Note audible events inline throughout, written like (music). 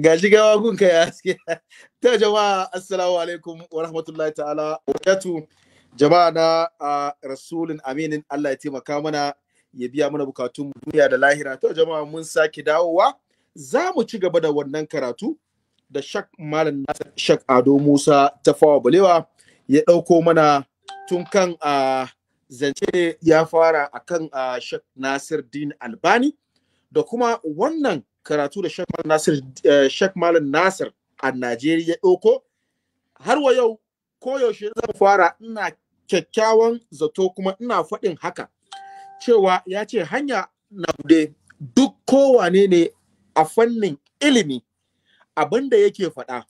ga gawa gunka ya aske (laughs) ta jama'a assalamu alaikum wa rahmatullahi ta'ala wakatu jama'a na rasulun aminin Allah ya taimaka mana ya biya mana bukatun duniya da lahira ta jama'a mun sake dawowa za mu ci gaba da wannan karatu da shak malam nasir shak ado musa ta fawa balewa ya ɗauko mana tun kan a zance ya fara akan shak nasir din albani da kuma wannan karatu da Sheikh Malam Nasir eh, Sheikh Malam Nasir a Najeriya ɗauko har wa yau koyaushe zan fara ina kyakkyawan zato kuma ina faɗin haka cewa ya ce hanya na bude duk kowane ne a fannin ilimi abin da yake faɗa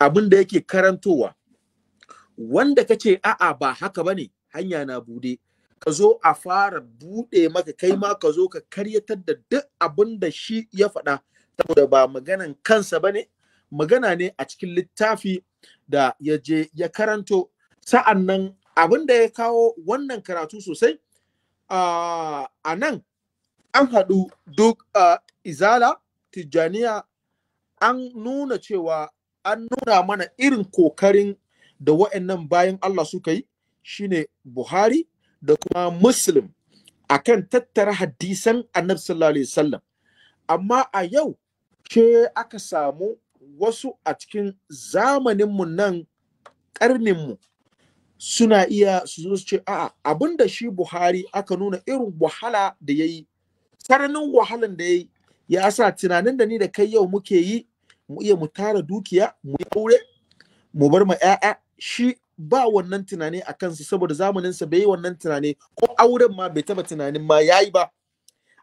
abin da yake karantowa wanda kace a'a ba haka bane hanya na bude ka zo a fara buɗe maka kai ma ka zo ka karyatar da duk abin da shi ya faɗa saboda ba maganan kansa ba ne magana ne a cikin littafi da ya je ya karanto sa'annan abin da ya kawo wannan karatu sosai a nan an haɗu duk izala tijjaniya an nuna cewa an nuna mana irin kokarin da wa'annan bayan Allah suka yi shine Buhari da kuma muslim kan tattara hadisan annabi sallallahu alaihi wasallam amma a yau ce aka samu wasu a cikin zamaninmu nan ƙarninmu suna iya su zo su ce a'a abin da shi buhari aka nuna irin wahala da ya yi tsananin wahalan da ya yi ya sa tunanin da ni da kai yau muke yi mu iya mu tara dukiya mu yi aure mu bar ma 'ya'ya shi ba wannan tunani a kansu saboda zamaninsa bai yi wannan tunani ko auren ma bai taba tunanin ma ya yi ba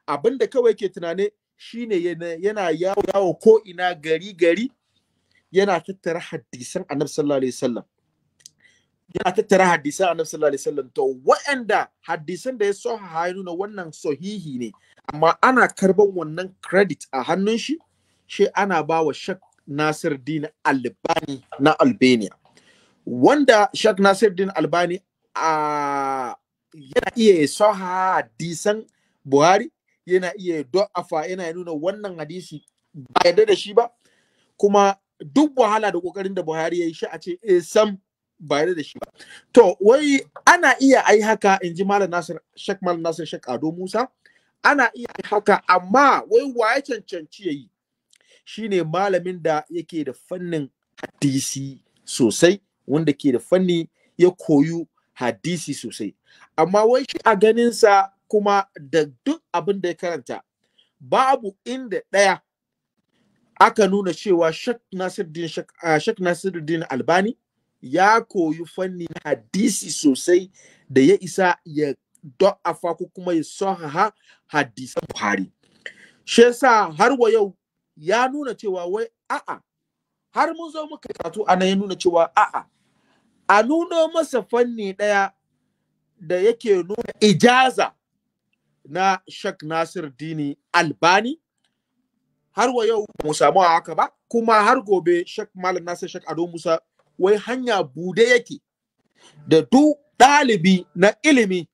Abinda kawai ke tunani shine yana yawo yawo ko ina gari gari yana tattara hadisan annabi sallallahu alaihi wasallam yana tattara hadisan annabi sallallahu alaihi wasallam to waɗanda hadisan da ya so ha nuna wannan sahihi ne amma ana karban wannan credit a hannun shi shi ana ba wa shak Nasir Dina Albani na Albania wanda Sheikh din Albani a yana iya soha hadisan Buhari yana iya do'afa yana nuna wannan hadisi ba yarda da shi ba kuma duk wahala da kokarin da Buhari ya yi shi a ce eh sam ba yarda da shi ba to wai ana iya ai haka in ji Malam Nasir Sheikh Malam Nasir shak Ado Musa ana iya haka amma wai waye cancanci yayi shine malamin da yake da fannin hadisi sosai wanda ke da fanni ya koyu hadisi sosai amma wai shi a ganinsa kuma da duk abin da ya karanta babu inda ɗaya aka nuna cewa Sheikh Nasiruddin Sheikh Albani ya koyi fanni na hadisi sosai da ya isa ya do'afa ko kuma ya sahaha hadisan Buhari shi yasa har wa yau ya nuna cewa wai a'a har mun zo muka karatu ana ya nuna cewa a'a a nuno masa fanni ɗaya da yake nuna ijaza na Sheikh Nasir Dini Albani har wa yau mu samu haka ba kuma har gobe Sheikh Malam Nasir Sheikh Ado Musa wai hanya bude yake da duk ɗalibi na ilimi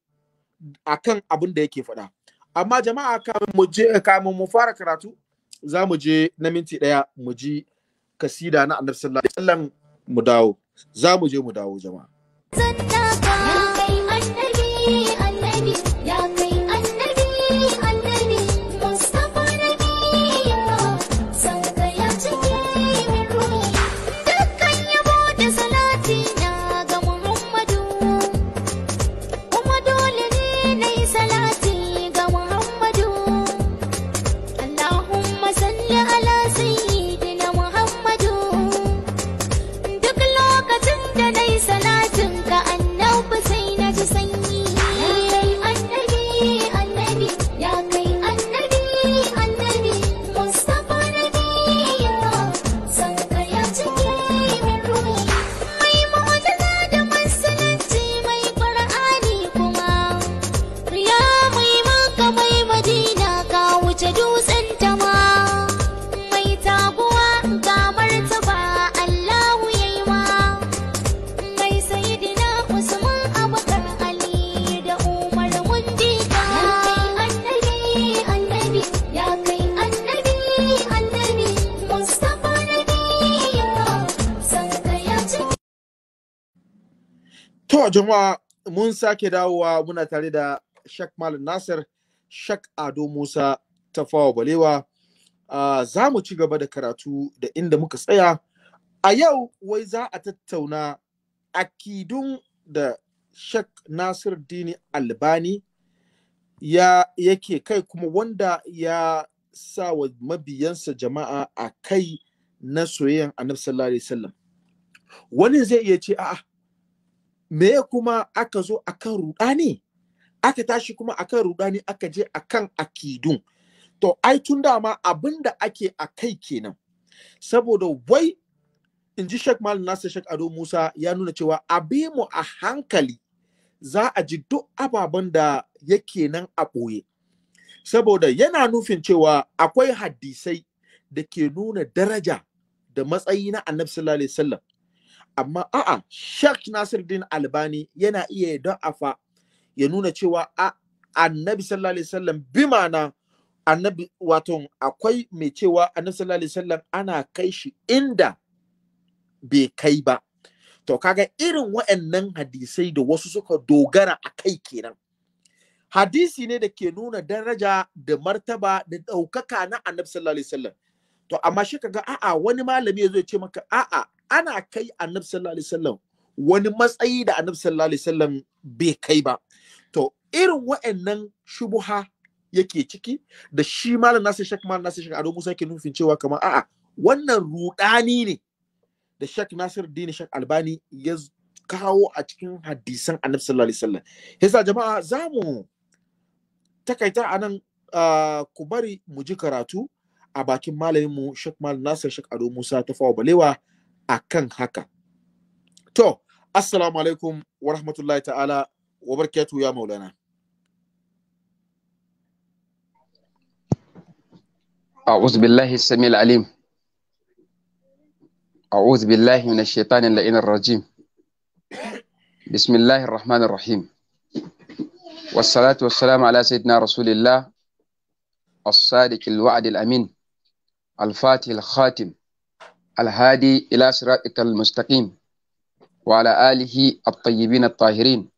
akan abin da yake faɗa amma jama'a kamin mu je kamin mu fara karatu za mu je na minti ɗaya mu ji kasida na annabi sallallahu alaihi wasallam mu dawo za mu je mu dawo jama'a kuma mun sake dawowa muna tare da Shak Malam Nasir, Shak Ado Musa Tafawa Balewa. Uh, za mu ci gaba da karatu da inda muka tsaya. A yau wai za a tattauna akidun da Shak Nasir Dini Albani ya yake kai kuma wanda ya sa wa mabiyansa jama'a a kai na soyayyan Annabi sallallahu alaihi wasallam. Wani zai iya ce a'a me kuma aka zo akan rudani aka tashi kuma akan rudani aka je akan akidun to ai tun dama abin da ake a kai kenan saboda wai in ji Sheikh mal nasa Sheikh Ado Musa ya nuna cewa abi mu a hankali za a ji duk ababen da yake nan a ɓoye saboda yana nufin cewa akwai haddisai da ke nuna daraja da matsayi na Annabi sallallahu alaihi wasallam amma a'a Sheikh Nasiruddin Albani yana iya don afa ya nuna cewa a annabi sallallahu alaihi wasallam bi ma'ana annabi wato akwai mai cewa annabi sallallahu alaihi wasallam ana kai shi inda bai kai ba to kaga irin waɗannan hadisai da wasu suka dogara a kai kenan hadisi ne da ke nuna daraja da martaba da ɗaukaka na annabi sallallahu alaihi wasallam to amma shi kaga a'a wani malami ya zo ya ce maka a'a ana kai annabi sallallahu alaihi wasallam wani matsayi da annabi sallallahu alaihi wasallam bai kai ba to irin wa'annan shubuha yake ciki da shi malam nasir shek malam nasir shek ado musa yake nufin cewa kamar a'a wannan rudani ne da shek nasir dini shek albani ya kawo a cikin hadisan annabi sallallahu alaihi wasallam yasa jama'a za mu takaita anan ah, ku bari mu ji karatu a bakin malamin mu shek malam nasir shek ado musa fawo balewa akan haka to assalamu alaikum wa rahmatullahi ta'ala wa barakatuh ya maulana أعوذ بالله السميع العليم أعوذ بالله من الشيطان اللعين الرجيم بسم الله الرحمن الرحيم والصلاة والسلام على سيدنا رسول الله الصادق الوعد الأمين الفاتح الخاتم الهادي إلى صراطك المستقيم وعلى آله الطيبين الطاهرين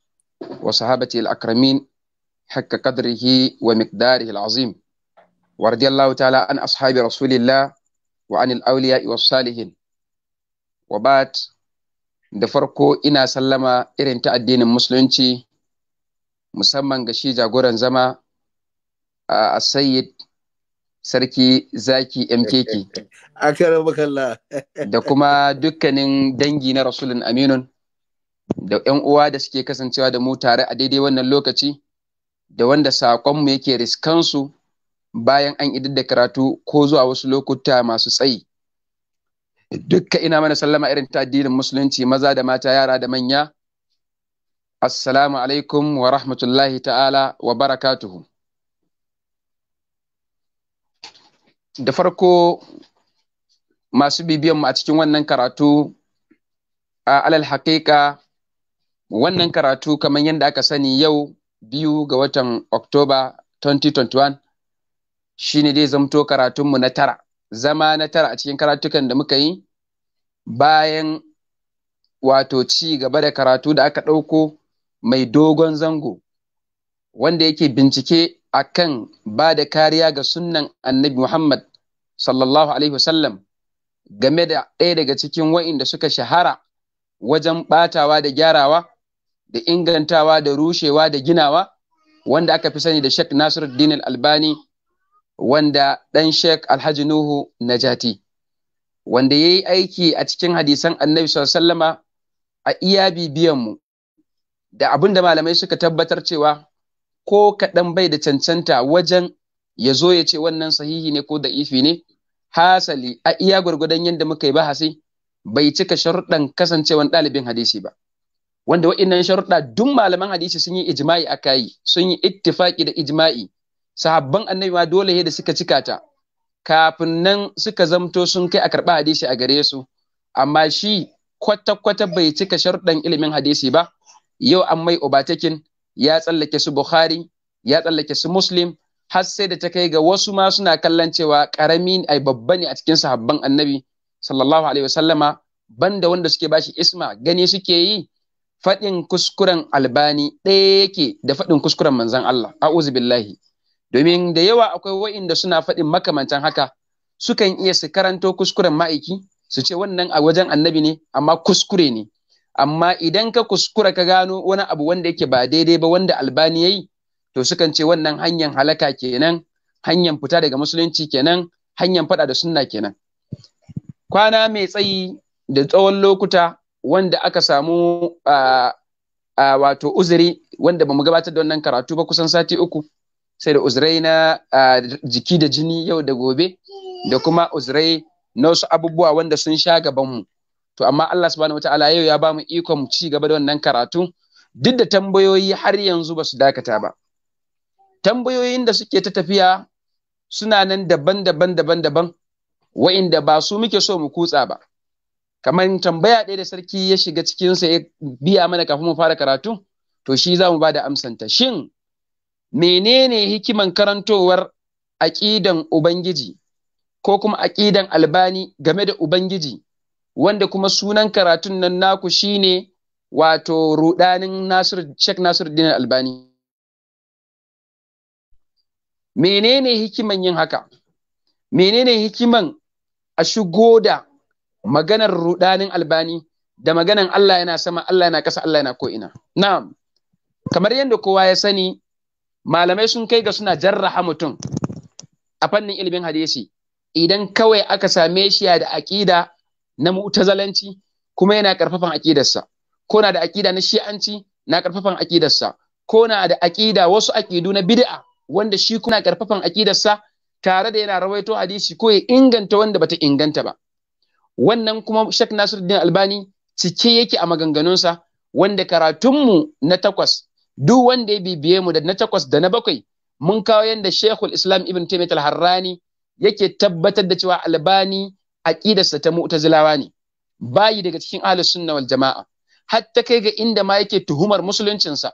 وصحابته الأكرمين حق قدره ومقداره العظيم ورضي الله تعالى عن أصحاب رسول الله وعن الأولياء والصالحين وبعد da farko ina sallama irin ta addinin musulunci musamman ga shi jagoran zama a sayyid sarki zaki mkk da kuma dukkanin dangi na rasulun aminun da 'yan uwa da suke kasancewa da mu tare a daidai wannan lokaci da wanda saƙonmu yake riskansu bayan an idar da karatu ko zuwa wasu lokuta masu tsayi dukka ina mana sallama irin ta addinin musulunci maza da mata yara da manya assalamu alaikum wa rahmatullahi ta'ala wa barakatuhu da farko masu bibiyanmu a cikin wannan karatu a alal haƙiƙa wannan karatu kamar yadda aka sani yau biyu ga watan oktoba 2021 shine dai zamto karatunmu na tara zama na tara a cikin karatukan da muka yi bayan wato ci gaba da karatu da aka ɗauko mai dogon zango wanda yake bincike akan ba da kariya ga sunnan annabi Muhammad sallallahu alaihi wasallam game da ɗaya daga cikin wa'inda suka shahara wajen ɓatawa da gyarawa da ingantawa da rushewa da ginawa wanda aka fi sani da Sheikh Nasiruddin albani wanda ɗan Sheikh Alhaji Nuhu Najati wanda ya yi aiki a cikin hadisan annabi wasallama a iya bibiyanmu da abin da malamai suka tabbatar cewa ko kaɗan bai da cancanta wajen ya zo ya ce wannan sahihi ne ko da'ifi ne hasali a iya gwargwadon yadda muka yi bahasi bai cika sharuɗan kasancewan ɗalibin hadisi ba wanda wa'innan sharuɗa duk malaman hadisi sun yi ijima'i a kayi sun yi ittifaƙi da ijima'i? sahabban annabi ma dole da suka cika ta kafin nan suka zamto sun kai a karɓa hadisi a gare su amma shi kwata-kwata bai cika sharuɗan ilimin hadisi ba yau an mai obatakin ya tsallake su Bukhari ya tsallake su Muslim har sai da ta kai ga wasu ma suna kallon cewa karami ai babba ne a cikin sahabban annabi sallallahu alaihi wasallama banda wanda suke bashi isma gani suke yi faɗin kuskuren albani ɗaya yake da faɗin kuskuren manzan Allah a'udhu billahi domin da yawa akwai wa'inda suna faɗin makamantan haka sukan iya su karanto kuskuren ma'aiki su ce wannan a wajen annabi ne amma kuskure ne amma idan ka kuskura ka gano wani abu wanda yake ba daidai ba wanda albani yayi to sukan ce wannan hanyar halaka kenan hanyar fita daga musulunci kenan hanyar fada da sunna kenan kwana mai tsayi da tsawon lokuta wanda aka samu a wato uzuri wanda ba gabatar da wannan karatu ba kusan sati uku sai da uzurai na jiki da jini yau da gobe da kuma uzurai na wasu abubuwa wanda sun sha gabanmu to amma Allah subhanahu wataala yau ya bamu ikon mu ci gaba da wannan karatu duk da tambayoyi har yanzu ba su dakata ba tambayoyin da suke ta tafiya suna nan daban-daban daban-daban wa'inda ba su muke so mu kutsa ba kamar tambaya ɗaya da sarki ya shiga cikin sa ya biya mana kafin mu fara karatu to shi za mu ba da amsanta shin menene hikiman karantowar aƙidan ubangiji ko kuma aƙidan albani game da ubangiji wanda kuma sunan karatun nan naku shine wato rudanin Nasir Sheikh Nasiruddin Albani menene hikiman yin haka menene hikiman a shigo da maganar rudanin Albani da maganan Allah yana sama Allah yana kasa Allah yana ko'ina na'am kamar yadda kowa ya sani malamai sun kai ga suna jarraha mutum a fannin ilimin hadisi idan kawai aka same shi da aƙida na zalanci, kuma yana karfafan aƙidarsa. ko na da aƙida na shi'anci na karfafan aƙidarsa. ko na da aƙida wasu aƙidu na bid'a wanda shi kuma karfafan aƙidarsa, tare da yana rawaito hadisi ko ya inganta wanda bata inganta ba wannan kuma Sheikh Nasiruddin Albani cike yake a maganganunsa wanda karatunmu na takwas duk wanda ya bibiye mu da na takwas da na bakwai mun kawo yadda Sheikhul Islam Ibn Taymiyyah Al-Harrani yake tabbatar da cewa Albani aqidarsa ta mu'tazilawa ne bayi daga cikin ahlus sunna wal jama'a hatta kai ga inda ma yake tuhumar musuluncinsa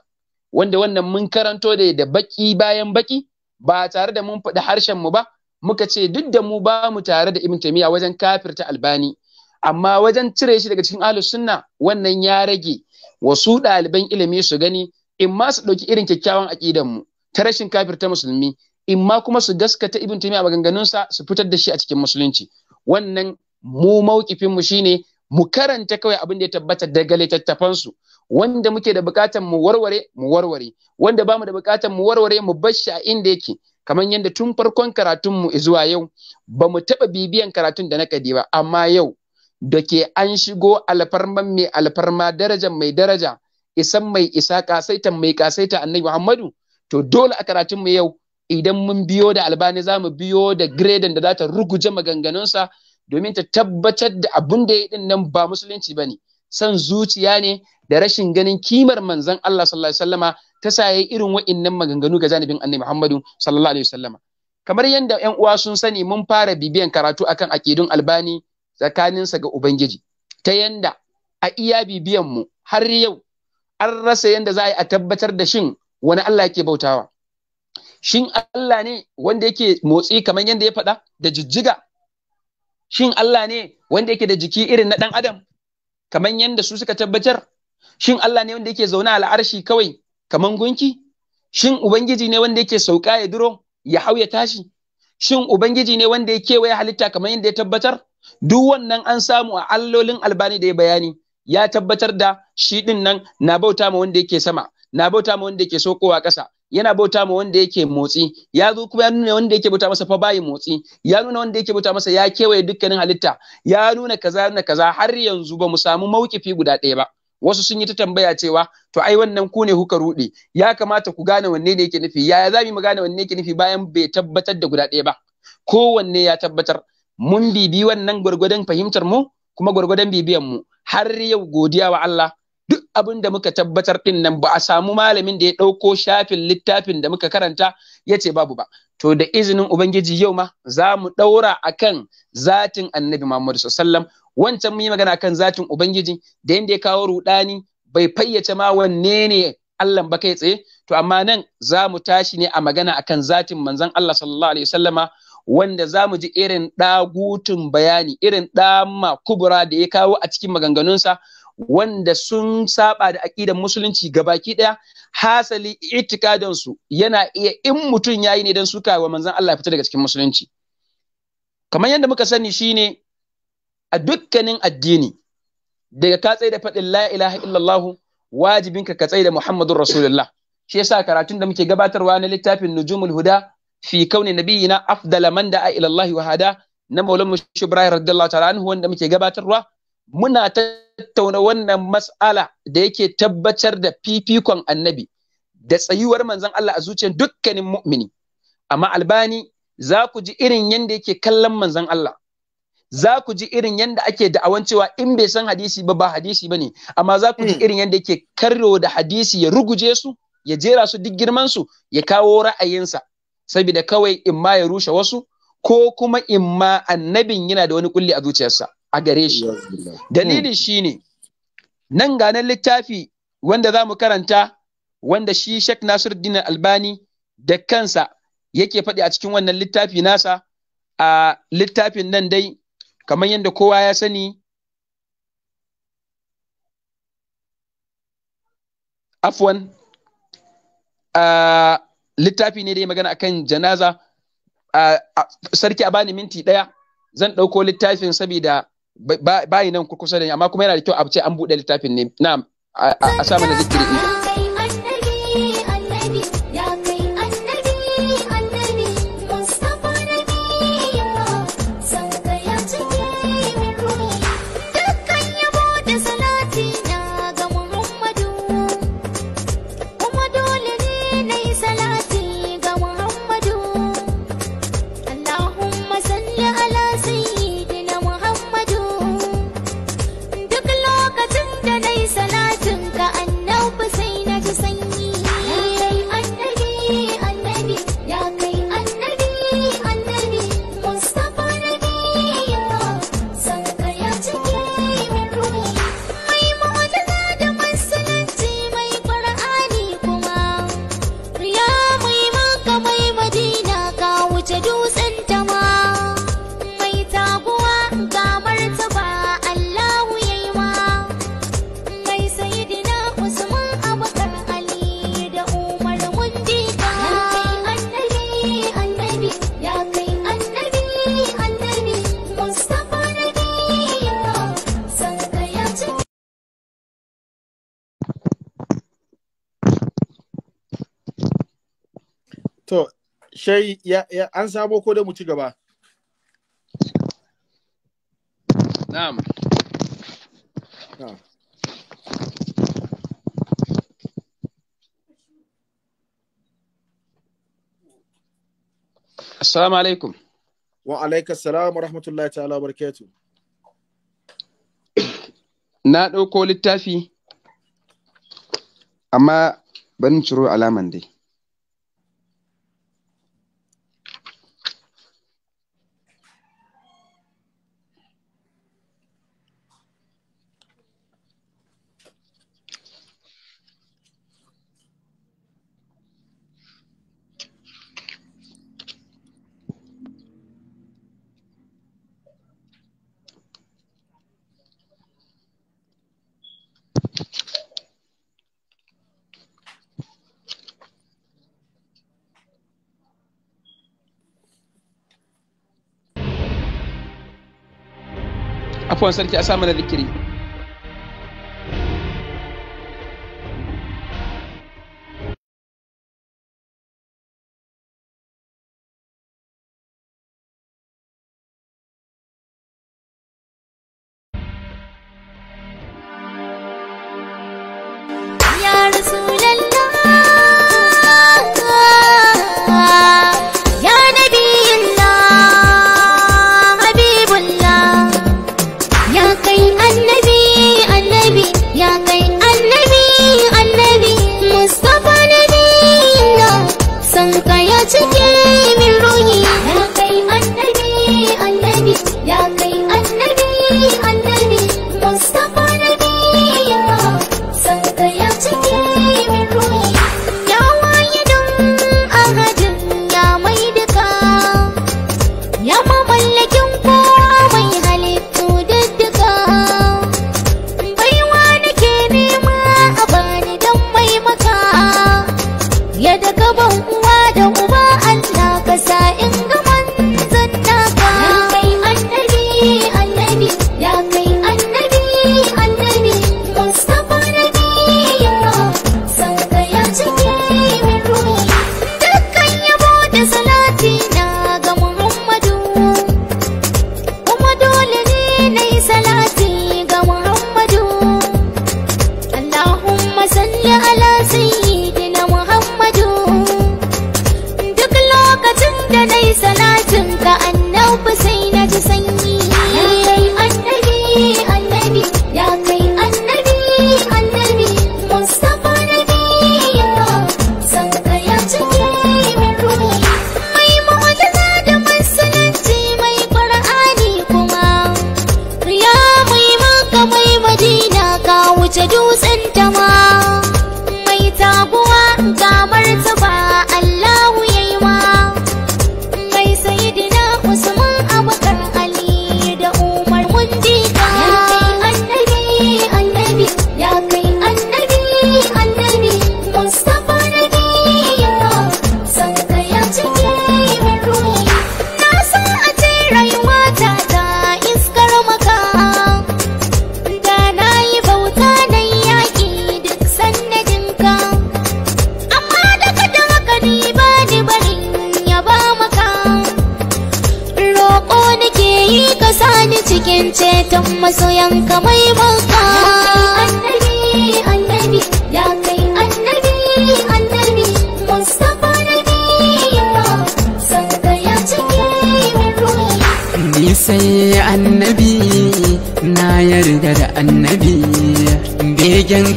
wanda wannan mun karanto da da baki bayan baki ba tare da mun faɗi harshen mu ba muka ce duk da mu ba mu tare da ibn taymiya wajen kafirta albani amma wajen cire shi daga cikin ahlus sunna wannan ya rage wasu ɗaliban ilimi su gani in ma su ɗauki irin kyakkyawan aƙidan mu ta rashin kafirta musulmi in ma kuma su gaskata ibn taymiya maganganunsa su fitar da shi a cikin musulunci wannan mu mawkifin mu shine mu karanta kawai abin da ya tabbata daga littattafansu wanda muke da bukatan mu warware mu warware wanda bamu da bukatan mu warware mu bashi a inda yake kamar yadda tun farkon karatunmu mu zuwa yau ba mu taɓa bibiyan karatun da na kadi ba amma yau da ke an shigo alfarma mai alfarma darajar mai daraja isan mai isa kasaitan mai kasaita annabi Muhammadu to dole a karatunmu yau idan mun biyo da albani za mu biyo da gredin da za ta ruguje maganganunsa domin ta tabbatar da abin da ya din nan ba musulunci ba ne san zuciya ne da rashin ganin kimar manzan Allah sallallahu alaihi wasallama ta sa irin wa'innan maganganu ga janibin Annabi Muhammadu sallallahu alaihi wasallama kamar yadda ƴan uwa sun sani mun fara bibiyan karatu akan akidun albani tsakaninsa ga ubangiji ta yadda a iya bibiyan mu har yau an rasa yadda za a yi a tabbatar da shin wani Allah ke bautawa shin Allah ne wanda yake motsi kamar yadda ya faɗa da jijjiga shin Allah ne wanda yake da jiki irin na ɗan adam kamar yadda su suka tabbatar shin Allah ne wanda yake zaune a al'arshi kawai kamar gunki shin ubangiji ne wanda yake sauka ya duro ya hau ya tashi shin ubangiji ne wanda ya kewaye halitta kamar yadda ya tabbatar duk wannan an samu a allolin albani da ya bayani ya tabbatar da shi din nan na bauta ma wanda yake sama na bauta ma wanda yake sokowa ƙasa yana bauta ma wanda yake motsi ya zo kuma ya nuna wanda yake bauta masa fa bayi motsi ya nuna wanda yake bauta masa ya kewaye dukkanin halitta ya nuna kaza na kaza har yanzu ba mu samu maukifi guda ɗaya ba wasu sun yi ta tambaya cewa to ai wannan ku ne huka ruɗe ya kamata ku gane wanne ne yake nufi yaya za mu gane wanne yake nufi bayan bai tabbatar da guda ɗaya ba kowanne ya tabbatar mun bibi wannan gwargwadon fahimtar mu kuma gwargwadon bibiyan mu har yau godiya wa Allah abin da muka tabbatar din nan ba a samu malamin da ya ɗauko shafin littafin da muka karanta ya ce babu ba to da izinin ubangiji yau ma za mu ɗaura kan zatin annabi muhammadu sallam wancan mu yi magana kan zatin ubangiji da yadda ya kawo ruɗani bai fayyace ma wanne ne Allah ba kai tsaye to amma nan za mu tashi ne a magana a kan zatin manzon Allah sallallahu alaihi Sallama, wanda za mu ji irin ɗagutun bayani irin ɗama kubura da ya kawo a cikin maganganunsa wanda sun saba da aƙidan musulunci gabaki ɗaya hasali itikadan su yana iya in mutum yayi ne don suka wa manzon Allah fita daga cikin musulunci kamar yadda muka sani shine a dukkanin addini daga ka tsaye da faɗin la ilaha illallah wajibin ka tsaye da Muhammadun rasulullah shi yasa karatun da muke gabatarwa na littafin nujumul huda fi kauni nabiyina afdala man da'a ila Allah wa hada na maulana mushi ta'ala anhu wanda muke gabatarwa muna tattauna wannan mas'ala da yake tabbatar da fifikon annabi da tsayuwar manzon Allah a zuciyar dukkanin mu'mini amma albani za ku ji irin yadda yake kallon manzon Allah za ku ji irin yadda ake da'awan cewa in bai san hadisi ba ba hadisi ba ne amma za ku ji hmm. irin yadda yake karyo da hadisi ya ruguje su ya jera su duk girman su ya kawo ra'ayinsa saboda kawai in ma ya rushe wasu ko kuma in ma annabin yana da wani kulli a zuciyarsa a gare shi dalili hmm. shine nan ganan littafi wanda za mu karanta wanda shi Sheikh Nasiruddin Albani da kansa yake faɗi a cikin wannan littafi nasa a littafin nan dai kamar yadda kowa ya sani afwan a littafi ne dai magana akan janaza sarki a bani minti ɗaya zan ɗauko littafin saboda bayi nan kusa da ni amma kuma yana da kyau a ce an buɗe littafin ne na a samu na zikiri shai an sabo ko da mu ci gaba na'am Assalamu alaikum. Wa alaika assalam wa rahmatullahi ta'ala wa barakatu. Na ɗauko littafi, amma ban ciro alaman dai. afwan sarki a sa mana zikiri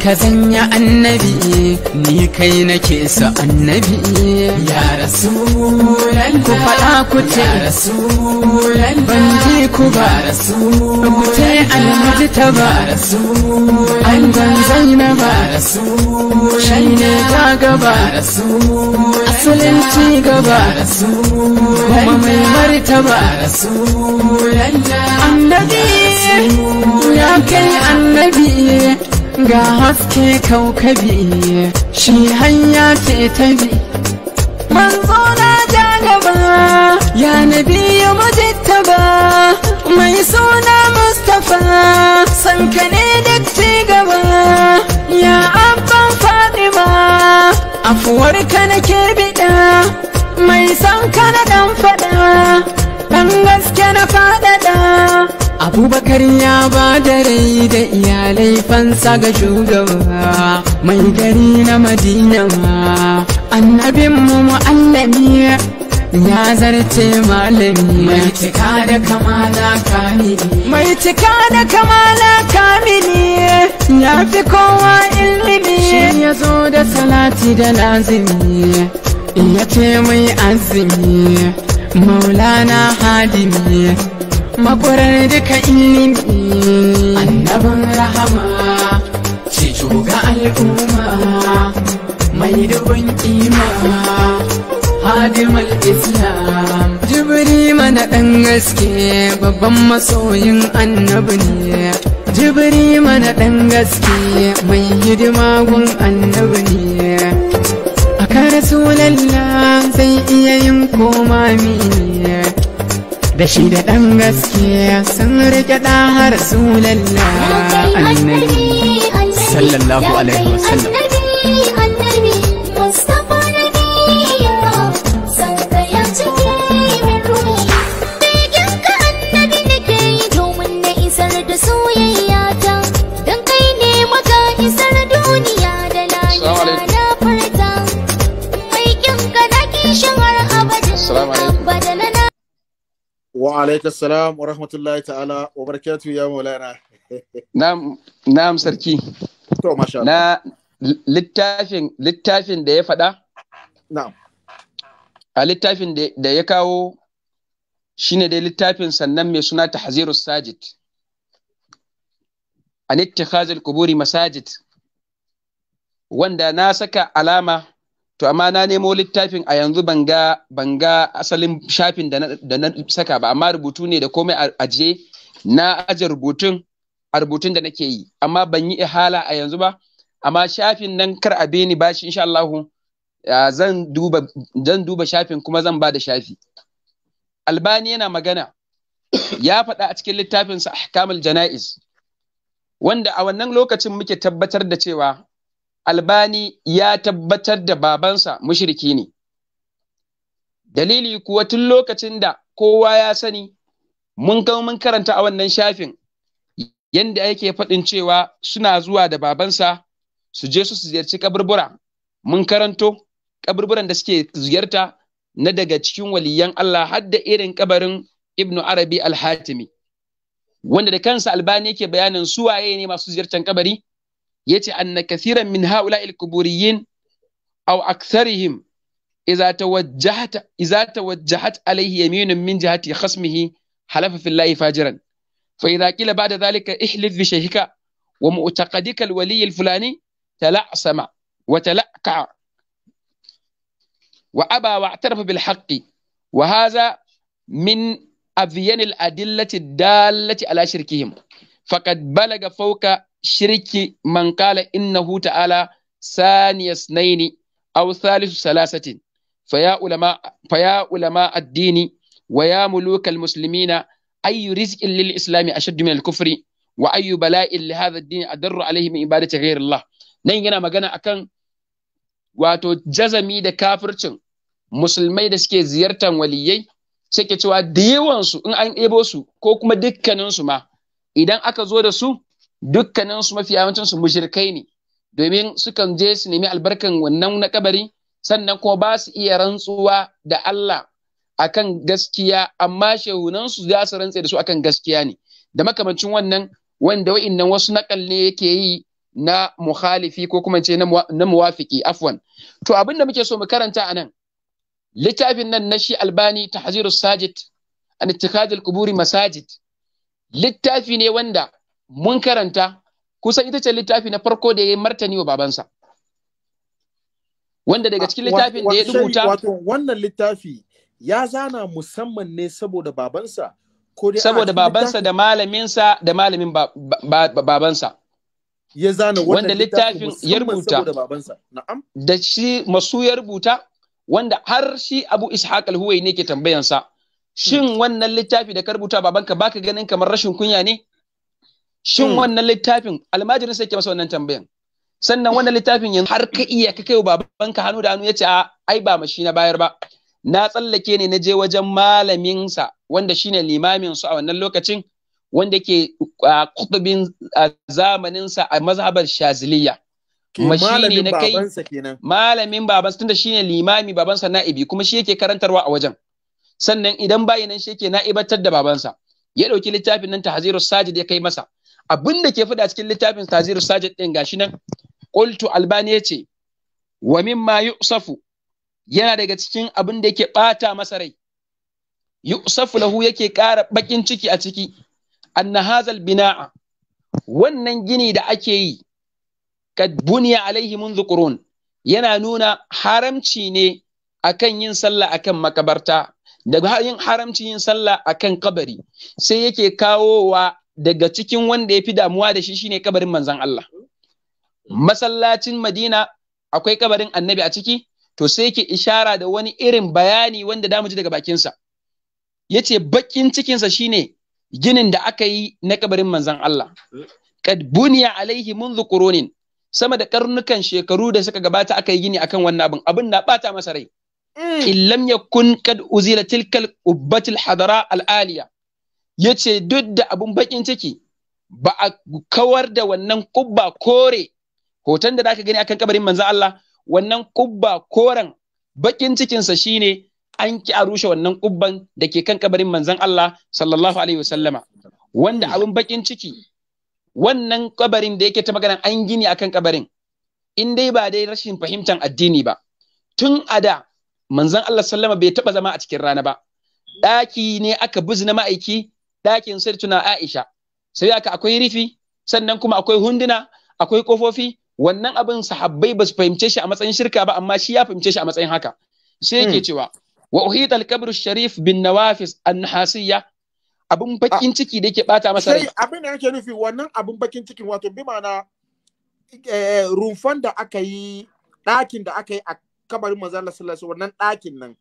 ka zanya annabi ni kai nake sa annabi ya rasulan ku faɗa ku ce rasulan ban ji ku ba rasulan ku ce alhaji ta ba rasulan an gwanzai na ba rasulan Shi ne ta gaba rasulan asalin ci gaba rasulan kuma mai martaba rasulan annabi ya kai annabi ga haske kaukabi shi hanya ce ta bi manzo na ja gaba ya nabi ya ba. mai suna mustafa ka ne duk ci gaba ya abban fadima afuwar ka na ke biɗa mai san ka na dan fada dan gaske na fadada abubakar ya ba da rai da iyalai fansa ga shugaba mai gari na madina mu mu'allami ya zarce malami mai cika da kamala kamili mai cika da kamala kamili ya fi kowa ilimi shi ya zo da salati da lazimi ya ce mai azumi maulana hadimi makwarar duka ilimi annabin rahama ce ga al'umma mai dubin kima hadimar islam jibiri mana ɗan gaske babban masoyin annabi ne jibiri mana ɗan gaske mai hidima gun annabi ne a kan lalla zai iya yin koma mini da shi da ɗan gaskiya sun rike ɗa har su lalla annabi sallallahu alaihi wasallam alaika salam wa rahmatullahi ta'ala wa barakatu ya maulana. (laughs) na sarki. To masha Na littafin littafin da ya fada Na'am. A littafin da ya kawo shine dai littafin sannan mai suna Tahzirus Sajid. An ittikhazil kuburi masajid wanda na saka alama to amma na nemo littafin a yanzu banga banga asalin shafin da na saka ba amma rubutu ne da komai aje na aje rubutun a rubutun da nake yi amma ban yi ihala a yanzu ba amma shafin nan kar a beni bashi insha Allah zan duba zan duba shafin kuma zan ba da shafi albani yana magana ya faɗa a cikin littafin sa ahkamul jana'iz wanda a wannan lokacin muke tabbatar da cewa albani ya tabbatar da babansa mushriki ne dalili kuwa tun lokacin da kowa ya sani mun kawo mun karanta a wannan shafin yanda yake faɗin cewa suna zuwa da babansa su je su ziyarci kaburbura mun karanto kaburburan da suke ziyarta na daga cikin waliyan Allah har da irin kabarin Ibnu Arabi Al-Hatimi wanda da kansa Albani yake bayanin su waye ne masu ziyartar kabari يتي أن كثيرا من هؤلاء الكبوريين أو أكثرهم إذا توجهت إذا توجهت عليه يمين من جهة خصمه حلف في الله فاجرا فإذا قيل بعد ذلك احلف بشيخك ومعتقدك الولي الفلاني تلعصم وتلأكع وأبى واعترف بالحق وهذا من أبين الأدلة الدالة على شركهم فقد بلغ فوق shirki man qala innahu ta'ala saniyas Naini, aw thalithu salasatin faya ulama ulama addini wa ya mulukal muslimina ayyu rizqin lil islami ashaddu min al kufri wa ayyu bala'in li hadha ad-din adarru alayhi min ibadati ghayri Allah nan yana magana akan wato jazami da kafircin musulmai da suke ziyartar waliyai suke cewa da yawansu in an ɗebo su ko kuma dukkaninsu ma idan aka zo da su dukkanin su mafi yawancin su mushrikai ne domin sukan je su nemi albarkan wannan na kabari sannan kuma ba su iya rantsuwa da Allah akan gaskiya amma shehunan su za su rantse da su akan gaskiya ne da makamancin wannan wanda wa'innan wasu nakal ne yake yi na muhalifi ko kuma ce na muwafiki afwan to abin da muke so mu karanta anan littafin nan na shi albani tahzirus sajid an ittikhadul quburi masajid littafi ne wanda mun karanta kusan ita ce littafi na farko da ya yi martani wa babansa wanda daga ah, cikin littafin da ya rubuta wato wannan littafi ya zana musamman ne saboda babansa ko dai saboda babansa da malaminsa da malamin babansa ya zana wanda littafin ya rubuta da shi masu ya rubuta wanda har shi Abu Ishaq al-Huwai ne ke tambayansa shin hmm. wannan littafi da ka rubuta babanka baka ganin kamar rashin kunya ne shin hmm. wannan littafin almajirin sai ke masa wannan tambayan sannan wannan littafin yanzu har ka iya ka kai babanka hannu da hannu ya ce a ai ba mashi na bayar ba na tsallake ne na je wajen malaminsa wanda shine limamin su a wannan lokacin wanda ke kutubin zamaninsa a mazhabar shaziliya kuma ne kai malamin babansa tunda shine limami babansa na'ibi kuma shi yake karantarwa a wajen sannan idan bayi nan shi yake na'ibatar da babansa ya ɗauki littafin nan tahzirus sajid ya kai masa abin da ke faɗa cikin littafin tazir sajid din gashi nan qultu albani yace wa mimma yusafu yana daga cikin abin da yake ɓata masa rai yusafu lahu yake ƙara bakin ciki a ciki anna hazal bina'a wannan gini da ake yi kad buniya alaihi منذ qurun yana nuna haramci ne akan yin sallah akan makabarta da yin haramci yin sallah akan kabari sai yake kawo wa. daga cikin wanda ya fi damuwa da shi shine kabarin manzan Allah masallacin Madina akwai kabarin annabi a ciki to sai ke ishara da wani irin bayani wanda damu ji daga bakinsa ce bakin cikinsa shine ginin da aka yi na kabarin manzan Allah kad buniya alaihi munzu kuronin sama da karnukan shekaru da suka gabata aka yi gini akan wannan abin abin na bata masa rai mm. illam yakun kad uzila tilkal ubbatil hadara al aliya ya ce duk da abin bakin ciki ba a kawar da wannan kubba kore hoton da zaka gani akan kabarin manzan Allah wannan kubba koren bakin cikinsa shine an ki a rushe wannan kubban da ke kan kabarin manzan Allah sallallahu alaihi wasallama wanda abin bakin ciki wannan kabarin da yake ta magana an gini akan kabarin in dai ba dai rashin fahimtar addini ba tun a da manzan Allah sallama bai taba zama a cikin rana ba ɗaki ne aka buzna ma'aiki ɗakin sirtuna Aisha sai aka akwai rifi sannan kuma akwai hunduna akwai kofofi wannan abin sahabbai ba su fahimce shi a matsayin shirka ba amma shi ya fahimce shi a matsayin haka sai yake hmm. cewa wa uhita al sharif bin nawafis an-nahasiyya abin bakin ah. ciki da yake bata masa rai abin da yake nufi wannan abin bakin cikin wato bi ma'ana eh, rumfan da aka yi ɗakin da aka yi a kabarin manzo Allah sallallahu alaihi wasallam wannan ɗakin nan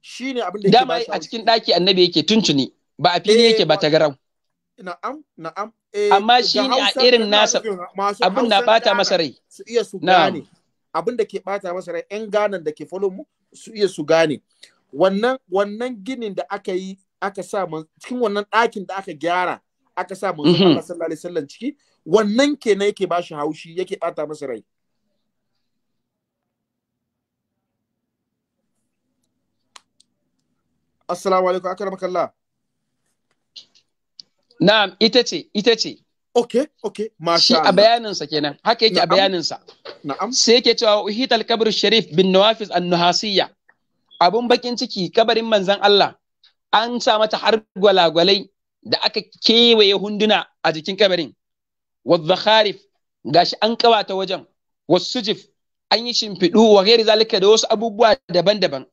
shine abin da yake dama a cikin ɗaki annabi yake tuntuni ba a fili yake ba ta garau na'am na'am eh, amma shi ne a irin nasa abin na bata masa rai su iya su gane abin da ke bata masa rai yan ganan da ke follow mu su iya su gane wannan wannan ginin da aka yi aka sa cikin wannan ɗakin da aka gyara aka sa mhm. manzon Allah sallallahu alaihi wasallam ciki wannan kenan yake bashi haushi yake bata masa rai Assalamu alaikum akramaka Na'am, ita ce, ita ce. Okay, okay, masha Shi a bayaninsa kenan, haka yake a bayaninsa. Na'am. Sai yake cewa uhital kabir sharif bin nawafis an nuhasiyya. Abun bakin ciki kabarin manzon Allah an sa mata har gwalagwalai da aka kewaye hunduna a jikin kabarin. Wa kharif gashi an kawata wajen. Wa Sujif an yi shimfiɗu wa gairi zalika da wasu abubuwa daban-daban.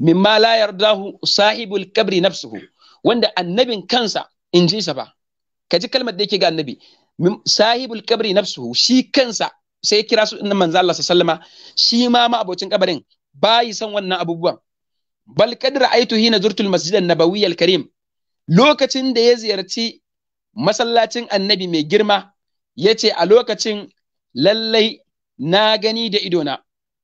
Mimma la yardahu sahibul kabri nafsuhu wanda annabin kansa in ji sa ba ka ji kalmar da yake ga annabi sahibul kabri nafsuhu shi kansa sai kira su inna manzo Allah sallama shi ma ma abocin kabarin bayi san wannan abubuwan bal qad ra'aytu hina zurtul masjid an-nabawi al-karim lokacin da ya ziyarci masallacin annabi mai girma yace a lokacin lallai na gani da idona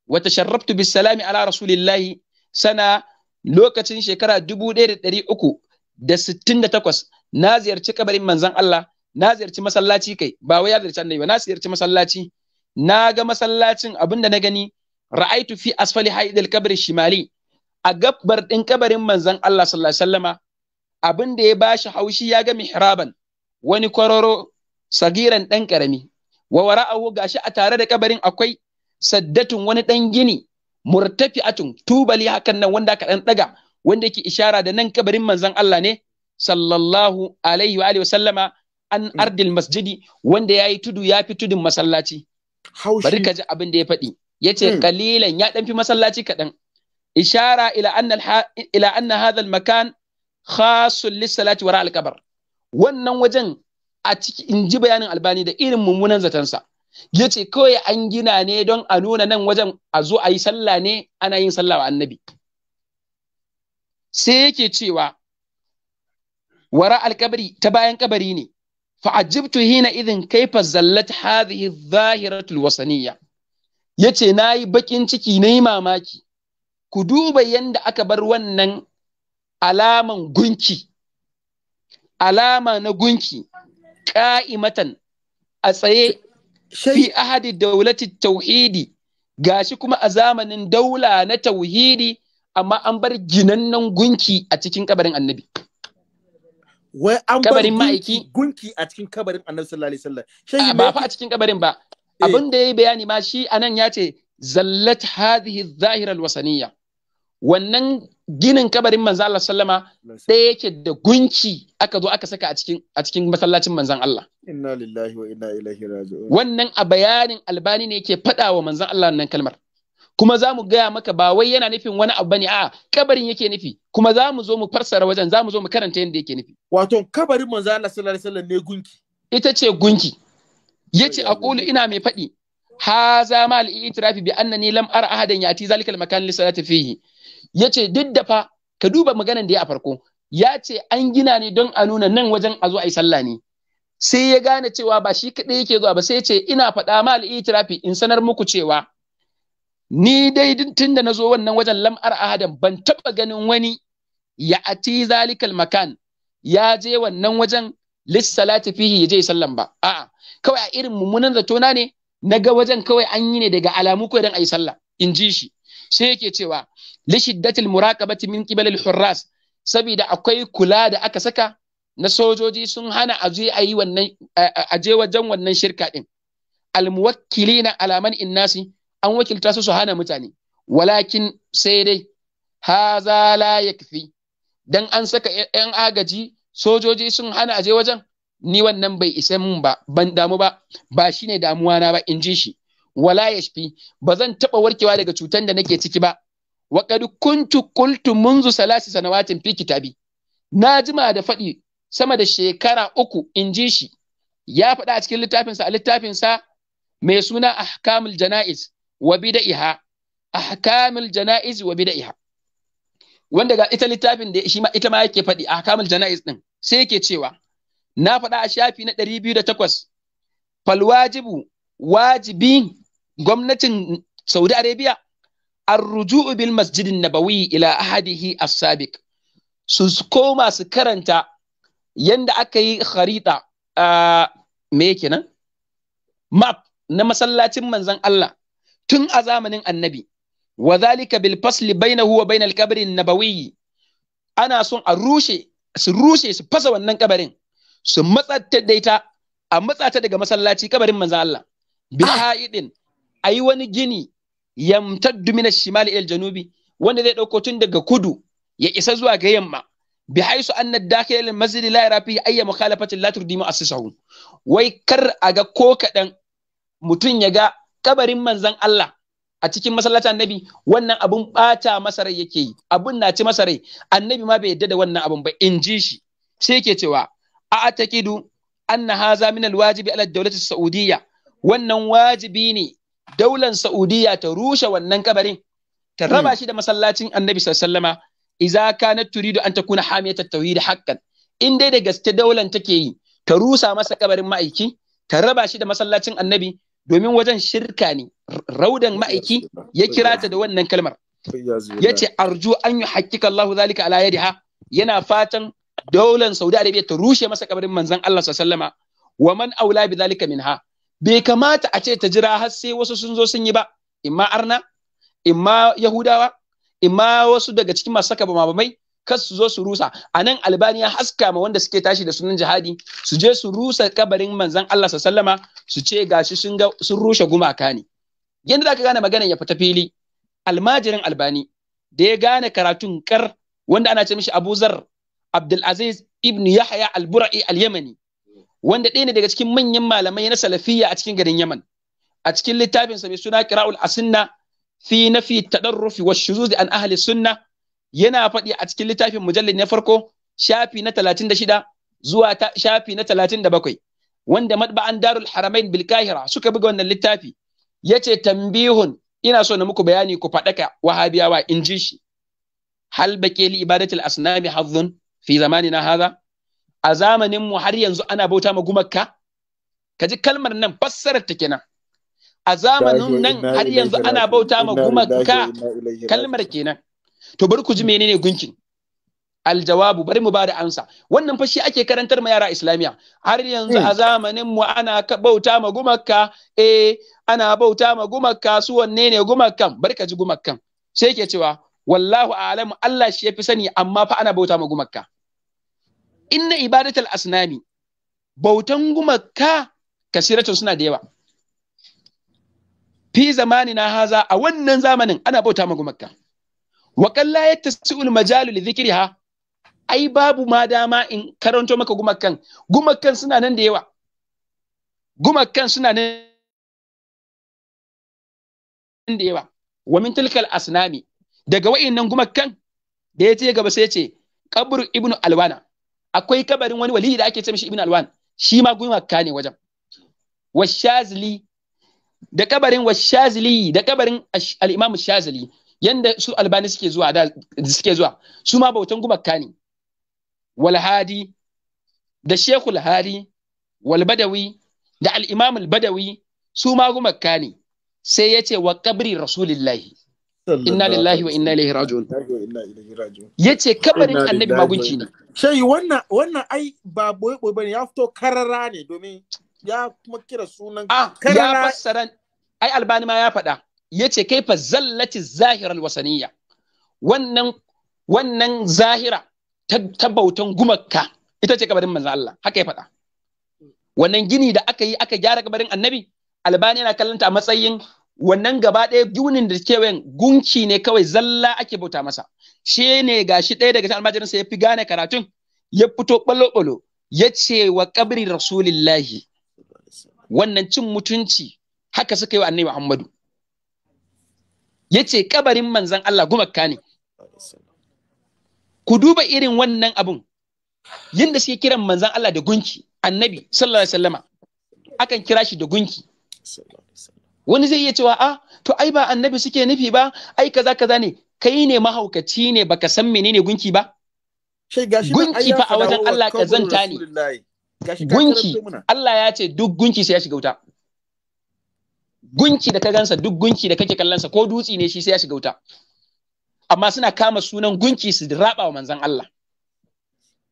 wa tasharrabtu bis salami ala rasulillahi sana lokacin shekara 1368 na ziyarci kabarin manzon Allah na ziyarci masallaci kai ba wai ya ziyarci annabi ba na ziyarci masallaci na ga masallacin abinda na gani ra'aitu fi asfali haidil kabri shimali a gabbar din kabarin manzon Allah sallallahu alaihi wasallama abin da ya bashi haushi ya ga mihraban wani kwararo sagiran dan karami wa wara'ahu gashi a tare da kabarin akwai saddatun wani dan gini murtafi'atun tubali hakan nan wanda aka dan daga wanda yake ishara da nan kabarin manzon Allah ne sallallahu alaihi wa sallama an mm. ardil masjidi wanda yayi tudu ya fi tudun masallaci bari ka ji abin da ya faɗi yace ƙalilan mm. ya ɗan fi masallaci kaɗan ishara ila anna ila anna makan khasun wara alkabar wannan wajen a ciki in ji bayanin albani da irin mummunan zatansa ya ce kawai an gina ne don a nuna nan wajen a zo a yi sallah ne ana yin sallah wa annabi sai yake cewa wara alkabari ta bayan kabari ne fa'ajibtu hina idin kaifa zallat hadhihi zahiratul wasaniyya yace nayi bakin ciki nayi mamaki ku duba yanda aka bar wannan alaman gunki alama na gunki ka'imatan a tsaye fi ahadi daulati tauhidi gashi kuma a zamanin daula na tauhidi amma an bar ginannen gunki a cikin kabarin annabi wai an kabarin gunki a cikin kabarin annabi sallallahu alaihi wasallam shehi ah, ba fa a cikin kabarin ba eh. abin da yayi bayani ma shi anan ya ce zallat hadhihi zahira alwasaniyya wannan ginin kabarin manzon Allah sallama ɗaya yake da gunki aka zo aka saka a cikin a cikin masallacin manzon Allah inna lillahi wa inna ilaihi raji'un wannan a bayanin albani ne yake faɗa wa manzon Allah wannan kalmar kuma za mu gaya maka ba wai yana nufin wani abu bane a'a kabarin yake nufi kuma za mu zo mu farsara wajen za mu zo mu karanta yadda yake nufi wato kabarin manzo Allah sallallahu alaihi ne gunki ita ce gunki yace aqulu ina mai faɗi haza ma al-i'tirafi bi annani lam ara ahadan yati zalika al-makan li salati fihi yace duk da fa ka duba maganan da ya farko ya ce an gina ne don a nuna nan wajen a zo a yi sallah ne sai ya gane cewa ba shi kaɗai yake zuwa ba sai ce ina faɗa ma itirafi in sanar muku cewa ni dai tun da na zo wannan wajen lam'ar ahadan ban taɓa ganin wani ya ati zalikal makan ya je wannan wajen lissalati fihi ya je sallan ba a'a kawai a irin mummunan zato na ne na ga wajen kawai an yi ne daga alamu kawai don a yi sallah in ji shi sai yake cewa lishiddatil muraqabati min qibal al hurras saboda akwai kula da aka saka na sojoji sun hana a je ayi wannan a je wajen wannan shirka din al muwakkilina ala man innasi an wakilta su su hana mutane walakin sai dai haza la yakfi dan an saka yan agaji sojoji sun hana aje wajen ni wannan bai isa mun ba ban damu ba ba shine damuwa na ba in ji shi wala yashfi ba zan taba warkewa daga cutan da nake ciki ba wa qad kuntu qultu munzu salasi sanawatin fi kitabi na jima da faɗi sama da shekara uku in ji shi ya faɗa a cikin littafinsa a littafinsa mai suna ahkamul jana'iz wa bida'iha ahkamul janaiz wa bida'iha wanda ga ita littafin da shi ma ita ma yake faɗi ahkamul janaiz din sai ke cewa na faɗa a shafi na ɗari 208 fal wajibu wajibi gwamnatin Saudi Arabia arruju'u bil masjidin nabawi ila ahadihi as-sabiq su koma su karanta yanda aka yi kharita ah, me kenan map na masallacin manzon Allah tun a zamanin annabi wa zalika bil fasli bainahu wa bainal na nabawi ana son a rushe su rushe su fasa wannan kabarin su matsata da ita a matsata daga masallaci kabarin manzo Allah bi ah. haidin ayi wani gini yamtaddu min ash-shimali ila janubi wanda zai dauko tun daga kudu ya isa zuwa ga yamma bi haisu anna dakhil al-masjid la yara fi ayya mukhalafatin la turdimu as wai kar aga ko kadan mutun ya ga kabarin manzan Allah a cikin masallacin annabi wannan abun bata masa rai yake yi abun na ci masa rai annabi ma bai yadda da wannan abun ba in ji shi sai yake cewa a atakidu anna haza min alwajibi ala dawlati saudiyya wannan wajibi ne daular saudiyya ta rushe wannan kabarin ta raba hmm. shi da masallacin annabi sallama idza kanat turidu an takuna hamiyatat tauhid haqqan in dai da gaske daular take yi ta rusa masa kabarin ma'aiki ta raba shi da masallacin annabi domin wajen shirka ne raudan ma'aiki ya kira ta da wannan kalmar ya ce arju an yi hakika Allah zalika ala ha yana fatan daular Saudi Arabia ta rushe masa kabarin manzan Allah sallama wa man aula bi zalika minha bai kamata a ce ta jira har sai wasu sun zo sun yi ba imma arna imma yahudawa imma wasu daga cikin masu saka mai? kas su zo su rusa a nan albani ya haska ma wanda suke tashi da sunan jihadi su je su rusa kabarin manzan Allah sallama su ce gashi sun ga sun rushe gumaka ne yanda zaka gane magana ya fita fili almajirin albani da ya gane karatun kar wanda ana ce mishi Abu Zar Abdul Aziz ibn Yahya al-Bura'i al-Yamani wanda ɗaya ne daga cikin manyan malamai na salafiyya a cikin garin Yaman a cikin littafinsa mai suna Qira'ul Asunna fi nafi tadarrufi wa shuzuz an ahli sunna yana faɗi a cikin littafin mujallid na farko shafi na 36 zuwa shafi na 37 wanda matba'an darul haramain bil kahira suka buga wannan littafi yace tambihun ina so na muku bayani ku faɗaka wahabiyawa in ji shi hal baqi li ibadatil asnami hazzun fi zamanina hadha a zamanin mu har yanzu ana bauta ma gumakka ji kalmar nan fassarar ta kenan a zamanin nan har yanzu ana bauta ma gumakka kalmar kenan to bari ku ji menene gunkin aljawabu bari mu bada amsa wannan fa shi ake karantar ma yara islamiya har yanzu a hmm. zamanin mu ana bauta ma gumakka eh ana bauta ma gumakka su wanne ne gumakkan bari ka ji gumakkan sai ke cewa wallahu a'lamu Allah shi yafi sani amma fa ana bauta ma gumakka inna ibadatul asnami bautan gumakka kasiratun suna da yawa fi na haza a wannan zamanin ana bauta ma gumakka wa kalla yattasi'ul majalu li dhikriha ai babu ma dama in karanto maka gumakan gumakan suna nan da yawa gumakan suna nan da yawa wa min tilkal asnami daga wa'innan gumakan da ya ce gaba sai ya ce Ibn ibnu alwana akwai kabarin wani wali da ake ce mishi ibnu alwan shi ma gumakan ne wajen washazili da kabarin washazili da kabarin al-imam shazili yanda su albani suke zuwa da suke zuwa su ma bautan gumakka ne wal hadi da shekul hadi wal badawi da al imam al badawi su ma gumakka ne sai ya ce wa kabri rasulillahi inna lillahi wa inna ilaihi raji'un yace kabarin annabi magunci ne shayi wannan wannan ai ba boye boye bane ya fito karara ne domin ya kuma kira sunan ah, karara ya fassara ai albani ma ya faɗa Ya ce kaifa zallati zahiral wasaniya wannan wannan zahira ta bautan gumaka. ita ce kabarin manzo Allah haka ya faɗa wannan gini da aka yi aka gyara kabarin annabi albani yana kallonta a matsayin wannan gaba ɗaya gunin da kewayen gunki ne kawai zalla ake bauta masa shi ne gashi ɗaya daga cikin sa ya fi gane karatun ya fito ɓalo-ɓalo ya ce wa kabri rasulillahi wannan cin mutunci haka suka yi wa annabi muhammadu Ya ce kabarin manzan Allah gumakka ne ku duba irin wannan abun yadda suke kiran manzan Allah da gunki annabi sallallahu alaihi wasallama akan kira shi da gunki wani zai iya cewa a ah, to ai ba annabi suke nufi ba ai kaza kaza ne kai ne mahaukaci ne baka san menene gunki ba gunki fa a wajen Allah kazanta ne gunki Allah ya ce duk gunki sai ya shiga wuta gunki da ka gansa duk gunki da kake kallonsa ko dutsi ne shi sai ya shiga wuta amma suna kama sunan gunki su raba wa manzon Allah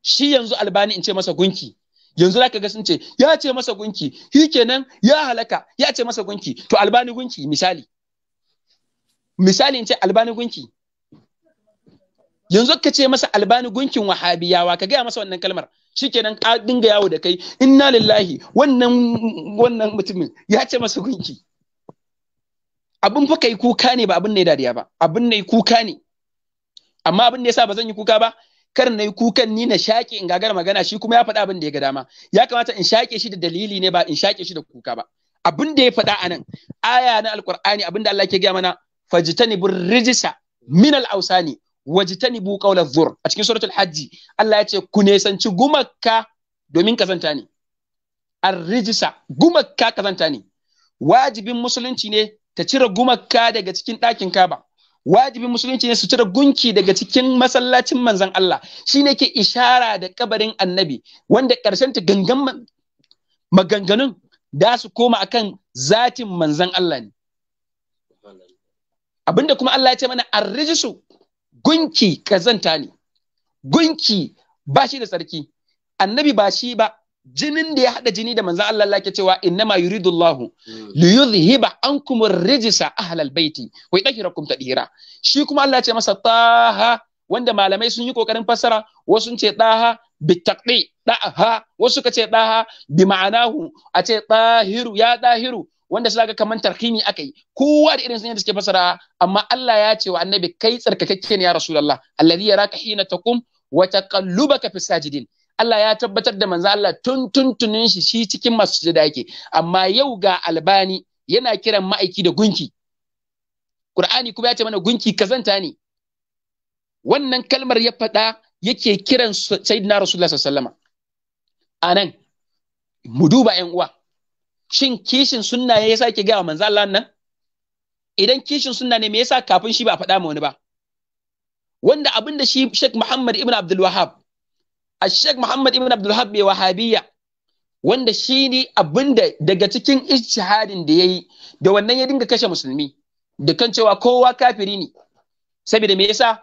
shi yanzu albani in ce masa gunki yanzu zaka ga sun ce ya ce masa gunki shi kenan ya halaka ya ce masa gunki to albani gunki misali misali in ce albani gunki yanzu ka ce masa albani gunkin wahabiyawa ka gaya masa wannan kalmar shikenan ka dinga yawo da kai inna lillahi wannan wannan mutumin ya ce masa gunki abin fa kai kuka ne ba abin ne dariya ba abin ne kuka ne amma abin da yasa ba zan yi kuka ba kar na yi kukan ni na shaƙe in gagara magana shi kuma ya faɗa abin da ya ga dama ya kamata in shaƙe shi da dalili ne ba in shaƙe shi da kuka ba abin da ya faɗa anan, aya na alƙur'ani abin da Allah ke gaya mana fajtanibu rijisa min al-ausani wajtanibu qawla zur a cikin suratul hajji Allah ya ce ku nesanci gumakka domin kazanta ne ar-rijisa gumakka kazanta ne wajibin musulunci ne ta cire gumaka daga cikin ɗakin kaba wajibin musulunci ne su cire gunki daga cikin masallacin manzon Allah shi ne ke ishara da kabarin annabi wanda ƙarshen ta gangan maganganun da su koma akan zatin manzon Allah ne abinda kuma Allah ya ce mana arrijisu gunki kazanta ne gunki ba shi da tsarki annabi ba shi ba jinin da ya haɗa jini da manzan Allah yake cewa innama yuridullahu li yudhhiba ankum ar ahlal baiti wa yudhhirakum tadhira shi kuma Allah ya ce masa taha wanda malamai sun yi kokarin fassara wasu sun ce taha bitaqdi daha wasu suka ce daha bi ma'anahu a ce tahiru ya dahiru wanda suna ga kamar tarhimi akai kowa da irin sunan da suke fasara amma Allah ya ce wa annabi kai tsarkakakke ne ya rasulullah alladhi yaraka hina taqum wa taqallubaka fi sajidin Allah ya tabbatar da manzo Allah tun tuntunin shi shi cikin masu sujada yake amma yau ga albani yana kiran ma'aiki da gunki Qur'ani kuma ya ce mana gunki kazanta ne wannan kalmar ya faɗa yake kiran sayyidina rasulullah sallallahu alaihi anan mu duba yan uwa shin kishin sunna ya yasa ke ga manzo Allah nan idan kishin sunna ne me yasa kafin shi ba faɗa ma wani ba wanda abin da shi Sheikh Muhammad Ibn Abdul Wahhab Sheikh Muhammad ibn Abdul Habib Wahabiyya wanda shi ne abinda daga cikin ijtihadin da yayi da wannan ya dinga kashe musulmi da kan cewa kowa kafiri ne saboda me yasa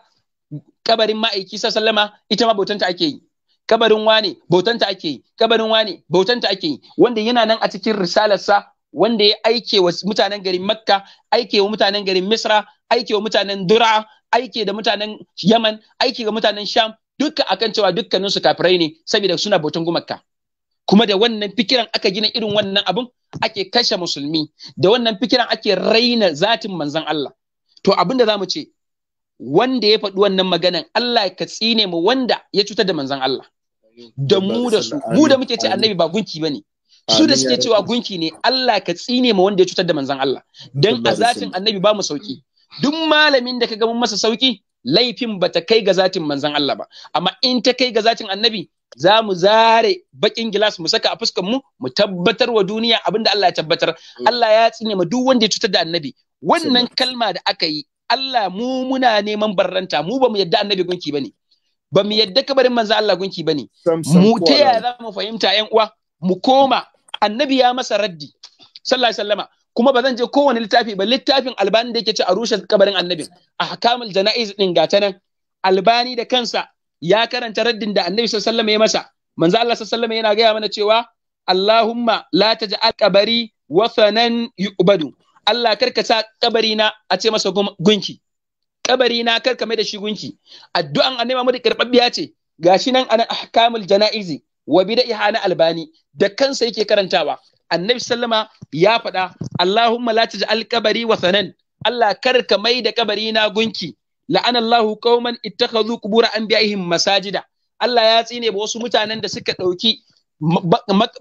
kabarin ma'aiki sallama ita ma bautanta ake yi kabarin wane bautanta ake yi kabarin wane bautanta ake yi wanda yana nan a cikin risalarsa wanda ya aike wa mutanen garin makka aike wa mutanen garin misra aike wa mutanen dura aike da mutanen yaman aike ga mutanen sham duka akan cewa dukkanin su kafirai ne saboda suna bautan gumaka kuma da wannan fikiran aka gina irin wannan abun ake kashe musulmi da wannan fikiran ake raina zatin manzon Allah to abin da zamu ce wanda ya faɗi wannan maganan Allah ya katsine mu wanda ya cutar da manzon Allah da mu da su mu da muke ce annabi ba gunki bane su da suke cewa gunki ne Allah ka tsine ma wanda ya cutar da manzon Allah dan azatin annabi ba mu sauki duk malamin da ka ga mun masa sauki laifin ba ta kai ga zatin manzan Allah ba amma in ta kai ga zatin annabi za mu zare bakin gilas mu saka a fuskan mu mu tabbatar wa duniya abinda Allah ya tabbatar mm. Allah ya tsine ma duk wanda ya cutar da annabi wannan kalma da aka yi Allah mu muna neman barranta mu ba mu yadda annabi gunki bane ba mu yadda kabarin manzan Allah gunki bane mu ta ya za mu fahimta yan uwa mu koma annabi ya masa raddi sallallahu alaihi wasallama kuma ba zan je kowane littafi ba littafin albani da yake ci a rushe kabarin annabi. a hakamul jana'iz din gata nan albani da kansa ya karanta raddin da annabi sallallahu alaihi ya masa manzo Allah sallallahu yana gaya mana cewa Allahumma la taj'al qabari wasanan yu'badu Allah karka sa kabari na a ce masa gunki kabari na karka mai da shi gunki addu'an annabi Muhammad karbabbiya ce gashi nan ana ahkamul janaizi wa bida'iha na albani da kansa yake karantawa annabi sallama ya faɗa Allahumma la taj'al qabri wa sanan Allah kar ka mai da kabari na gunki la'anallahu qauman ittakhadhu qubur anbiya'ihim masajida Allah ya tsine ba wasu mutanen da suka ɗauki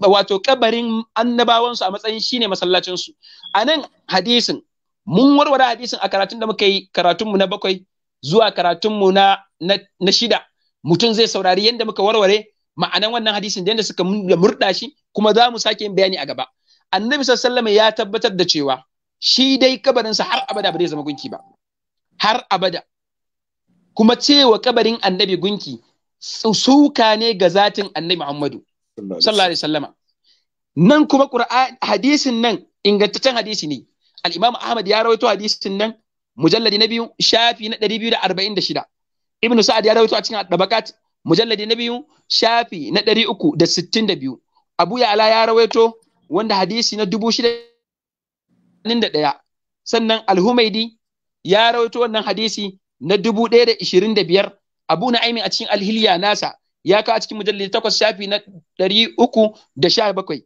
wato kabarin annabawansu a matsayin shine masallacinsu a nan hadisin mun warware hadisin a karatun da muka yi karatunmu na bakwai zuwa karatunmu na, na shida mutum zai saurari yadda muka warware ma'anan wannan hadisin da suka murda shi kuma za mu sake yin bayani a gaba annabi sallallahu ya tabbatar da cewa shi dai kabarinsa har abada ba zai zama gunki ba har abada kuma cewa kabarin annabi gunki suka ne ga zatin annabi Muhammadu sallallahu alaihi wasallama nan kuma qur'an hadisin nan ingantaccen hadisi ne al-imam Ahmad ya rawaito hadisin nan mujalladi na biyu shafi na 246 ibnu sa'ad ya rawaito a cikin dabakat mujalladi na biyu shafi na ɗari uku da sittin da biyu abu ya ala ya rawaito wanda hadisi na dubu shida da ɗaya sannan alhumaidi ya rawaito wannan hadisi na dubu ɗaya da ishirin da biyar abu na aimi a cikin alhiliya nasa ya kawo a cikin mujalladi takwas shafi na ɗari uku da sha bakwai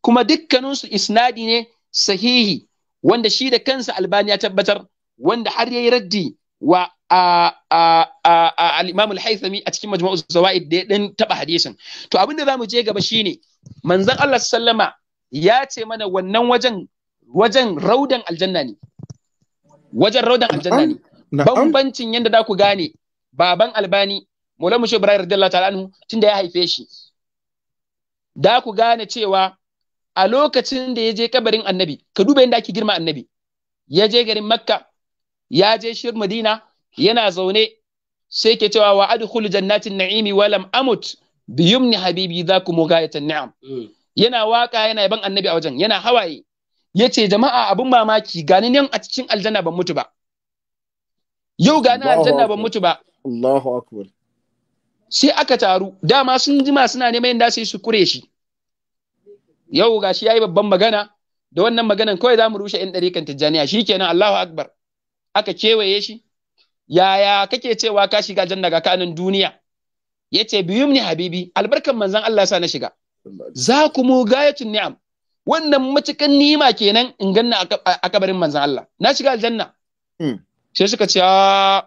kuma dukkaninsu isnadi ne sahihi wanda shi da kansa albani ya tabbatar wanda har ya yi raddi wa al-Imam al-Haythami a cikin Majmu'uz Zawaid da dan taba hadisin to abinda zamu je gaba shine manzon Allah sallama ya ce mana wannan wajen wajen raudan aljanna ne wajen raudan aljanna ne bambancin yadda da ku gane baban albani Maulana Mushe Ibrahim radiyallahu ta'ala anhu tunda ya haife shi da ku gane cewa a lokacin da ya je kabarin annabi ka duba yadda ake girma annabi ya je garin makka ya je shir madina yana zaune sai ke cewa wa adkhul jannatin na'imi wa lam amut bi yumni habibi zakum mugayatan ni'am hmm. yana waka yana yaban annabi a wajen yana hawaye yace jama'a abun mamaki gani nan a cikin aljanna ban mutu ba yau gani aljanna ban mutu ba Allahu akbar sai aka taru dama sun jima suna neman yadda sai su kure shi yau gashi yayi babban magana da wannan maganan kawai mu rushe in dariƙan tijjaniya shikenan Allahu akbar aka kewaye shi yaya kake cewa ka shiga janna ga kanin duniya yace biyumni habibi albarkan Manzan Allah sa na shiga za ku mu gayatun ni'am wannan matukan nima kenan in ganna a kabarin manzon Allah na shiga aljanna hmm. sai suka ce ah,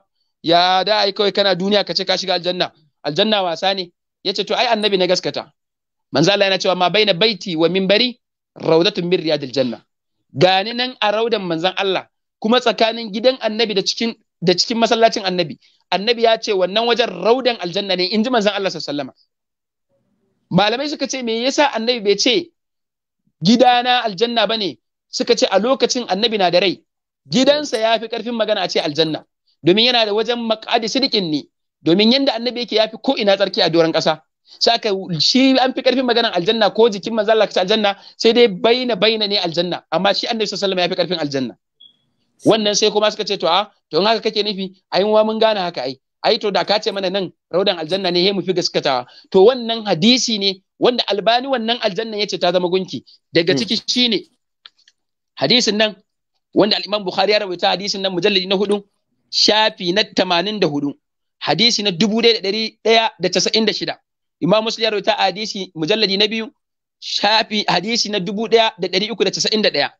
ya da ai kawai kana duniya ka ce ka shiga aljanna aljanna wasa ne yace to ai annabi na gaskata Manzan Allah yana cewa ma baina baiti wa minbari raudatun min riyadil janna gani nan a raudan Manzan Allah kuma tsakanin gidan annabi da cikin da cikin masallacin annabi annabi ya ce wannan wajen raudan aljanna ne in ji manzon Allah sallama malamai suka ce me yasa annabi bai ce gidana aljanna bane suka ce a lokacin annabi na da rai gidansa ya fi karfin magana a ce aljanna domin yana da wajen makadi sidikin ne domin yanda annabi yake yafi ko ina tsarki a doron kasa saka shi an fi karfin magana aljanna ko jikin manzo Allah aljanna sai dai baina baina ne aljanna amma shi annabi sallallahu alaihi wasallam ya fi karfin aljanna wannan sai kuma suka ce to a ah, to in haka kake nufi ai wa mun gane haka ai ai to da ka ce mana nan raudan aljanna ne he mu fi gaskatawa to wannan hadisi ne wanda albani wannan aljanna yace ta zama gunki daga hmm. ciki shine hadisin nan wanda al-Imam Bukhari ya rawaita hadisin nan mujalladi na hudu shafi na 84 hadisi na 1196 Imam Muslim ya rawaita hadisi mujalladi na biyu shafi hadisi na 1391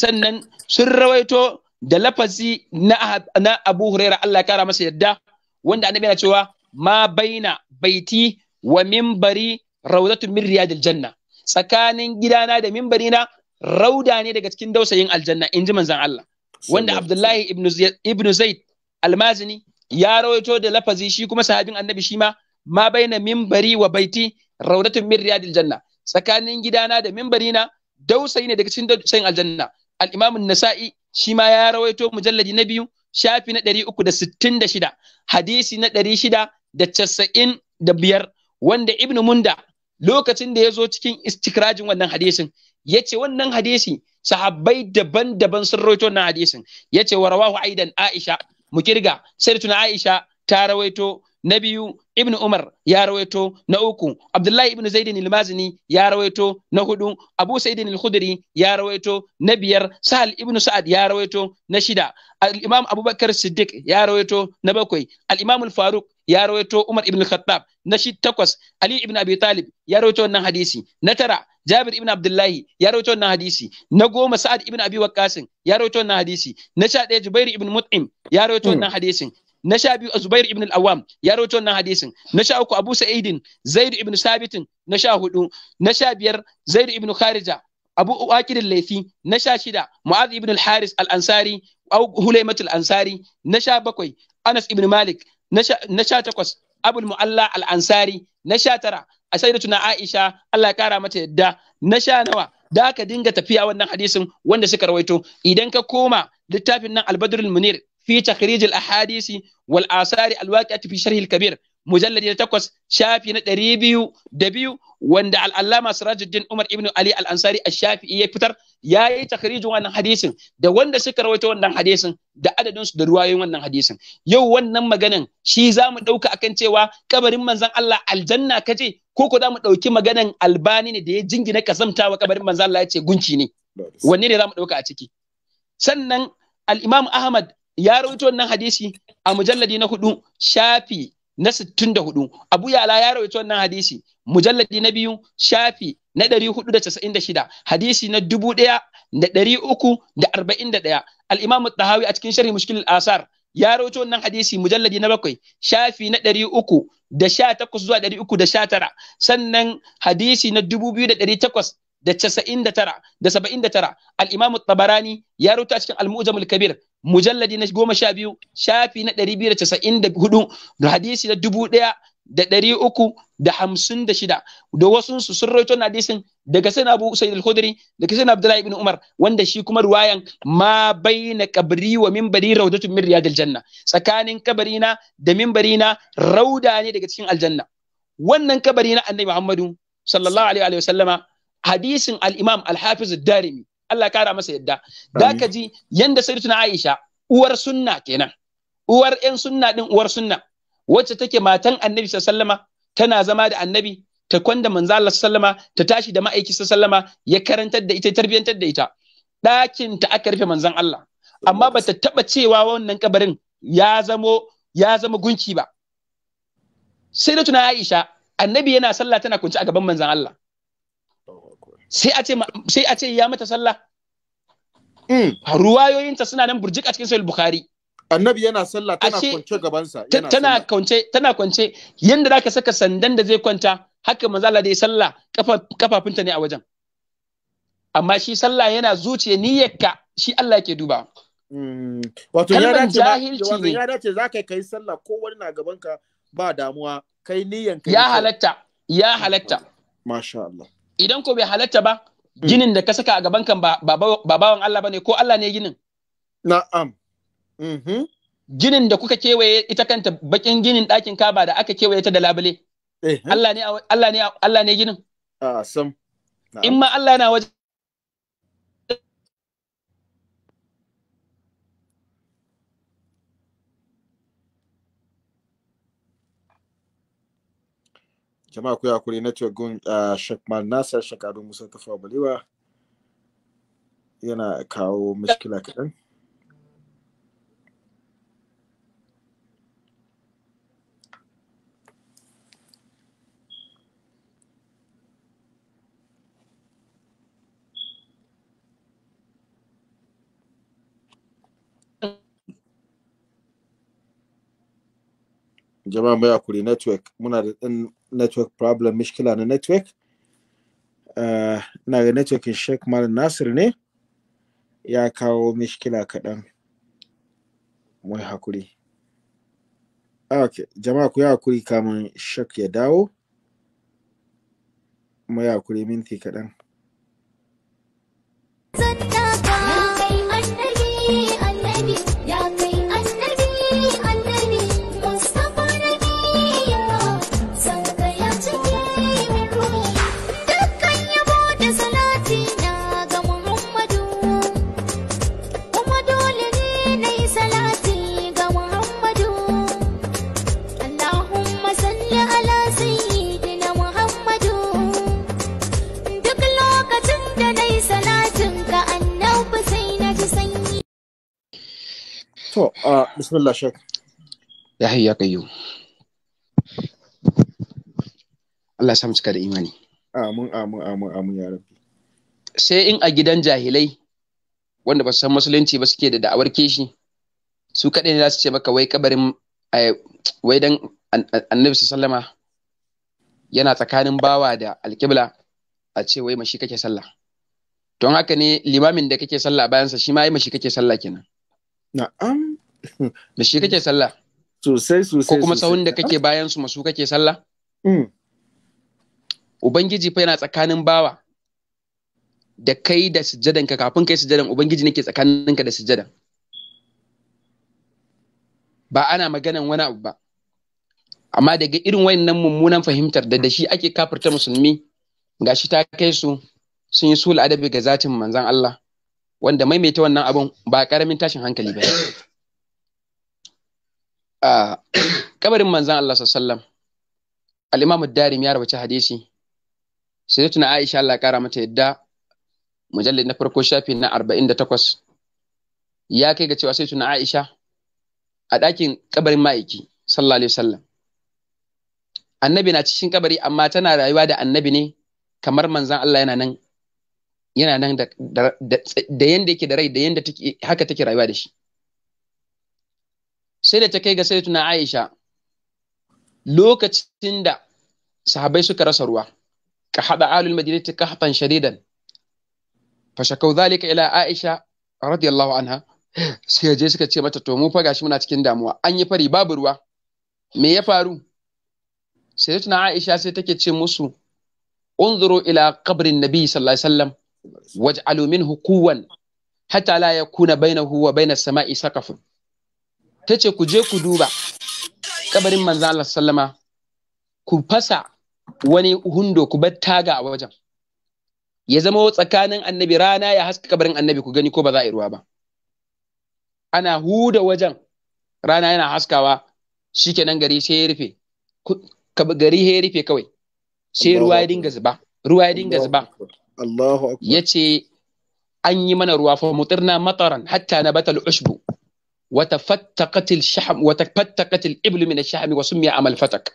sannan sun rawaito da lafazi na, Abu Huraira Allah ya kara masa yadda wanda annabi yana cewa ma baina baiti wa minbari raudatu min riyadil janna tsakanin gidana da na rauda ne daga cikin dausayin aljanna in ji manzon Allah wanda Abdullahi ibn ibn Zaid almazini ya rawaito da lafazi shi kuma sahabin annabi shi ma ma baina minbari wa baiti raudatu min riyadil janna tsakanin gidana da na dausayi ne daga cikin dausayin aljanna al-imam an-nasa'i shi ma ya rawaito mujalladi na biyu shafi na ɗari uku da sittin da shida hadisi na ɗari shida da casa'in da biyar wanda ibnu munda lokacin da ya zo cikin istikrajin wannan hadisin ya ce wannan hadisi sahabbai daban-daban sun rawaito wannan hadisin ya ce wa rawahu aidan aisha mu kirga sai tuna aisha ta rawaito na biyu ibn Umar ya rawaito na uku Abdullahi ibn Zaid al ya rawaito na hudu Abu Sa'id al-Khudri ya rawaito na biyar Sahal ibn Sa'ad ya rawaito na shida al Abubakar Siddiq ya rawaito na bakwai al-Imam faruq ya rawaito Umar ibn Khattab na shi takwas Ali ibn Abi Talib ya rawaito wannan hadisi na tara Jabir ibn Abdullahi ya rawaito wannan hadisi na goma Sa'ad ibn Abi Waqqas ya rawaito wannan hadisi na sha ɗaya Jubair ibn Mut'im ya rawaito wannan hadisin na sha biyu a Zubair ibn al-Awwam ya rawaito wannan hadisin na sha uku Abu Sa'id Zaid ibn Sabitin na sha hudu na sha biyar Zaid ibn Kharija Abu Uwakir al-Laythi na sha shida Mu'adh ibn al-Haris al-Ansari aw Hulaymat al-Ansari na sha bakwai Anas ibn Malik na sha takwas Abul Mu'alla al-Ansari na sha tara a sayyidatuna Aisha Allah ya kara mata yadda na sha nawa da ka dinga tafiya wannan hadisin wanda suka rawaito idan ka koma littafin nan albadrul munir fi takhrij al ahadisi wal asari al waqi'ati fi sharh al kabir mujalladi na takwas shafi na ɗari biyu da biyu wanda al'allama sirajuddin umar Ibnu ali al'ansari a shafi ya fitar ya yi takharijin wannan hadisin da wanda suka rawaito wannan hadisin da adadinsu da ruwayoyin wannan hadisin yau wannan maganan shi za mu ɗauka akan cewa kabarin manzan allah aljanna ka ce ko ko za mu ɗauki maganan albani ne da ya jingina kasamtawa kabarin manzan allah ya ce gunki ne wanne ne za mu ɗauka a ciki sannan al'imam ahmad ya rawaito wannan hadisi a mujalladi na hudu shafi na sittin da hudu abu yala ya rawaito wannan hadisi mujalladi na biyu shafi na ɗari hudu da casa'in da shida hadisi na dubu ɗaya da ɗari uku da arba'in da ɗaya al'imam tahawi a cikin sharhi mushkil asar ya rawaito wannan hadisi mujalladi na bakwai shafi na ɗari uku da sha takwas zuwa ɗari uku da sha tara sannan hadisi na dubu biyu da ɗari takwas da casa'in da tara da saba'in da tara al'imam tabarani ya rawaito a cikin al-mu'jamul kabir mujalladi na goma sha biyu shafi na ɗari biyu da casa'in da hudu da hadisi na dubu ɗaya da ɗari uku da hamsin da shida da wasu su sun rawaito na hadisin daga sai abu sa'id al-khudri daga sai abdullahi ibn umar wanda shi kuma ruwayan ma baina qabri wa minbari rawdatun min riyadil janna tsakanin kabarina da minbarina rauda ne daga cikin aljanna wannan kabari na annabi muhammadu sallallahu alaihi wa sallama hadisin al-imam al-hafiz ad-darimi Allah kara masa yadda da ka ji yanda sayyidatuna Aisha uwar sunna kenan uwar yan sunna ɗin uwar sunna wacce take matan Annabi sallama tana zama da Annabi ta kwanda manzo Allah sallama ta tashi da ma'aiki sallama ya karantar da ita tarbiyantar da ita ɗakin ta aka rufe manzon Allah amma bata taba cewa wannan kabarin ya zamo ya zama gunki ba sayyidatuna Aisha annabi yana sallah tana kunci a gaban manzon Allah sai a ce ya mata sallah mm. ruwayoyinta suna nan burjik a cikin sahih bukhari annabi yana sallah tana kwance gabansa tana kwance tana kwance yanda ka saka sandan da zai kwanta haka manzo da ya sallah kafafinta ne a wajen amma shi sallah yana zuciya niyyarka shi Allah yake duba mm. wato ya dace za ya kai sallah ko wani na gabanka ba damuwa kai niyyanka ya halatta ya halatta masha Allah idan ko bai halatta ba hmm. ginin da ka saka a gaban kan ba bawan Allah bane ko Allah ne ginin na'am mm-hmm. ginin da kuka kewaye ita kanta bakin ginin ɗakin kaba da aka kewaye ta da labule eh. Allah ne Allah ne Allah ne ginin ah, in ma Allah yana wajen jama'a ku kuri na gun ah, shakman nasar shekaru musa tafa balewa yana kawo mishkila kaɗan jama'a mai akuri network muna da ɗan network problem mishkila na network eh, na ga networkin sheik malam nasir ne ya kawo mishkila kaɗan mai hakuri ah, okay jama'a ku hakuri kamun shak ya dawo mu hakuri minti kaɗan آه بسم الله شك يا حي يا قيوم Allah ya samu cika da imani. Amin amin amin amin ya rabbi. Sai in a gidan jahilai wanda ba su san musulunci ba suke da da'awar kishi su kaɗai ne za su ce maka wai kabarin wai dan annabi sallama yana tsakanin bawa da alkibla a ce wai mashi kake sallah don haka ne limamin da kake sallah bayansa shi ma yi mashi kake sallah kenan na'am da shi kake sallah sosai sosai ko kuma sahun da kake bayan su masu kake sallah mm. ubangiji fa yana tsakanin bawa da kai da sujjadan ka kafin kai sujjadan ubangiji nake tsakanin ka da sujjadan ba ana maganan wani abu ba amma daga irin wayannan mummunan fahimtar da da shi ake kafirta musulmi gashi ta kai su sun yi sulh adabi ga zatin manzon Allah wanda maimaita wannan abun ba karamin tashin hankali ba a kabarin manzan Allah sallam al'imamu imam Darim ya rawaci hadisi sai tuna Aisha Allah kara mata yadda mujallin na farko shafi na 48 ya kai ga cewa sai tuna Aisha a ɗakin kabarin ma'aiki sallallahu alaihi wasallam annabi na cikin kabari amma tana rayuwa da annabi ne kamar manzan Allah yana nan yana nan da yanda yake da rai da yanda haka take rayuwa da shi sai da ta kai ga sai tuna Aisha lokacin da sahabai suka rasa ruwa ka hada alul madinati kahfan shadidan fashakau zalika ila Aisha radiyallahu anha sai je suka ce mata to mu fa gashi muna cikin damuwa an yi fari babu ruwa me ya faru sai tuna Aisha sai take ce musu unzuru ila qabrin nabi sallallahu alaihi wasallam waj'alu minhu quwwan hatta la yakuna bainahu wa bainas sama'i saqafun ta ce ku je ku duba kabarin manzo Allah sallama ku fasa wani hundo ku bar taga a wajen ya zama tsakanin annabi rana ya haska kabarin annabi ku gani ko ba za a yi ruwa ba ana huda wajen rana yana haskawa shikenan gari sai ya rufe gari ya rufe kawai sai ruwa ya dinga zuba ruwa ya dinga zuba Allahu akbar yace an yi mana ruwa fa mutirna mataran hatta na batal ushbu watafattaqatil shaham watafattaqatil iblu min ash-shahmi wa sumiya amal fatak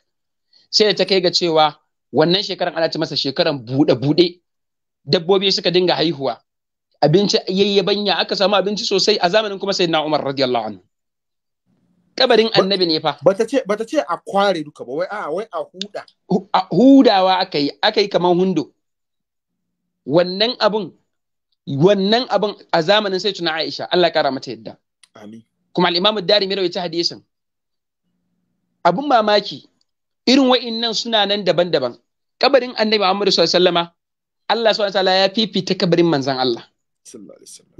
sai da ta kai ga cewa wannan shekaran ana ta masa shekaran bude bude dabbobi suka dinga haihuwa abinci yayyabanya aka samu abinci sosai a zamanin kuma sayyidina Umar radiyallahu anhu kabarin annabi ne fa bata ce bata ce a kware duka ba wai a wai a huda a hudawa aka yi aka yi kaman hundo wannan abun wannan abun a zamanin sai Aisha Allah ya kara mata yadda amin kuma al-Imam ad-Darimi rawaita hadisin abun mamaki irin nan suna nan daban-daban kabarin Annabi Muhammad sallallahu alaihi wasallama Allah subhanahu wa ta'ala ya fifita kabarin manzon Allah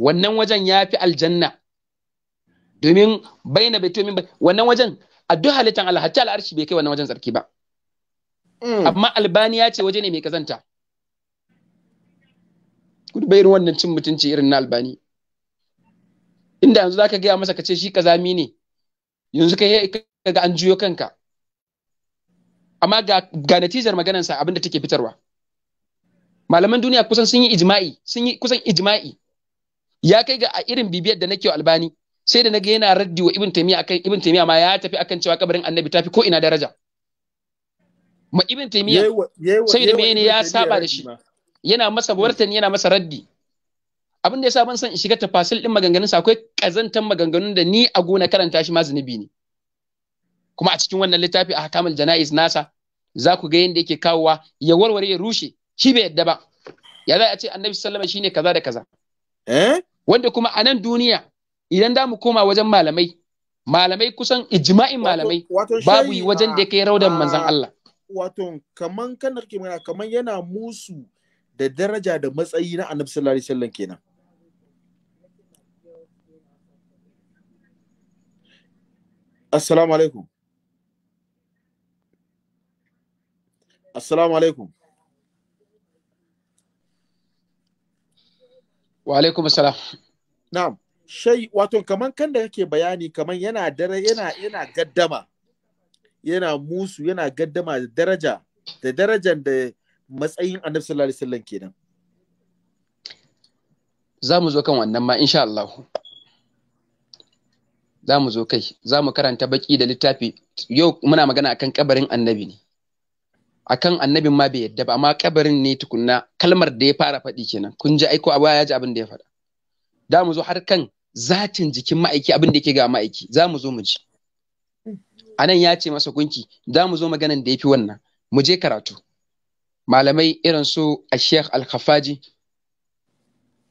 wannan wajen ya fi aljanna domin baina bai tomin wannan wajen a duk halittan Allah hatta al'arshi bai kai wannan wajen tsarki ba mm. amma albani ya ce waje ne mai kazanta kudu irin wannan cin mutunci irin na albani inda yanzu zaka gaya masa ka ce shi kazami ne yanzu kai ga an juyo kanka amma ga ga natijar maganar sa abinda take fitarwa malaman duniya kusan sun yi ijma'i sun yi kusan ijma'i ya kai ga a irin bibiyar da nake albani sai da naga yana raddi wa ibn taymiya akan ibn taymiya ma ya tafi akan cewa kabarin annabi tafi ko ina daraja ma ibn taymiya sai da mene ya saba da shi yana masa wartani yana masa raddi abin da yasa ban san in shiga tafasil din maganganun sa akwai kazantan maganganun da ni a gona karanta shi ma zunubi ne kuma a cikin wannan littafi a hakamul janaiz nasa za ku ga yadda yake kawowa ya warware ya rushe shi bai yadda ba ya za a ce annabi sallama shine kaza da kaza eh wanda kuma a nan duniya idan da mu koma wajen malamai malamai kusan ijma'in malamai babu wajen da kai raudan manzon Allah wato kaman magana kaman yana musu da daraja da matsayi na annabi sallallahu alaihi wasallam kenan Assalamu alaikum. Assalamu alaikum. Wa alaikum assalam. Na'am. Shai wato kaman kan da kake bayani kaman yana dare yana yana gaddama. Yana musu yana gaddama da daraja da darajan da matsayin Annabi sallallahu alaihi wasallam kenan. Za mu zo kan wannan ma insha Allah. za mu zo kai za mu karanta baki da littafi yau muna magana akan kabarin annabi ne akan annabin ma bai yadda ba amma kabarin ne tukunna kalmar da ya fara faɗi kenan kun ji aiko abu ya ji abin da ya faɗa da mu zo har kan zatin jikin ma'aiki abin da yake ga ma'aiki za mu zo mu ji anan ya ce masa gunki za mu zo maganan da ya fi wannan mu je karatu malamai irin su a sheikh al-khafaji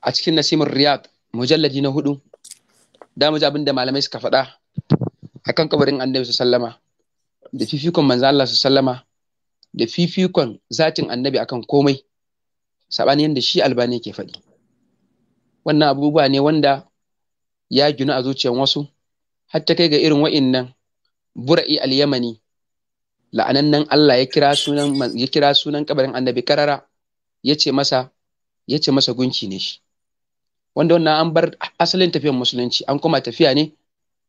a cikin nasimin riyad mujalladi na hudu da ji abin da malamai suka faɗa akan kabarin annabi su sallama da fifikon manzan Allah su sallama da fifikon zatin annabi akan komai sabani yadda shi albani ke faɗi wannan abubuwa ne wanda ya ginu a zuciyar wasu har ta kai ga irin wa'innan bura'i al-yamani la'anannan Allah ya kira sunan ya kabarin annabi karara ya ce masa ya ce masa gunki ne shi wanda wannan an bar asalin tafiyar musulunci an koma tafiya ne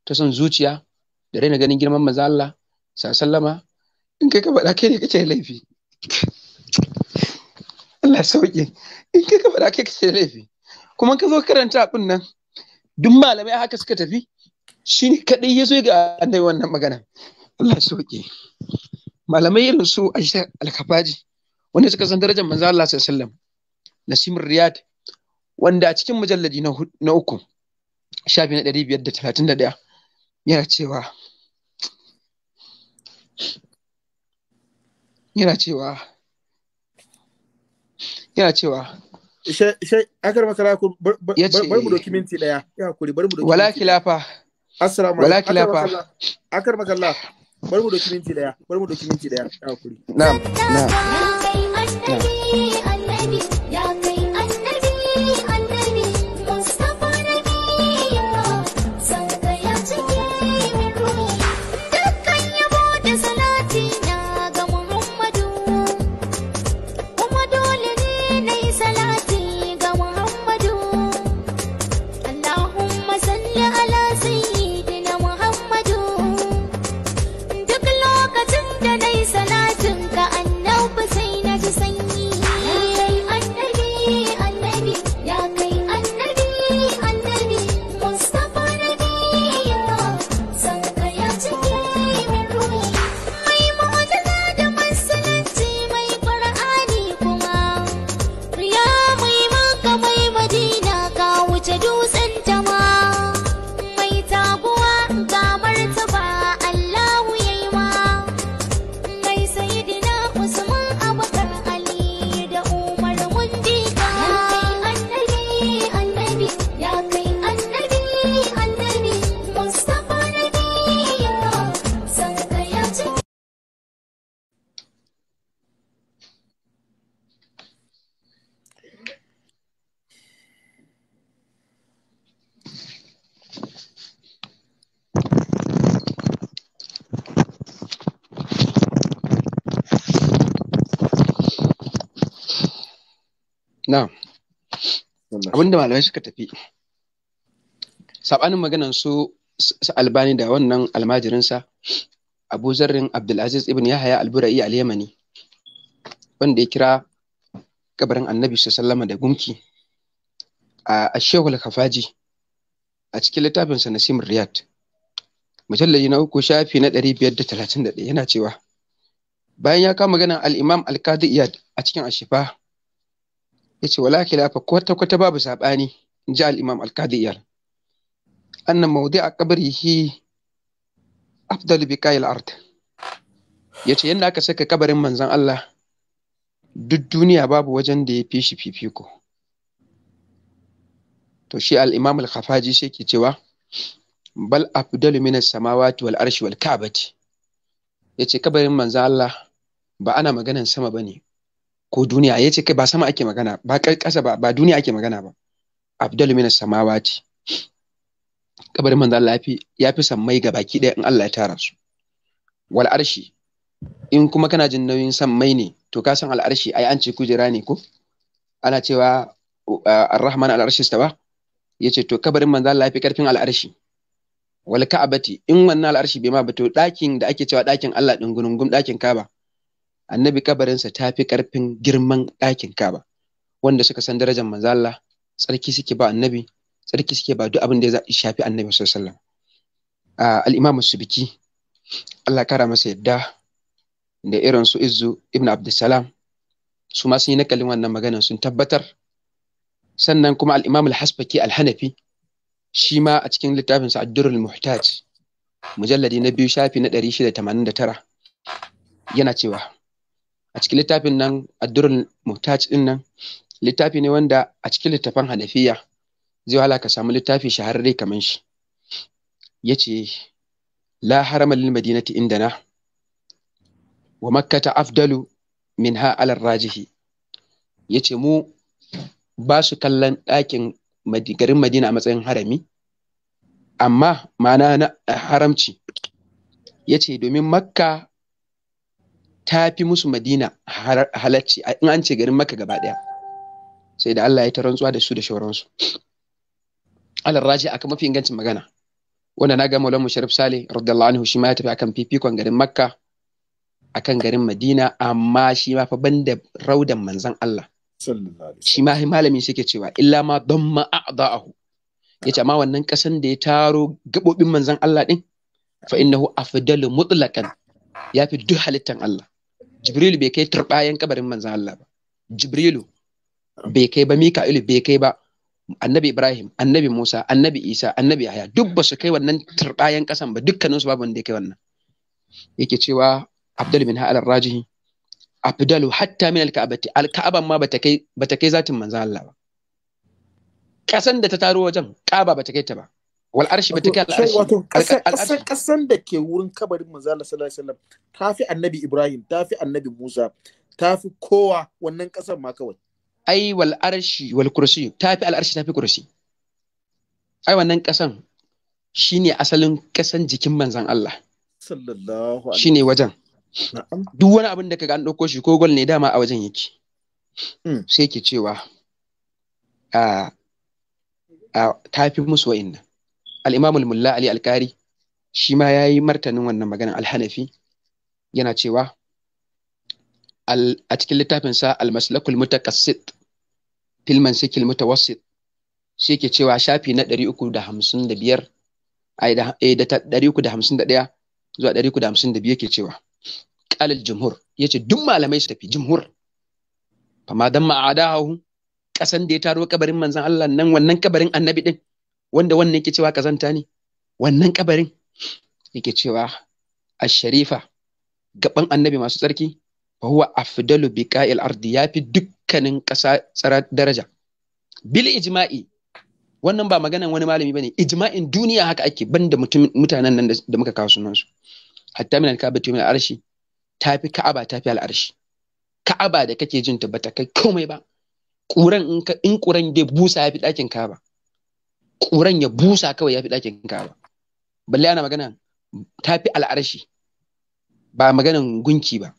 ta son zuciya da raina ganin girman maza Allah sallama in kai ka faɗa kai ne kace laifi Allah sauke in kai ka faɗa kai kace laifi kuma ka zo karanta abin nan duk malamai haka suka tafi shine kadai ya zo ga annabi wannan magana Allah sauke malamai irin su Aisha Al-Kafaji wanda suka san darajar manzo Allah sallallahu alaihi wasallam Nasimur Riyad wanda a cikin mujalladi na uku shafi na ɗari biyar da talatin da ɗaya yana cewa yana cewa yana cewa akar ɗaya ya kuri wala kilafa assalamu wala kilafa akar bar mu doki minti ɗaya ya kuri na'am na'am na abinda malamai suka tafi sabanin maganan su albani da wannan almajirinsa abu zarrin abdulaziz ibn yahaya albura'i al-yamani wanda ya kira kabarin annabi sallama da Gunki a shehul kafaji a cikin littafinsa na nasim riyad mujallaji na uku shafi na 531 yana cewa bayan ya kama ganin al-imam al-qadi iyad a cikin ashifa yace wala khilafa kwata kwata babu sabani inji al'imam imam al-qadiyar anna mawdi'a qabrihi afdal biqai art ya yace yadda aka saka kabarin manzan Allah duk duniya babu wajen da ya fi shi fifiko to shi al’imam alkhafaji shi sai ke cewa bal afdalu minas samawati wal arshi wal ka'bati yace kabarin manzon Allah ba ana maganan sama ba ne. ko duniya ya ce kai ba sama ake magana ba ƙasa ba ba duniya ake magana ba abdul min samawati kabarin manzo Allah ya fi sammai ga baki ɗaya in Allah ya tara su wal arshi in kuma kana jin nauyin sammai ne to ka san al arshi ai an ce kujera ne ko ana cewa uh, ar-rahman al arshi stawa yace to kabarin manzo Allah yafi karfin al arshi wal ka'abati in wannan al arshi bai ma ba to dakin da ake cewa dakin Allah din gunungum dakin Kaaba annabi kabarinsa ta fi ƙarfin girman ɗakin kaba wanda suka san darajar manzala tsarki suke ba annabi tsarki suke ba duk abin da ya shafi annabi sallallahu alaihi wasallam al-imam subiki Allah kara masa yadda da irin su izu ibn Abdussalam su ma sun yi nakalin wannan maganar sun tabbatar sannan kuma al-imam al-hasbaki al-hanafi shi ma a cikin littafinsa ad-durrul muhtaj mujalladi na biyu shafi na 689 yana cewa a cikin littafin nan addurul muhtaj din nan littafi ne wanda a cikin littafin hanafiya zai wahala ka samu littafi shahararre kamar shi yace la harama lil madinati indana wa makkata afdalu minha ala rajihi yace mu ba su kallon ɗakin garin madina a matsayin harami amma ma'ana na haramci yace domin makka ta fi musu madina halacci in an ce garin maka gaba ɗaya sai da Allah ya ta rantsuwa da su da shauransu alal raji aka mafi ingancin magana wanda na ga maulan sharif sale radiyallahu anhu shi ma ya tafi akan fifikon garin makka akan garin madina amma shi ma fa banda raudan manzan Allah shi ma malamin shi ke cewa illa ma damma Ya yace amma wannan kasan da ya taro gabobin manzan Allah din fa innahu afdalu mutlaqan ya fi duk halittan Allah jibrilu bai kai turbayan kabarin manzan Allah ba jibrilu bai kai ba mika'ilu bai kai ba annabi ibrahim annabi musa annabi isa annabi Yahaya duk ba su kai wannan turbayan kasan ba dukkanin su babu wanda ya kai wannan yake cewa abdul bin ha'al rajihi Abdul hatta min alka'abati alka'aban ma bata kai bata kai zatin manzan Allah ba kasan da ta taro wajen kaba bata kai ta ba Wal'arshi ba kasan da ke wurin kabarin manzo Allah sallallahu alaihi annabi Ibrahim annabi Musa kowa wannan kasan ma kawai ai wal kursi kursi asalin kasan jikin Allah wajen duk wani abin da kaga an shi ko gwal ne dama a wajen mm. sai ah, ah, tafi musu al’imamu imam mulla ali alƙari shi ma yi martanin wannan magana alhanafi yana cewa a cikin littafinsa al mutakassit filman sikil mutawassit shi yake cewa shafi na da 351 eh, zuwa 352 yake cewa qalal jumhur yace duk malamai su tafi jumhur fama ma'ada hau kasan da ya taro kabarin manzan Allah nan wannan kabarin annabi din wanda wannan yake cewa kazanta ne wannan kabarin yake cewa asharifa gaban annabi masu tsarki wa huwa afdalu biqa'il ardi yafi dukkanin kasa tsara daraja bil ijma'i wannan ba maganan wani malami bane ijma'in duniya haka ake banda mutanen nan da muka kawo sunan su hatta min al tu min al-arshi tafi ka'aba tafi al-arshi ka'aba da kake jin ta bata kai komai ba kuran in kuran da busa yafi dakin ka'aba ƙuran ya busa kawai ya fi ɗakin kawa balle ana magana ta fi al'arshi ba maganan gunki ba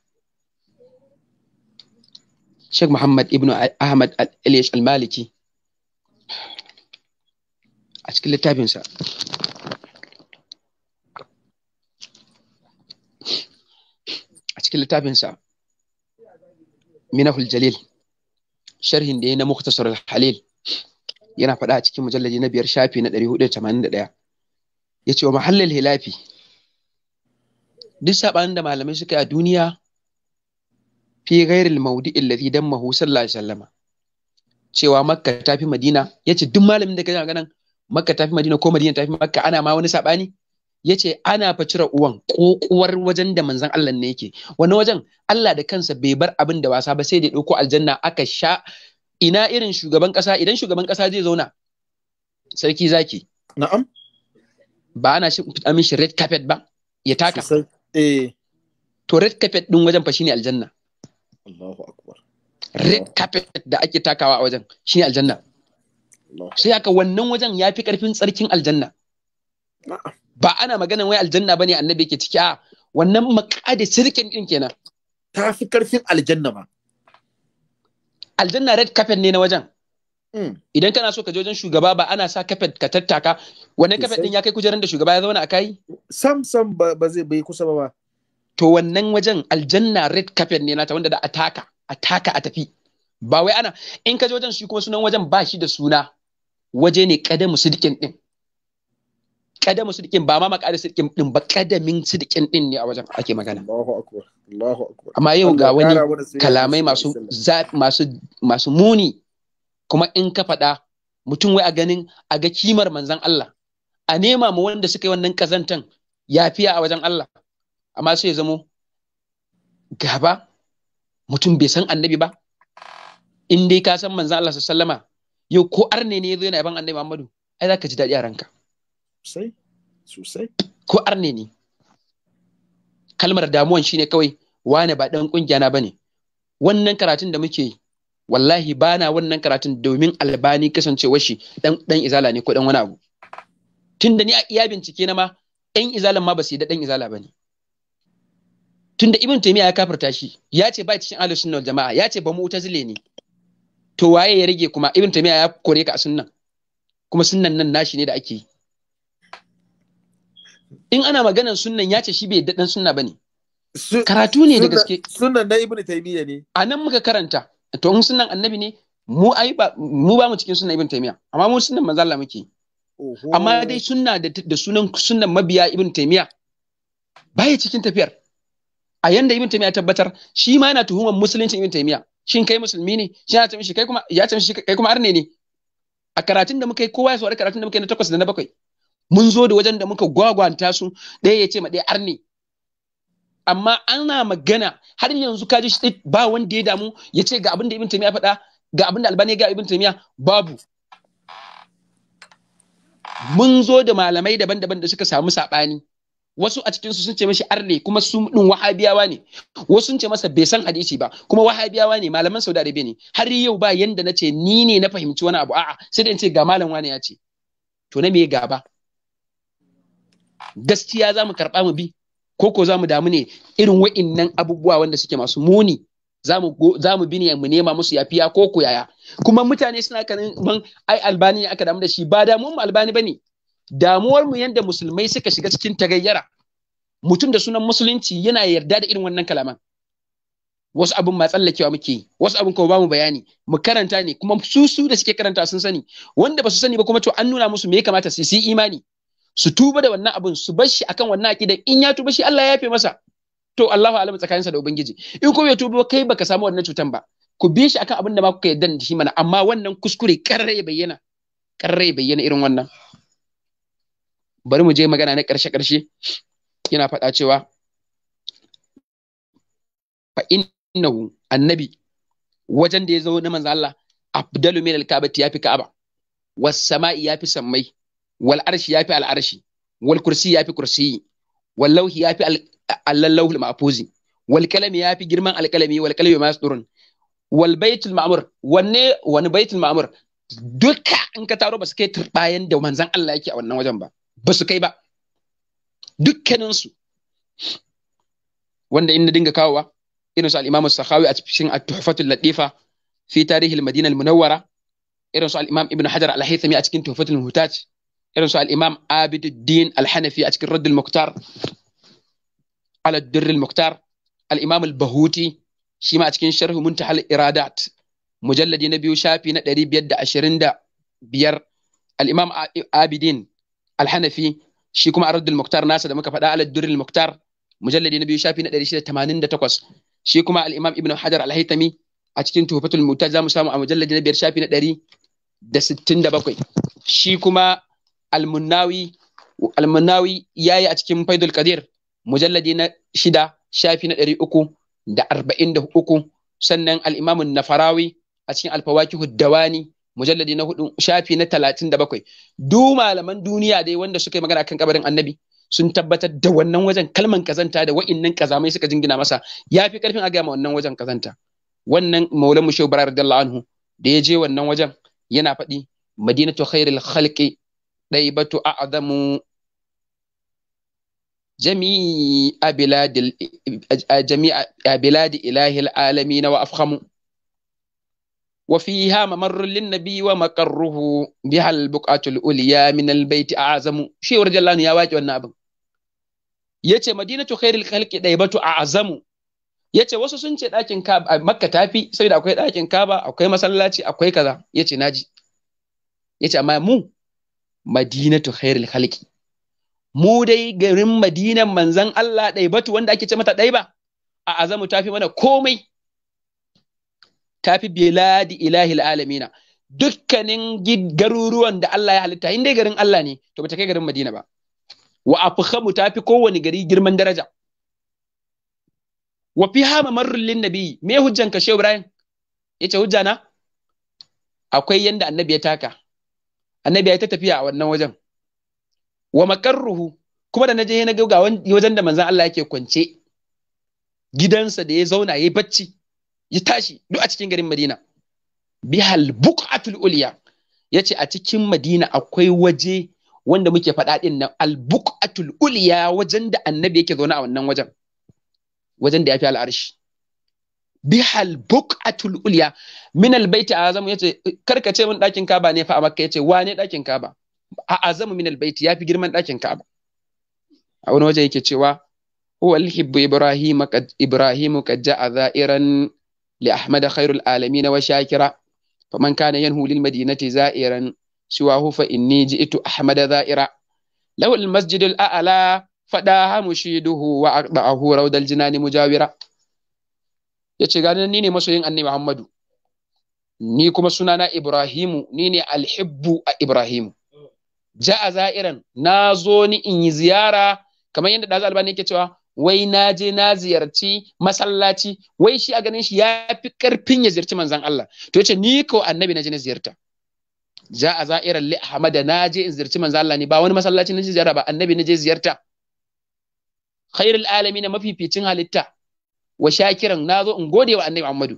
Sheikh Muhammad Ibn Ahmad Al-Ilish Al-Maliki a cikin littafinsa a cikin littafinsa Minahul Jalil sharhin da ya na Muktasar Halil yana faɗa a cikin mujallaji na biyar shafi na 481 ya ce wa mahallin hilafi duk saɓanin da malamai suka yi a duniya fi maudi illazi dan mahu sallallahu alaihi wasallam cewa makka ta fi madina ya ce duk malamin da ka jama ganin makka ta fi madina ko madina ta fi makka ana ma wani saɓani ya ce ana fa cire uwan kokuwar wajen da manzan Allah ne yake wani wajen Allah da kansa bai bar abin da wasa ba sai da ɗauko aljanna aka sha ina irin shugaban kasa idan shugaban kasa zai zauna sarki zaki na'am ba ana shi amin shi red carpet ba ya taka eh to red carpet din wajen fa shine aljanna Allahu akbar red carpet da ake takawa a wajen shine aljanna sai aka wannan wajen ya fi karfin tsarkin aljanna ba ana maganan wai aljanna bane annabi yake ciki a wannan makadi sirkin din kenan ta fi karfin aljanna ba aljanna red carpet ne na wajen mm. idan kana so ka je wajen shugaba ba ana sa kafet ka tattaka wannan kafet din ya kai kujerar da shugaba ya zauna a kai sam sam ba zai bai kusa ba to wannan wajen aljanna red carpet ne nata wanda da a taka a taka tafi ba wai ana in ka je wajen shi kuma sunan wajen ba shi da suna waje ne kadamu dikin din kadamu sidikin ba ma makari sidikin din ba kadamin sidikin din ne a wajen ake magana amma yau ga wani kalamai masu masu masu muni kuma in ka faɗa mutum wai a ganin a ga kimar manzan Allah a nema mu wanda suka yi wannan kazantan yafiya a wajen Allah amma sai ya zamo gaba mutum bai san annabi ba in dai ka san manzan Allah sallama yau ko arne ne ya zo yana yaban annabi Muhammadu ai za ka ji daɗi a ranka sosai sosai ko arne ne kalmar damuwan shine kawai wane ba dan kungiya na bane wannan karatun da muke yi wallahi bana wannan karatun domin albani kasancewar shi dan dan izala ne ko dan wani abu tunda ni a iya bincike na ma yan izalan ma ba su yi da dan izala bane tunda ibn taymiya ya kafirta shi ya ce ba cikin ahlus sunna jama'a ya ce ba zile ne to waye ya rage kuma ibn taymiya ya kore ka a sunnan kuma sunnan nan nashi ne da ake yi in ana maganar sunan ya ce shi bai dan sunna ne. karatu ne da gaske Sunan na ibnu taymiya ne a nan muka karanta to in sunan annabi ne mu ai ba mu ba mu cikin sunan ibnu taymiya amma mu sunan manzo Allah muke amma dai sunna da sunan sunan mabiya ibnu taymiya baya cikin tafiyar a yanda ibn taymiya tabbatar shi ma yana tuhumar musulunci ibn taymiya shin kai musulmi ne shi ya tamshi kai kuma ya tamshi kai kuma arne ne a karatun da muka yi kowa ya saurari karatun da muka yi na takwas da na bakwai mun zo da wajen da muka gwagwanta su ɗaya ya ce ma ɗaya arne amma ana magana har yanzu kaji shi ba wanda ya damu ya ce ga abin da ibn taymiya faɗa ga abin da albani ga ibn taymiya babu mun zo da malamai daban-daban da suka samu saɓani wasu a cikinsu sun ce mashi arne kuma su ɗin wahabiyawa ne wasu sun ce masa bai san hadisi ba kuma wahabiyawa ne malaman saudi arabia ne har yau ba yanda na ce ni ne na fahimci wani abu a'a sai da in ce ga malam wani ya ce to na me gaba gaskiya za mu karɓa mu bi ko ko za mu damu ne irin wa'innan abubuwa wanda suke masu muni za mu bi ne mu nema musu yafiya ko ko yaya kuma mutane suna kanin ban ai albani ne aka damu da shi ba damuwar mu albani bane damuwar mu yanda musulmai suka shiga cikin tagayyara mutum da sunan musulunci yana yarda da irin wannan kalaman wasu abin ma tsallakewa muke yi wasu abin kuma bamu bayani mu karanta ne kuma su su da suke karanta sun sani wanda ba su sani ba kuma to an nuna musu me ya kamata su yi imani su tuba da wannan abin su bar shi akan wannan aqidan in ya tuba shi Allah ya yafe masa to Allahu alam tsakaninsa da ubangiji in ko bai tuba kai baka samu wannan cutan ba ku bi shi akan abin da ma kuka yarda da shi mana amma wannan kuskure karre ya bayyana karre ya bayyana irin wannan bari mu je magana na karshe karshe yana faɗa cewa fa innahu annabi wajen da ya zo na manzo Allah afdalu min al-ka'bati yafi ka'aba was sama'i yafi sammai wal arshi yafi al arshi wal kursi yafi kursi wal lauhi yafi al lauhul mahfuzi wal kalami yafi girman al kalami wal kalami ma yasdurun wal baitul ma'mur wanne wani baitul ma'mur duka in ka taro ba su kai turbayan da manzon Allah yake a wannan wajen ba ba su kai ba dukkanin su wanda in na dinga kawowa irin su al-Imam sakhawi a cikin at-Tuhfatul Latifa fi tarihi al-Madina al-Munawwara irin su al-Imam Ibn Hajar al-Haythami a cikin Tuhfatul Hutaj irin su al'imam imam abiduddin al-hanafi a cikin raddul muktar ala durrul muktar al'imam al-bahuti shi ma a cikin sharh muntahal iradat mujalladi na biyu shafi na 525 al-imam abidin al-hanafi shi kuma a raddul muktar nasa da muka faɗa ala durrul muktar mujalladi na biyu shafi na 688 shi kuma al'imam ibn hajar al haitami a cikin tuhfatul mu'taz mu samu a mujalladi na biyar shafi na 167 shi kuma almunnawi almunnawi ya yi a cikin faidul qadir mujalladi na shida shafi na ɗari uku da arba'in da uku sannan al'imamun nafarawi a cikin alfawakihu dawani mujalladi na hudu shafi na talatin da bakwai du malaman duniya dai wanda suka yi magana kan kabarin annabi sun tabbatar da wannan wajen kalman kazanta da wa'innan kazamai suka jingina masa yafi fi karfin a gama wannan wajen kazanta wannan maulan mushe bara anhu da ya je wannan wajen yana faɗi madinatu khairul khalqi ɗaibatu a a'zamu jami'a biladil eh, jami'a eh, biladi ilahil alamin wa afhamu وفيها ممر للنبي ومقره بها البقعة الأولية من البيت أعظم شيء ورجال الله يا واجه والنابن yace madinatu khairil ɗa'ibatu a a'zamu yace wasu sun ce ɗakin ka a makka ta fi? Sai da akwai ɗakin ka ba? akwai masallaci akwai kaza yace naji yace amma mu madinatu khairul khalqi mu dai garin madinan manzan Allah batu wanda ake ce mata ba a azamu tafi mana komai tafi biladi ilahi alamina dukkanin garuruwan da Allah ya halitta in garin Allah ne to ta kai garin Madina ba wa afkhamu tafi kowane gari girman daraja wa fiha mamarrul lin nabi me hujjan ka Shehu Ibrahim yace hujjana akwai yanda annabi ya taka annabi ya ta tafiya a wannan wajen wa makarruhu kuma da na je na ga wajen da manzan Allah yake kwance gidansa da ya zauna ya bacci ya tashi duk a cikin garin Madina bihal buqatul ya yace a cikin Madina akwai waje wanda muke faɗa din nan al buqatul uliya wajen da annabi yake zauna a wannan wajen wajen da ya fi al'arshi bihal buqatul ulya min albayti azamu yace karkace min dakin kaba ne fa a makka yace wane dakin kaba a azamu min ya yafi girman dakin kaba a wani waje yake cewa huwa alhibbu ibrahim qad ibrahim qad ja'a za'iran li ahmad khairul alamin wa shakira faman kana yanhu lil madinati za'iran siwahu fa inni ji'tu ahmad za'ira law al masjid al a'la fadaha mushiduhu wa aqda'ahu rawdal jinani mujawira ya ce gani ni ne masoyin annabi Muhammadu ni kuma sunana Ibrahimu ni ne alhibbu a Ibrahimu Ja a za'iran na zo ni in yi ziyara kamar yadda dazu albani yake cewa wai na je na ziyarci masallaci wai shi a ganin shi ya fi karfin ya ziyarci manzan Allah to ce ni ko annabi na je na ziyarta Ja a za'iran li Hamada na je in ziyarci manzan Allah ne ba wani masallaci na je ziyara ba annabi na je ziyarta khairul alamin mafificin halitta wa shakiran zo in gode wa annabi Muhammadu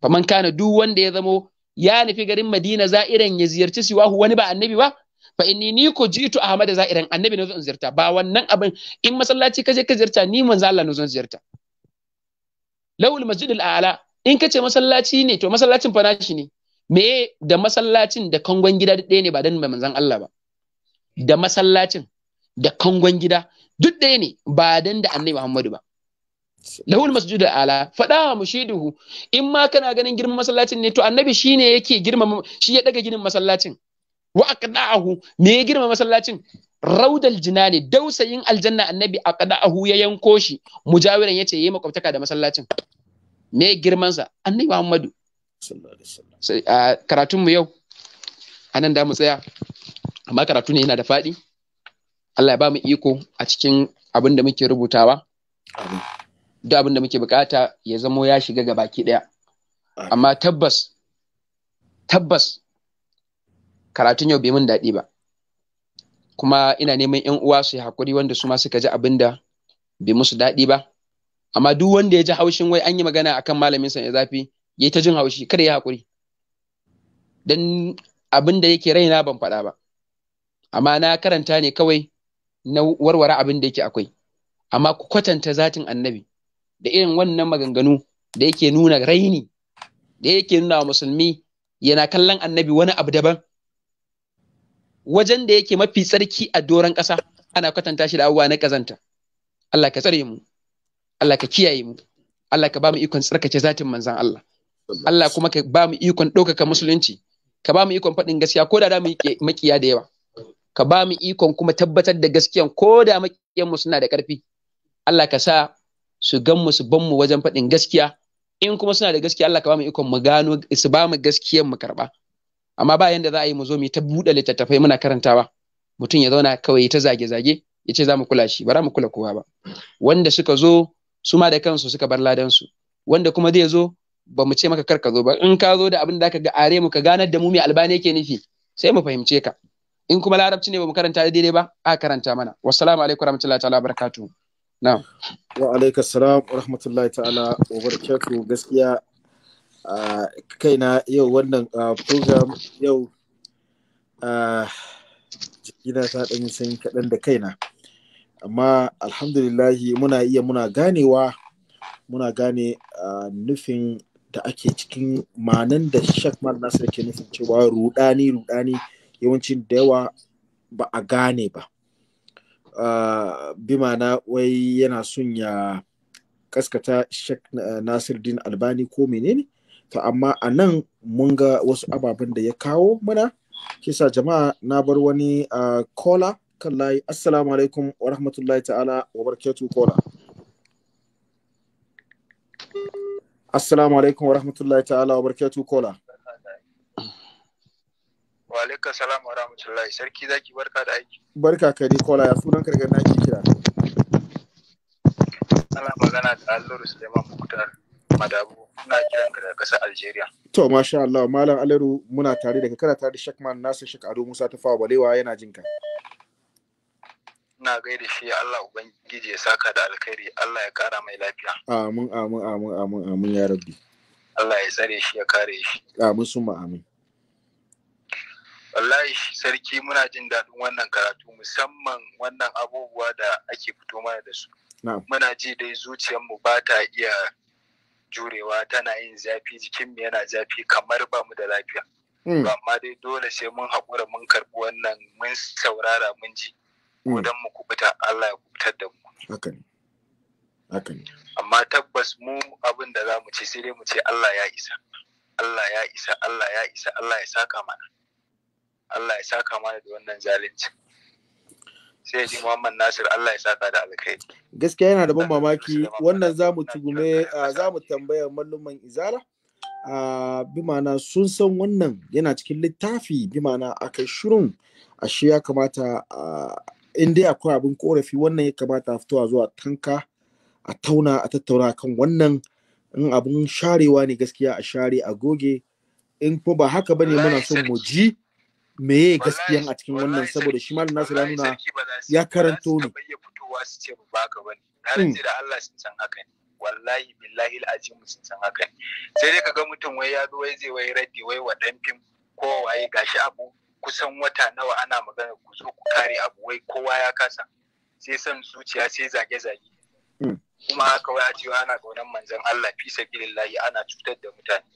faman kana duk wanda ya zamo ya nufi garin Madina za'iran ya ziyarci siwahu wani ba annabi ba fa inni ni ko jitu Ahmad za'iran annabi zo in ziyarta ba wannan abin in masallaci ka ka ziyarta ni manzo Allah zo in ziyarta lawul al a'la in kace masallaci ne to masallacin fa ne me da masallacin da kangon gida ɗaya ne ba dan manzon Allah ba da masallacin da kangon gida duk ɗaya ne ba dan da annabi Muhammadu ba lahul masjidul ala faɗa mushiduhu in ma kana ganin girman masallacin ne to annabi shine yake girma shi ya daga ginin masallacin wa aqda'ahu me ya girma masallacin raudal jinani dausayin aljanna annabi aqda'ahu ya yanko shi mujawiran yace yayi makwabtaka da masallacin me girman sa annabi Muhammadu karatun mu yau anan da mu tsaya amma karatu ne yana da faɗi Allah ya ba mu iko a cikin abin da muke rubutawa. duk abin da muke bukata ya zamo ya shiga ga baki ɗaya amma tabbas tabbas karatun yau bai mun daɗi ba kuma ina neman yan uwa su yi hakuri wanda su ma suka ji abin da bai musu daɗi ba amma duk wanda ya ji haushin wai an yi magana akan malamin sa ya zafi ya ta jin haushi kada ya hakuri dan abin da yake raina ban faɗa ba amma na karanta ne kawai na warware abin da yake akwai amma ku kwatanta zatin annabi da irin wannan maganganu da yake nuna raini da yake nuna wa musulmi yana kallon annabi wani abu daban wajen da yake mafi tsarki a doron ƙasa ana kwatanta shi da abubuwa na ƙazanta Allah ka tsare mu Allah ka kiyaye mu Allah ka ba mu ikon tsarkace zatin manzan Allah Allah kuma ka ba mu ikon ɗaukaka musulunci ka ba mu ikon faɗin gaskiya ko da da mu makiya da yawa ka ba mu ikon kuma tabbatar da gaskiyan ko da makiyan mu suna da ƙarfi Allah ka sa su gan mu su ban mu wajen faɗin gaskiya in kuma suna da gaskiya Allah ka ba mu ikon mu gano su ba mu gaskiyar mu karba amma ba yanda za a yi mu zo mu ta buɗe littattafai muna karantawa mutum ya zauna kawai ta zage-zage ya ce za mu kula shi ba za mu kula kowa ba wanda suka zo su ma da kansu suka bar ladansu wanda kuma zai zo ba mu ce maka kar ka zo ba in ka zo da abin da ka ga are mu ka ganar da mu mai albani yake nufi sai mu fahimce ka in kuma larabci ne ba mu karanta daidai ba a karanta mana wassalamu alaikum warahmatullahi ta'ala barakatuhu na wa alaikas salam wa rahmatullahi ta'ala wa barakatuh gaskiya kai kaina yau wannan program yau jikina ta ɗan sanyi kaɗan da kaina amma alhamdulillahi muna iya muna ganewa muna gane nufin da ake cikin manan da shakmar nasar ke nufin cewa rudani rudani yawancin da yawa ba a gane ba bi bima na wai yana son ya kaskata Sheikh eh, Nasir Albani ko menene to amma a nan mun ga wasu ababen da ya kawo mana kisa jama'a na bar wani kola eh, kan layi assalamu alaikum wa rahmatullahi ta'ala wa barakatuh kola assalamu alaikum wa rahmatullahi ta'ala wa barakatuh kola Wa alaikum salam wa rahmatullahi. Sarki zaki barka da aiki. Barka ka kola ya sunan karga na ki kira. Ana magana da Alluru Suleiman Mukhtar Madabu. Ina kiran ka daga ƙasar Algeria. To masha Allah Malam Aliru muna tare da kana tare da Shakman Nasir Shak Ado Musa ta fawa balewa yana jin ka. Ina gaida shi Allah Ubangiji ya saka da alkhairi Allah ya kara mai lafiya. Amin amin amin amin amin ya rabbi. Allah ya tsare shi ya kare shi. Amin summa amin. wallahi sarki muna jin daɗin wannan karatu musamman wannan abubuwa da ake fito mana da su muna ji dai zuciyarmu ba ta iya jurewa tana yin zafi jikinmu yana zafi kamar ba mu da lafiya hmm. amma dai dole sai mun haƙura mun karɓi wannan mun saurara mun ji hmm. don mu kubuta Allah ya kubutar da mu amma tabbas mu abin da za mu ce sai dai mu ce Allah ya isa Allah ya isa Allah ya isa Allah ya saka mana Allah ya saka mana da wannan zalunci sai ji Muhammad Nasir Allah ya saka da alkhairi gaskiya yana da ban mamaki wannan mu tugume mu tambaya malluman Izara a ma'ana sun san wannan yana cikin littafi a akai shirin ashe ya kamata in dai akwai abin korafi wannan ya kamata a fitowa zuwa tanka a tauna a tattauna kan wannan in abin sharewa ne gaskiya a share a goge in ko ba haka bane muna son mu ji me ya gaskiya a cikin wannan saboda shi malam nasu ya nuna ya karanto ne ba ka na hmm. rance da Allah sun san haka ne wallahi billahi al'ajim sun san haka ne sai dai ka ga mutum wai ya zo wai zai wai raddi wai wa dan fim ko waye gashi abu kusan wata nawa ana magana ku zo ku kare abu wai kowa ya kasa sai son zuciya sai zage zage hmm. kuma haka wai a cewa ana kaunan manzon Allah fi sabilillahi ana cutar da mutane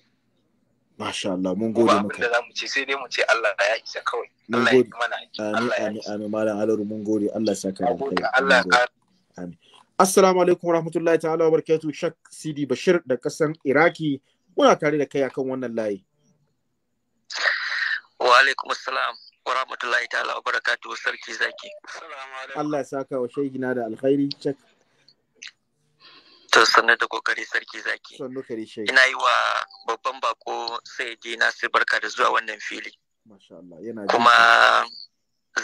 Masha Allah mun gode maka. Ba mu ce sai dai mu ce Allah ya isa kawai. Mun gode. Amin amin amin malam Alaru mun gode Allah ya saka da kai. Allah ya Amin. Assalamu alaikum warahmatullahi ta'ala wa barakatuh Shak Sidi Bashir da kasan Iraki muna tare da kai akan wannan layi. Wa alaikum assalam wa rahmatullahi ta'ala wa barakatuh sarki zaki. Allah ya saka wa shaygina da alkhairi Shak To sannu da kokari sarki zaki. Sannu kari shai. Ina yi wa babban bako sai je na sai barka da zuwa wannan fili. Masha Allah yana Kuma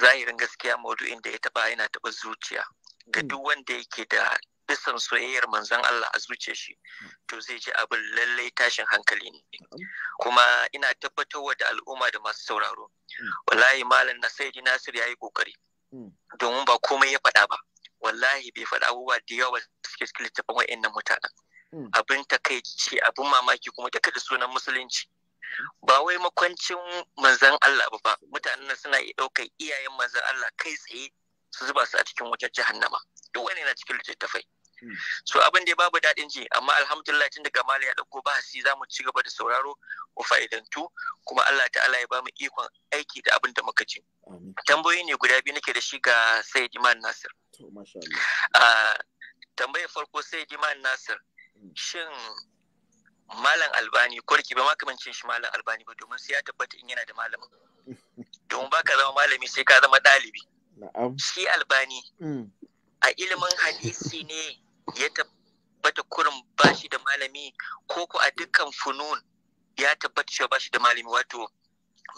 zahirin gaskiya maudu'in da ya taba yana taba zuciya. Ga hmm. duk wanda yake da bisan soyayyar manzon Allah a zuciyar shi to zai ji abin lallai tashin hankali ne kuma ina tabbatarwa da al'umma da masu sauraro hmm. wallahi malam na Nasiru ya yi kokari hmm. domin ba komai ya faɗa ba wallahi bai faɗa abubuwa da yawa suke cikin littafin wa'annan mutanen hmm. abin takaici abin mamaki kuma ta kada sunan musulunci ba wai makwancin manzan Allah ba ba mutanen nan suna iya ɗaukar iyayen manzan Allah kai tsaye su zuba su a cikin wutar jahannama duk wani na cikin littattafai hmm. so abin da babu daɗin ji amma alhamdulillah tun daga mali ya ɗauko ba hasi za mu ci gaba da sauraro mu fa'idantu kuma Allah ta'ala ya ba mu ikon aiki da abin da muka ci tambayoyi ne guda biyu nake da shi ga Sayyid Iman Nasir Ah, tambayar farko sai Iman Nasir. Hmm. Shin Malam Albani ko da ba makamancin shi Malam Albani ba domin sai ya tabbata in yana da malamin. (laughs) Domin ba ka zama malami sai ka zama ɗalibi. Shi Albani hmm. a ilimin hadisi ne ya tabbata kurin bashi da malami ko ko a dukkan funun ya tabbata cewa bashi da malami wato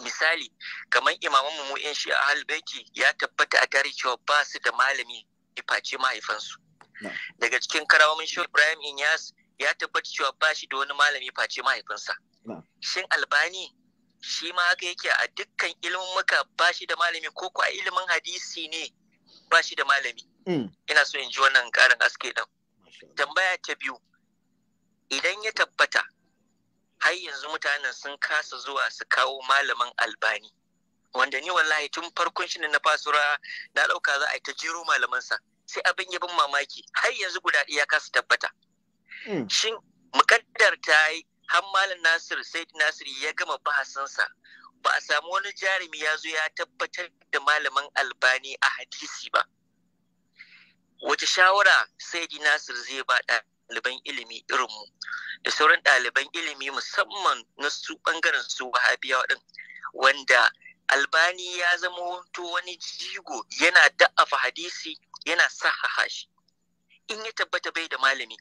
misali kamar imaman mu in shi a baiti ya tabbata a tarihi cewa ba su da malami face mahaifansu daga cikin karawamin shi Ibrahim Inyas ya tabbata cewa ba shi da wani malami face mahaifinsa shin albani shi ma haka yake a dukkan ilimin muka ba shi da malami ko kuwa ilimin hadisi ne ba shi da malami mm. ina so in ji wannan karin aske din tambaya ta biyu idan ya tabbata har yanzu mutanen sun kasa zuwa su kawo malaman albani wanda ni wallahi tun farkon shi na fasura na ɗauka za a yi ta jero malamansa sai abin ya bin mamaki har yanzu guda ɗaya ya kasa tabbata hmm. shin mukaddar ta yi har malam nasir sai nasir ya gama bahasansa ba a samu wani jarumi ya zo ya tabbatar da malaman albani a hadisi ba wace shawara sai nasir zai ba ɗaliban ilimi irinmu da sauran ɗaliban ilimi musamman na su ɓangaren su wahabiyawa ɗin wanda albani ya zama wanto wani jigo yana da'afa hadisi yana sahaha shi in ya tabbata bai da malami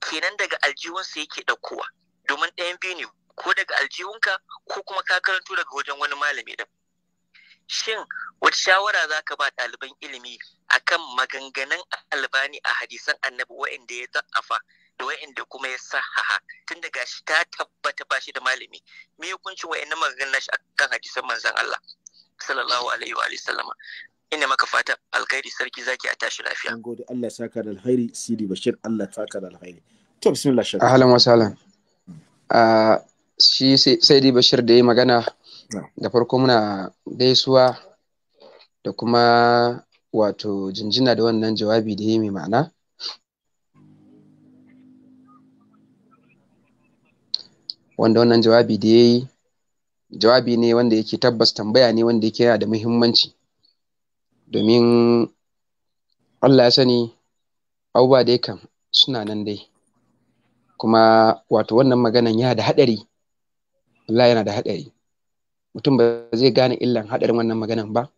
kenan daga aljihunsa yake ɗaukowa domin ɗayan biyu ne ko daga aljihunka ko kuma ka karanto daga wajen wani malami ɗin shin wata shawara za ka ba ɗaliban ilimi akan maganganun albani a hadisan annabi wa'inda ya za'afa da wa'inda kuma ya sahaha tun da gashi ta tabbata ba shi da malami me ya kunci wa'inda maganganun shi kan hadisan manzan Allah sallallahu alaihi wa sallama ina maka fata alkhairi sarki zaki a tashi lafiya an gode Allah ya saka da alkhairi sidi bashir Allah ya saka da alkhairi to bismillah shakka ahlan wa sahlan ah, shi sai dai bashir da ya magana da farko muna gaisuwa da kuma wato jinjina da wannan jawabi da ya mai ma'ana wanda wannan jawabi da ya yi jawabi ne wanda yake tabbas tambaya ne wanda yake yana da muhimmanci domin allah ya sani abubuwa dai kam suna nan dai kuma wato wannan maganan ya da haɗari allah yana da haɗari mutum ba zai gane illan haɗarin wannan maganan ba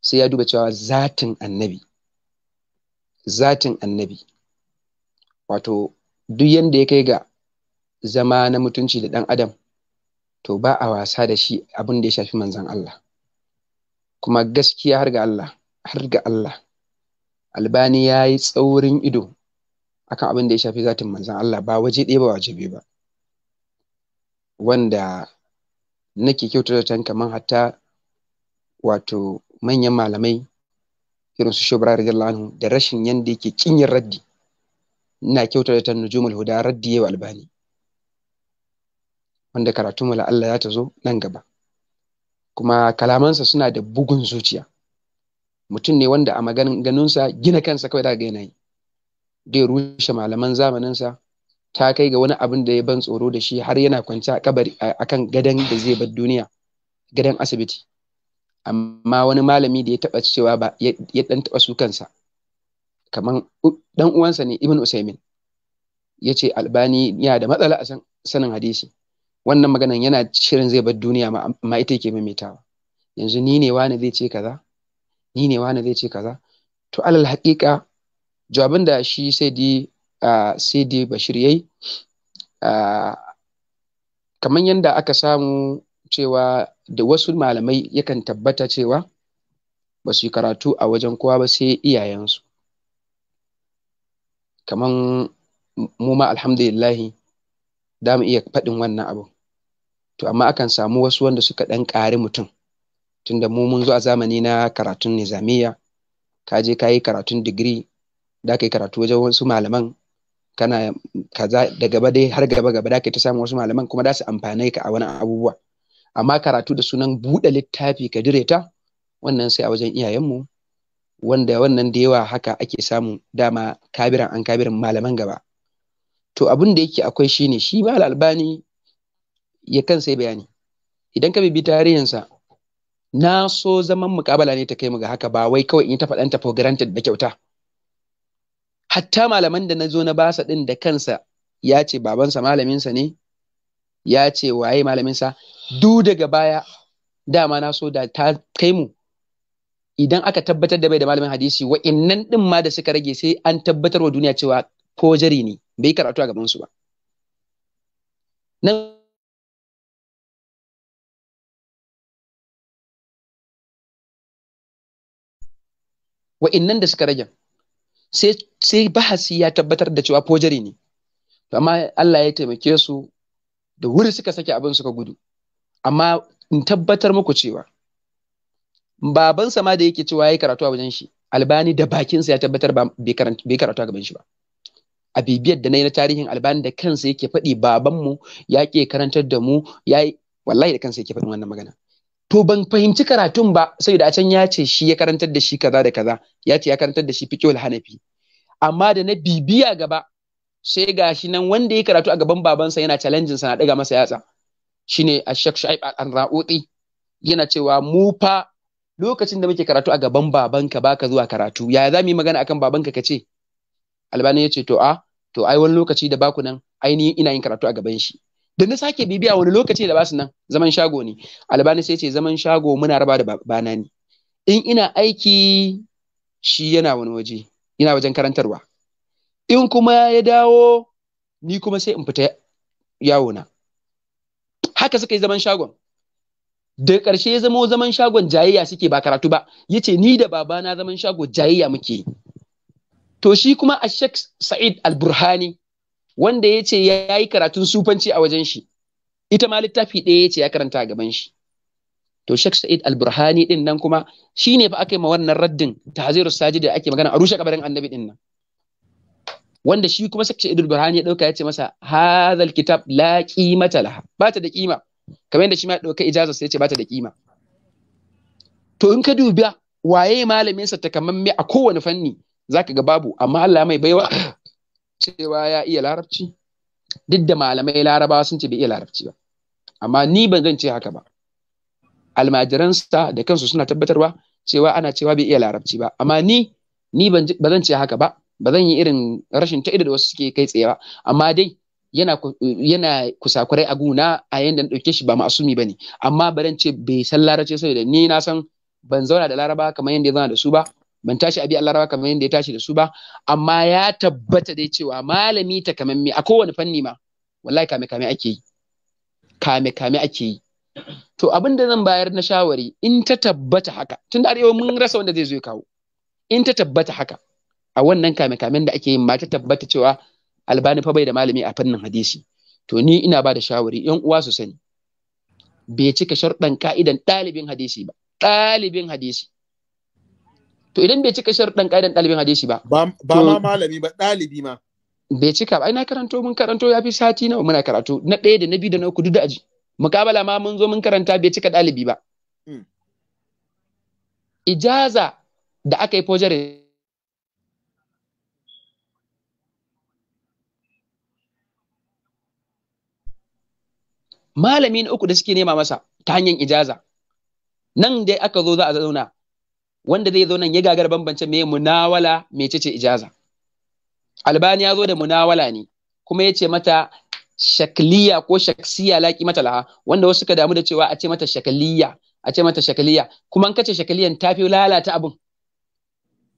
sai ya duba cewa zatin annabi zatin annabi wato duk yanda ya kai ga zama na mutunci da ɗan adam to ba a wasa da shi abin da ya shafi manzan Allah kuma gaskiya har ga Allah har ga Allah albani ya yi tsaurin ido akan abin da ya shafi zatin manzan Allah ba waje ɗaya ba waje biyu ba wanda nake da tan kaman hatta wato manyan malamai irin su Shehu radiyallahu da rashin yanda yake ƙin yin raddi ina da tan Nujumul Huda raddi yayi Albani wanda karatu mu Allah ya ta zo nan gaba kuma kalamansa suna da bugun zuciya mutum ne wanda a maganin ganinsa gina kansa kawai da ga yanayi Zai rushe malaman zamaninsa ta kai ga wani abin da ya ban tsoro da shi har yana kwance a kabari akan gadan da zai bar duniya gadan asibiti amma wani malami da ya taba cewa ba ya dan taba su kansa kaman dan uwansa ne ibn usaimin ya ce albani yana da matsala a sanin hadisi wannan maganan yana shirin zai bar duniya ma ita yake maimaitawa yanzu ni ne wani zai ce kaza ni ne wani zai ce kaza to alal haƙiƙa jawabin da shi sai di cd bashir yayi kamar yadda aka samu cewa da wasu malamai yakan tabbata cewa ba su yi karatu a wajen kowa ba sai iyayensu kaman mu ma alhamdulillahi da mu iya faɗin wannan abu to amma akan samu wasu wanda suka ɗan ƙari mutum tunda mu mun zo a zamani na karatun nizamiya ka je ka yi karatun digiri da ka yi karatu wajen wasu malaman kana kaza da gaba dai har gaba gaba da ka ta samu wasu malaman kuma da su amfane ka a wani abubuwa amma karatu da sunan buɗe littafi ka dire ta wannan sai a wajen iyayenmu wanda wannan da yawa haka ake samu dama kabiran an kabiran malaman gaba to abin da yake akwai shine shi ba albani ya kan sai bayani idan ka bibi tarihinsa na so zaman mukabala ne ta kai mu ga haka ba wai kawai in ta faɗanta for granted da kyauta hatta malaman da na zo na basa ɗin da kansa ya ce babansa malaminsa ne ya ce waye malaminsa du daga baya dama na so da ta kai mu idan aka tabbatar da bai da malamin hadisi wa'innan ɗin ma da suka rage sai an tabbatar wa duniya cewa fojari ne bai karatu a gaban su ba nan wa'innan da suka rage sai bahasi ya tabbatar da cewa fojari ne amma Allah ya taimake su da wuri suka sake abin suka gudu amma in tabbatar muku cewa babansa ma da yake cewa ya yi karatu a wajen shi albani da bakinsa ya tabbatar bai karatu a gaban shi ba a bibiyar da na yi na tarihin albani da kansa yake faɗi babanmu ya ke karantar da mu ya yi wallahi da kansa yake faɗin wannan magana to ban fahimci karatun ba da a can ya ce shi ya karantar da shi kaza da kaza ya ce ya karantar da shi fiqhul hanafi amma da na bibiya gaba sai ga shi nan wanda ya karatu a gaban babansa yana challenging sa na daga masa yatsa shine Ashak Shu'aib al-Ra'uti yana cewa mu fa lokacin da muke karatu a gaban babanka baka zuwa karatu yaya za mu yi magana akan babanka kace Albani ya ce to a ah, to ai wani lokaci da baku nan ainihin ina yin karatu a gaban shi da na sake bibiya wani lokaci da basu nan zaman shago ne albani sai ce zaman shago muna raba da bana ne in ina aiki shi yana wani waje yana wajen karantarwa in kuma ya dawo ni kuma sai in fita yawona. na haka suka yi zaman shagon da ƙarshe ya zama zaman shagon jayayya suke ba karatu ba Ya ce ni da babana zaman shago jayayya muke to shi kuma a shek sa'id al-burhani wanda ya ce ya yi karatun sufanci a wajen shi ita ma littafi ɗaya ya ce ya karanta a gaban shi to Sheikh Sa'id Al-Burhani din nan kuma shi ne fa aka yi ma wannan raddin tahzirus sajid da ake magana a rushe kabarin annabi din nan wanda shi kuma Sheikh Sa'id Al-Burhani ya ɗauka ya ce masa hadhal kitab la qimata laha ba da kima kamar yadda shi ma ya dauka ijaza sai ce ba da kima to in ka dubiya waye malamin sa a kowane fanni zaka ga babu amma Allah mai baiwa cewa ya iya larabci duk da malamai larabawa sun ce bai iya larabci ba amma ni ban zan ce haka ba almajiransa da kansu suna tabbatarwa cewa ana cewa bai iya larabci ba amma ni ni ba zan ce haka ba ba zan yi irin rashin ta'ida da wasu suke kai tsaye ba amma dai yana yana kusakurai a guna a yanda na ɗauke shi ba ma'asumi ba ne amma ba zan ce bai san larabci saboda ni na san ban zauna da laraba kamar yadda ya zauna da su ba ban tashi abi Allah rawa kamar yadda ya tashi da su ba amma ya tabbata dai cewa malami ta kamar me a kowane fanni ma wallahi kame kame ake yi kame kame ake yi to abin da zan bayar na shawari in ta tabbata haka tun da arewa mun rasa wanda zai zo ya kawo in ta tabbata haka a wannan kame kamen da ake yi ma ta tabbata cewa albani fa bai da malami a fannin hadisi to ni ina ba da shawari yan uwa su sani bai cika sharɗan ka'idan ɗalibin hadisi ba ɗalibin hadisi to idan bai cika sharuɗan ƙa'idan ɗalibin hadisi ba ba ma malami ba ɗalibi ma bai cika ba ai na karanto mun karanto ya fi sati nawa muna karatu na ɗaya da na biyu da na uku duk da aji mukabala ma mun zo mun karanta bai cika ɗalibi ba hmm. ijaza da aka yi fojare malami na uku da suke nema masa ta hanyar ijaza nan dai aka zo za a zauna wanda zai zo nan ya gagar bambance me munawala mecece ijaza albani ya zo da munawala ne kuma ya ce mata shakliya ko shaksiya laƙi mata laha wanda wasu suka damu da cewa a ce mata shakliya a ce mata shakliya kuma an kace shakliyan ta fi lalata abun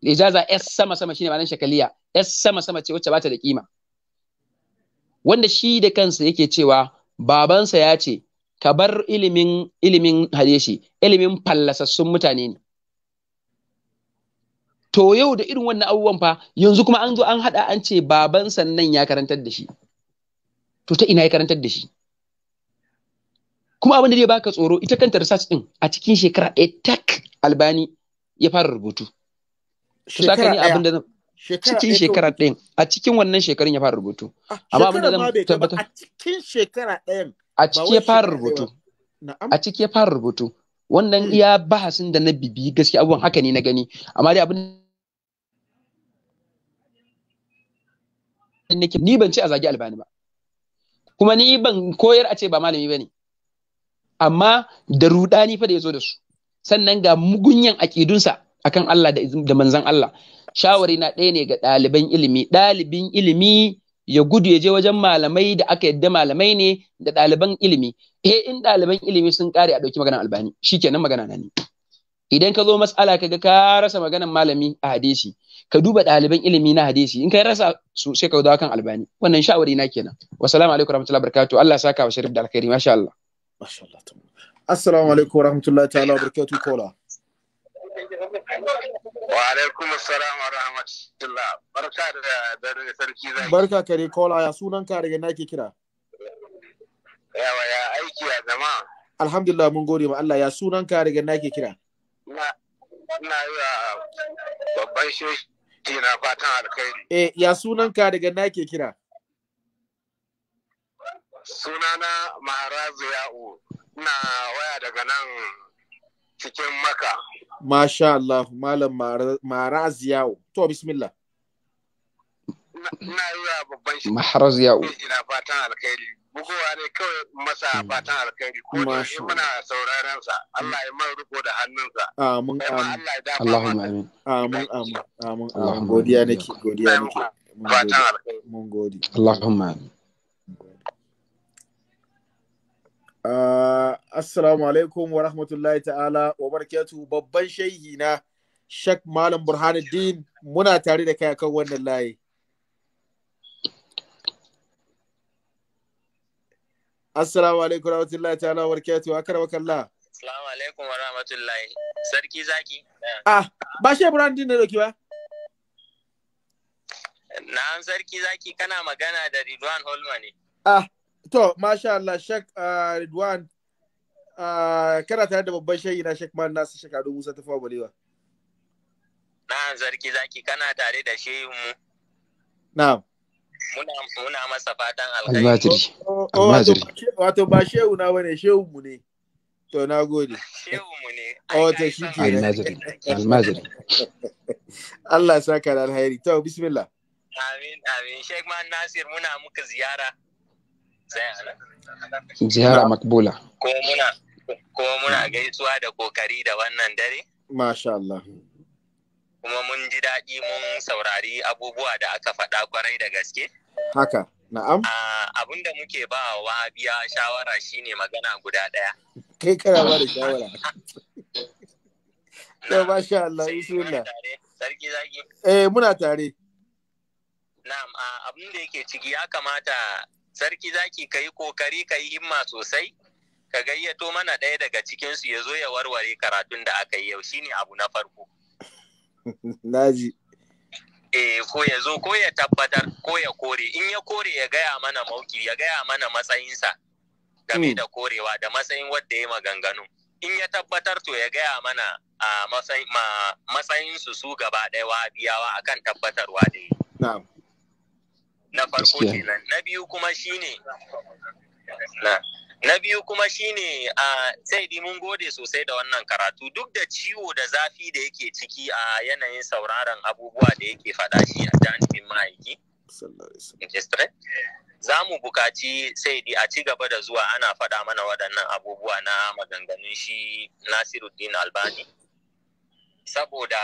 ijaza s sama sama shine ma'anar shakliya s sama sama ce wacce bata da kima wanda shi da kansa yake cewa babansa ya ce ka bar ilimin ilimin hadeshi, ilimin fallasassun mutane ne to yau da irin wannan abubuwan fa yanzu kuma an zo an haɗa an ce baban sannan ya karantar da shi to ta ina ya karantar da shi kuma abin da zai baka tsoro ita kanta research din a cikin shekara ɗaya tak albani ya fara rubutu to saka abin da cikin shekara ɗayan a cikin wannan shekarun ya fara rubutu ah, amma abin da zan tabbatar a cikin shekara ɗayan a cikin ya fara rubutu a cikin ya fara rubutu wannan iya bahasin da na bibi gaskiya abubuwan haka ne na gani amma dai abin nake ni ban ce a zagi albani ba kuma ni ban koyar a ce ba malami bane amma da rudani fa da zo da su sannan ga mugunyan akidunsa akan Allah da manzan Allah shawari na ɗaya ne ga ɗaliban ilimi ɗalibin ilimi ya gudu ya je wajen malamai da aka yadda malamai ne da ɗaliban ilimi eh in ɗaliban ilimi sun ƙare a ɗauki maganar albani shikenan magana na ne idan ka zo mas'ala ka ga ka rasa maganar malami a hadisi ka duba ɗaliban ilimi na hadisi in kai rasa su sai ka dawo kan albani wannan shawari na kenan salamu alaikum warahmatullahi wabarakatuh Allah saka wa sharif da alkhairi masha Allah masha Allah assalamu alaikum warahmatullahi ta'ala wabarakatuh kola wa alaikum assalam wa rahmatullah barka da dare sarki zai barka kare kola ya sunan ka daga nake kira yawa ya aiki a zama alhamdulillah mun gode ma Allah ya sunan ka daga nake kira na na yi babban shi Jina fatan alkhairi. Eh, ya ka daga na ke kira? Sunana Maharazu Ya'u, na waya daga nan cikin maka. Masha Allah, Malam Maharazu Ya'u. To, bismillah. Na yi wa babban shi. Maharazu Ya'u. Ina fatan alkhairi. bugowa ne kawai masa hmm. fatan alkhairi ko da shi muna sauraron sa Allah ya mai riko da hannunsa amin amin Allahumma amin amin amin amin amin godiya nake godiya nake fatan alkhairi mun gode Allahumma amin ah, assalamu alaikum wa rahmatullahi ta'ala wa barakatuhu babban shaihi na Sheikh Malam Burhanuddin muna tare da kai kan wannan layi Assalamu alaikum rahmatullahi ta'ala wa barakatuhu akar wa kalla. Assalamu alaikum wa rahmatullahi. Sarki zaki. Ah, ba shi Ibrahim din da doki ba? Na'am sarki zaki kana magana da Ridwan Holma ne. Ah, to masha Allah Sheik ah, Ridwan ah, kana tare da babban shayi na Sheik Man su shekaru Ado Musa ta Waliwa. Na Na'am sarki zaki kana tare da shehu mu. Na'am. muna masa fatan alkhairi almajiri oh, oh, wato ba shehu na bane shehu mu ne to na gode shehu mu ne wato oh, shi ke almajiri almajiri (laughs) Allah ya saka da alkhairi to bismillah amin amin sheikh man nasir muna muka ziyara ziyara makbula ko muna ko muna gaisuwa da kokari da wannan dare masha Allah kuma mun ji daɗi mun saurari abubuwa da aka faɗa kwarai da gaske. Haka, na'am. Ah, abin da muke ba wa biya shawara shine magana guda ɗaya. Kai kana ba da shawara. Na ba sha Allah, Sarki zaki. Eh, muna tare. Na'am, abin da yake ciki ya kamata sarki zaki ka yi kokari ka yi himma sosai. Ka gayyato mana ɗaya daga cikinsu ya zo ya warware karatun da aka yi yau shine abu na farko. (laughs) Naji. Eh ko ya zo ko ya tabbatar ko ya kore in ya kore ya gaya mana mauki ya gaya mana matsayinsa game hmm. da korewa da matsayin wadda ya maganganu in ya tabbatar to ya gaya mana a matsayinsu su gaba ɗaya wa biyawa akan tabbatarwa da Na farko kenan na biyu kuma shine na Na biyu kuma shine a sai di mun gode sosai da wannan karatu duk da ciwo da zafi da yake ciki a yanayin sauraron abubuwa da yake faɗa shi a jami'in ma'aiki. Za mu bukaci sai di a ci gaba da zuwa ana faɗa mana waɗannan abubuwa na maganganun shi Nasiruddin Albani. Saboda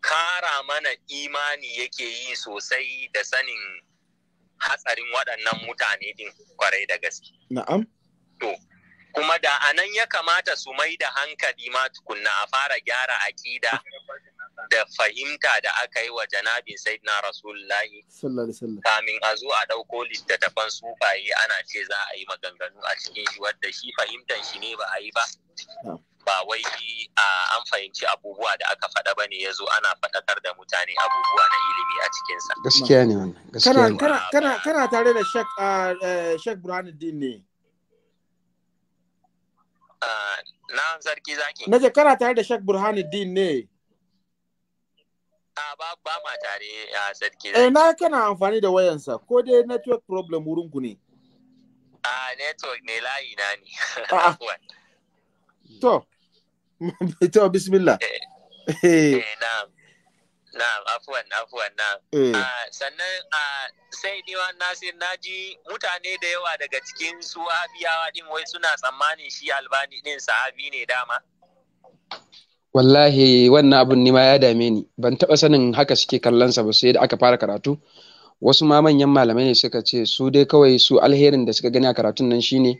kara mana imani yake yi sosai da sanin hatsarin waɗannan mutane din kwarai da gaske. Na'am. To, kuma da anan ya kamata su mai da hankali ma tukunna a fara gyara aƙida da fahimta da aka yi wa janabin sayyidina rasulullahi kamin a zo a ɗauko littattafan sufaye ana ce za a yi maganganu a cikin shi wadda shi fahimtan shi ne ba a yi ba ba wai an fahimci abubuwa da aka faɗa ba ne ya zo ana faɗakar da mutane abubuwa na ilimi a cikinsa. Gaskiya ne wannan. Gaskiya ne. Kana tare da Sheikh Burhanuddin ne. Na sarki zaki. Na kana tare da Sheikh Burhanuddin ne. A ba ba ma tare a sarki eh, zaki. na kana amfani da wayansa ko dai network problem wurinku ne. A network ne layi na ne. (laughs) To, (laughs) to bismillah eh, eh. eh na'am na'am afuwan afuwan na'am eh. ah, sannan ah, sai ni nasir naji mutane da yawa daga cikin su abiyawa din wai suna tsammanin shi albani din sahabi ne dama wallahi wannan abin nema ya dame ni ban taba sanin haka suke kallonsa ba sai da aka fara karatu wasu ma manyan malamai ne suka ce su dai kawai su alherin da suka gani a karatun nan shine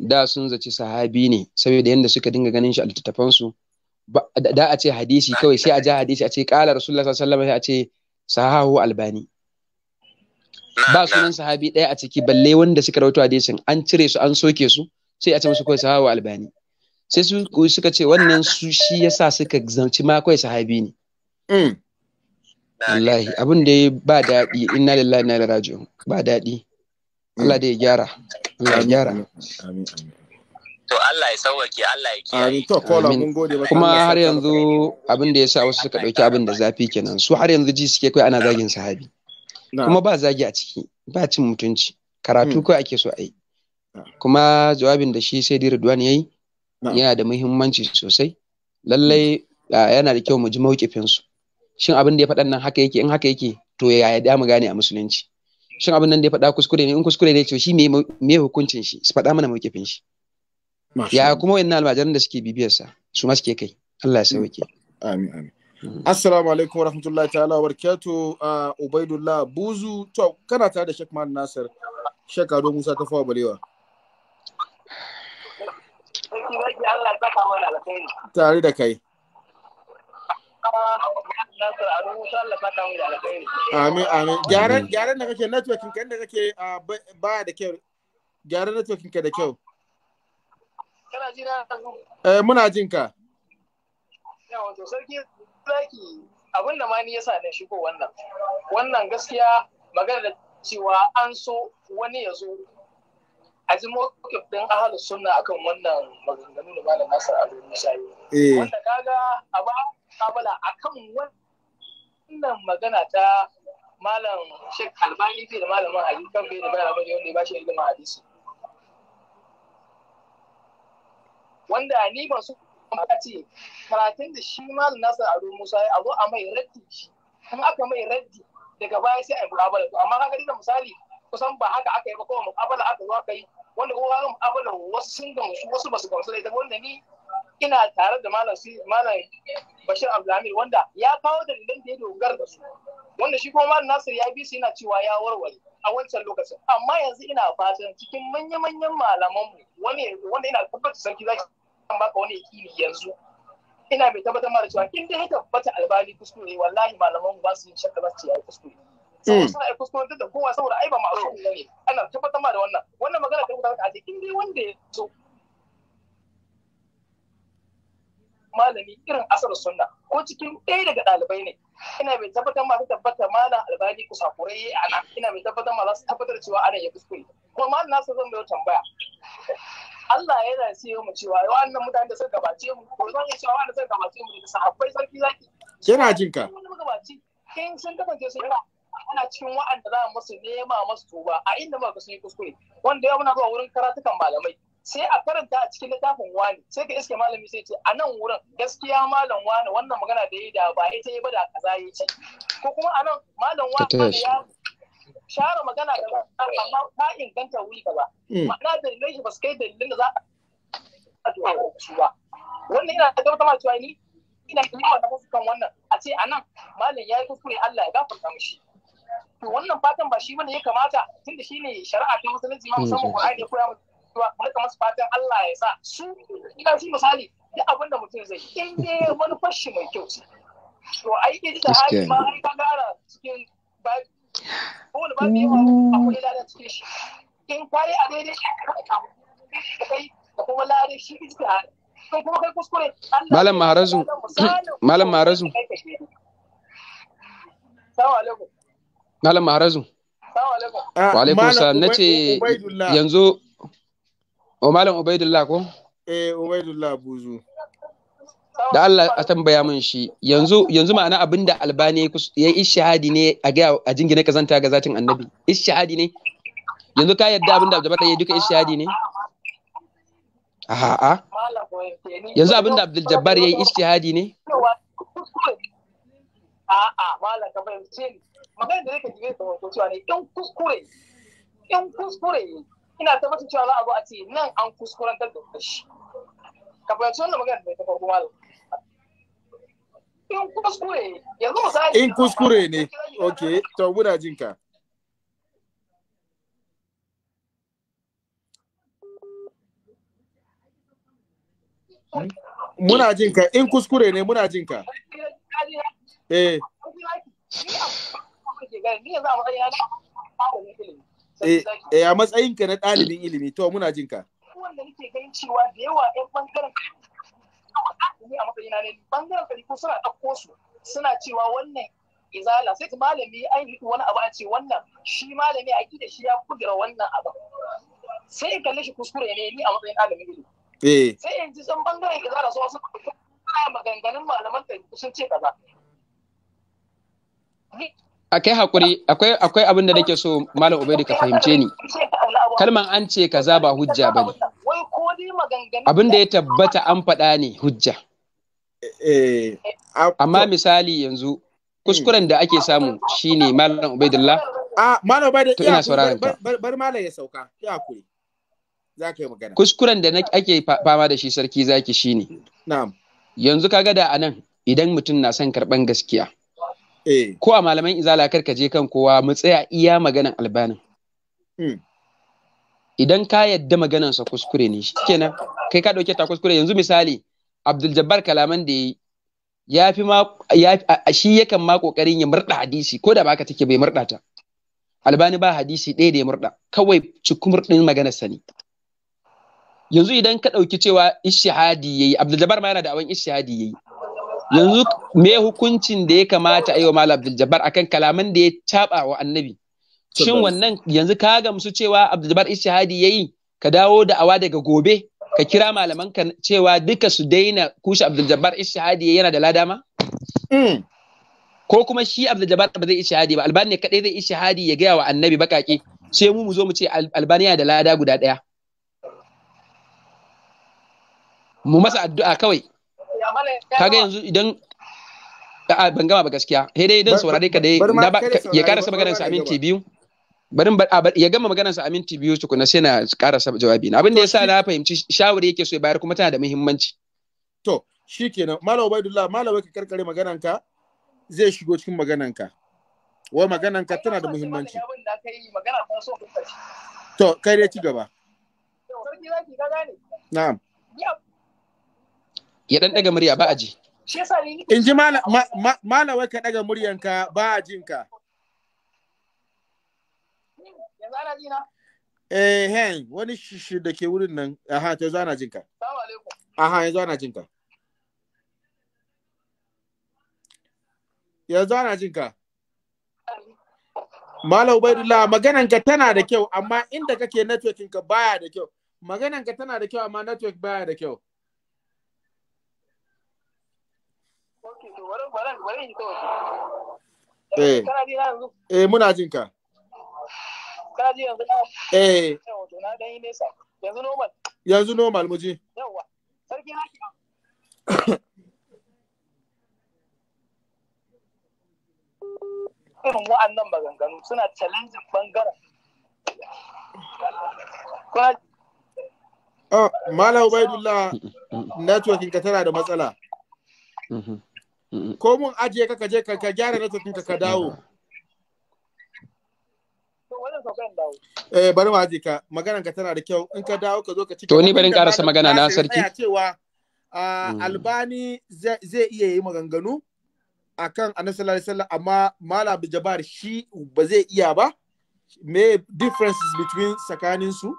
da sun zaci sahabi ne saboda yadda suka dinga ganin shi a littattafansu da a ce hadisi kawai sai a ja hadisi a ce kala rasulullah sallallahu alaihi wasallam sai a ce sahahu albani ba sunan sahabi ɗaya a ciki balle wanda suka rawaito hadisin an cire su an soke su sai a ce musu kawai sahahu albani sai su suka ce wannan su shi yasa suka zanci ma kawai sahabi ne mm. wallahi abin da ba daɗi inna lillahi inna ilaihi raji'un ba daɗi Allah da ya gyara Allah ya gyara to Allah ya sauwake Allah ya kiyaye amin to kola mun gode maka kuma har yanzu abin da sa wasu suka dauki abin da zafi kenan su har yanzu ji suke kai ana zagin sahabi kuma ba zagi a ciki ba cin mutunci karatu hmm. kawai ake so a yi kuma jawabin da shi sai dai Ridwan yayi yana da muhimmanci sosai lallai hmm. yana da kyau mu ji mawkifin su shin abin da ya faɗan nan haka yake in haka yake to yaya da mu gane a musulunci shin abin nan da ya faɗa kuskure ne in kuskure ne to shi me hukuncin shi su faɗa mana mawkifin shi ya kuma wayannan almajiran da suke bibiyar sa su ma suke kai Allah ya sauke amin amin mm-hmm. assalamu alaikum warahmatullahi ta'ala wa barakatuh uh, ubaidullah buzu to kana tare da Sheikh Mahmud Nasir Sheikh Ado Musa ta fawa balewa tare da kai Amin, amin. Gyaran da kake networking kan da kake ba da kyau. Gyaran networking ka da kyau. Kana ji na Eh muna jin ka. sarki zaki abin da ma ni yasa na shigo wannan. Wannan gaskiya magana da cewa an so wani ya zo a ji mokif din ahalu sunna akan wannan maganganu da malam nasar Ado Musa. Eh. Wanda kaga a ba mukabala akan wannan magana ta malam shek Albani fiye da malamin Ali kan bai da bayan abin wanda ya bashi ilimin hadisi wanda ni ban so a ce karatun da shi malam a Ado Musa ya zo a mai raddi shi kuma aka mai raddi daga baya sai a yi mukabala to amma kaga da misali kusan ba haka aka yi ba kowa mukabala aka zo aka yi wanda kowa ga mukabala wasu sun gamsu wasu ba su gamsu da ita wanda ni ina tare da malam malam Bashir Abdulhamid wanda ya kawo da da ya dogara da su wanda shi kuma malam Nasir ya bi su yana cewa ya warware a wancan lokacin amma yanzu ina fatan cikin manya-manyan malaman mu wani wanda ina tabbata sarki zaki zan baka wani yakini yanzu ina mai tabbatar mara cewa in dai tabbata albani kuskure wallahi malaman mu ba su yin shakka za su ce ya kuskure hmm. suna ya kuskure da kowa saboda ai ba ma'asumi ne ana tabbatar ma da wannan wannan magana ta kuka a cikin dai wanda ya so malami irin asar sunna ko cikin ɗaya daga ɗalibai ne ina mai tabbatar ma tabbata malam albani kusakurai yi ana ina mai tabbatar ma za su tabbatar cewa ana ya kuskure kuma na, nasu zan mai tambaya Allah yana ce mu cewa nan mutane da suka gabace mu ko zan yi cewa wa'annan suka gabace mu da sahabbai sarki zaki Kina jin ka in sun kasance sun ana cikin wa'anda za mu musu nema musu tuba a inda muka sun yi kuskure wanda ya muna zuwa wurin karatukan malamai sai a karanta a cikin littafin wani sai ka iske malami sai ce a nan wurin gaskiya malam wani wannan magana da yi da ba ta yi ba da kaza yi ce ko kuma a nan malam wani ya share magana da amma ta inganta wuri gaba hmm. ma'ana dalilai shi ba su kai dalilin da za a zuwa su ba wannan yana da gaba cewa ni ina yawa da wasu kan wannan a ce a nan malam ya yi kuskure Allah ya gafarta mishi to wannan fatan ba shi bane ya kamata tunda shine shari'a ta musulunci ma hmm. musamman ko ya koya musu barka masu fatan Allah ya sa su ina shi misali duk abin da mutum zai in ne wani fashi mai kyau to ai ke da hali ma ai ka gara cikin ba ba akwai ladan cikin shi in kwaye a daidai kai da kuma ladan shi hali malam maharazu (clears throat) malam maharazu malam maharazu ah, wa alaikum salam nace yanzu o malam ubaidullah ko eh ubaidullah buzu da Allah a tambaya min shi yanzu yanzu ma'ana abinda albani ya yi shahadi ne a ga a jingine kazanta ga zatin annabi ishahadi ne yanzu ka yadda abinda abdul ya duka ishahadi ne a. yanzu abinda abdul jabbar ya yi ishahadi ne a'a malam ka fahimce ni magana da nake jigin sa wato cewa ne yan kuskure yan kuskure ina tabbatar cewa za a zo a ce nan an kuskurantar da shi ka fahimci wannan magana in kuskure yanzu misali in kuskure ne ok to muna jin ka muna jin ka in kuskure ne muna jin ka eh ni Eh, eh a matsayinka na ɗalibin ilimi to muna jin ka wanda nake ganin cewa da yawa ɗan bangaren ni a matsayina ne ɓangaren ɗariku suna ɗauko su suna cewa wannan izala sai malami an yi wani abu a ce wannan shi malami a da shi ya kudura wannan abu sai in kalle shi kuskure ne ni a matsayin ɗalibin ilimi eh. sai in ji san ɓangaren izala su wasu maganganun malaman ɗariku sun ce kaza a kai hakuri akwai akwai abin da nake so malam ubaidu ka fahimce ni kalman an ce kaza ba hujja ba ne abin da ya tabbata an faɗa ne hujja eh, eh, ah, amma misali yanzu kuskuren da ake samu shine malam ubaidullah a ah, malam ubaidullah to ina sauraron ka bar malam ya sauka ki hakuri zaka yi magana kuskuren da ake fama da shi sarki zaki shine na'am yanzu kaga da anan idan mutum na son karban gaskiya Eh. ko a malaman izala kar ka je kan kowa mu tsaya iya maganan albanin hmm. idan ka yadda sa kuskure ne shikenan kai ka dauke ta kuskure yanzu misali abdul jabbar kalaman da ya fi ma shi yakan ma kokarin ya murda hadisi ko da baka take bai murda ta albani ba hadisi ɗaya da ya murda kawai cikumur din maganar ne. yanzu idan ka dauki cewa ishihadi yayi abdul jabbar ma yana da awan ishihadi yayi yanzu me hukuncin da ya kamata ayywa malam abdul jabbar akan kalaman da ya caba wa annabi shin wannan yanzu ka ga musu cewa abdul jabbar ishihadi yayi ka dawo da awa daga gobe ka kira malaman ka cewa duka su daina kushe abdul jabbar ishihadi yana da lada mm. ko kuma shi abdul jabbar ba zai ishihadi ba albani ne kadai zai ishihadi ya gaya wa annabi bakaki sai mu mu zo mu ce albani albaniya da lada guda daya mu masa addu'a kawai kaga yanzu idan a ban gama ba gaskiya He dai idan saurare ka dai ya karasa maganar sa aminti biyu bari ya gama maganar sa aminti biyu tukuna sai na karasa jawabi na abin da yasa na fahimci shawari yake so ya bayar kuma tana da muhimmanci to shikenan malam ubaidullah malam ka karkare maganar ka zai shigo cikin maganar ka wa maganar ka tana da muhimmanci to kai dai ci gaba na'am ya dan daga murya ba a ji in ji wai ka daga muryanka ba a jinka eh hen wani shishi da ke wurin nan aha zo ana jinka aha yanzu ana jinka yanzu ana jinka Malam Ubaidullah magananka tana da kyau amma inda kake networking ka baya da kyau magananka tana da kyau amma network baya da kyau Eh. Eh, eh. muna jin ka. Kana ji yanzu Eh. Na dan yi nesa. Yanzu normal. Yanzu normal mu ji. Yawwa. Sarki na (coughs) Irin wa'annan maganganu suna challenging bangaren. Kuna Oh, Malam Ubaidullah networking ka tana da matsala. Mm-hmm. ko mun ajiye ka je ka gyara na ka ka dawo eh bari ma ka maganar ka tana da kyau in ka dawo ka zo ka ci to ni barin karasa magana na sarki cewa hmm. albani zai iya yi maganganu akan annabi sallallahu alaihi wasallam amma malam abdul jabbar shi ba zai iya ba me differences between tsakanin su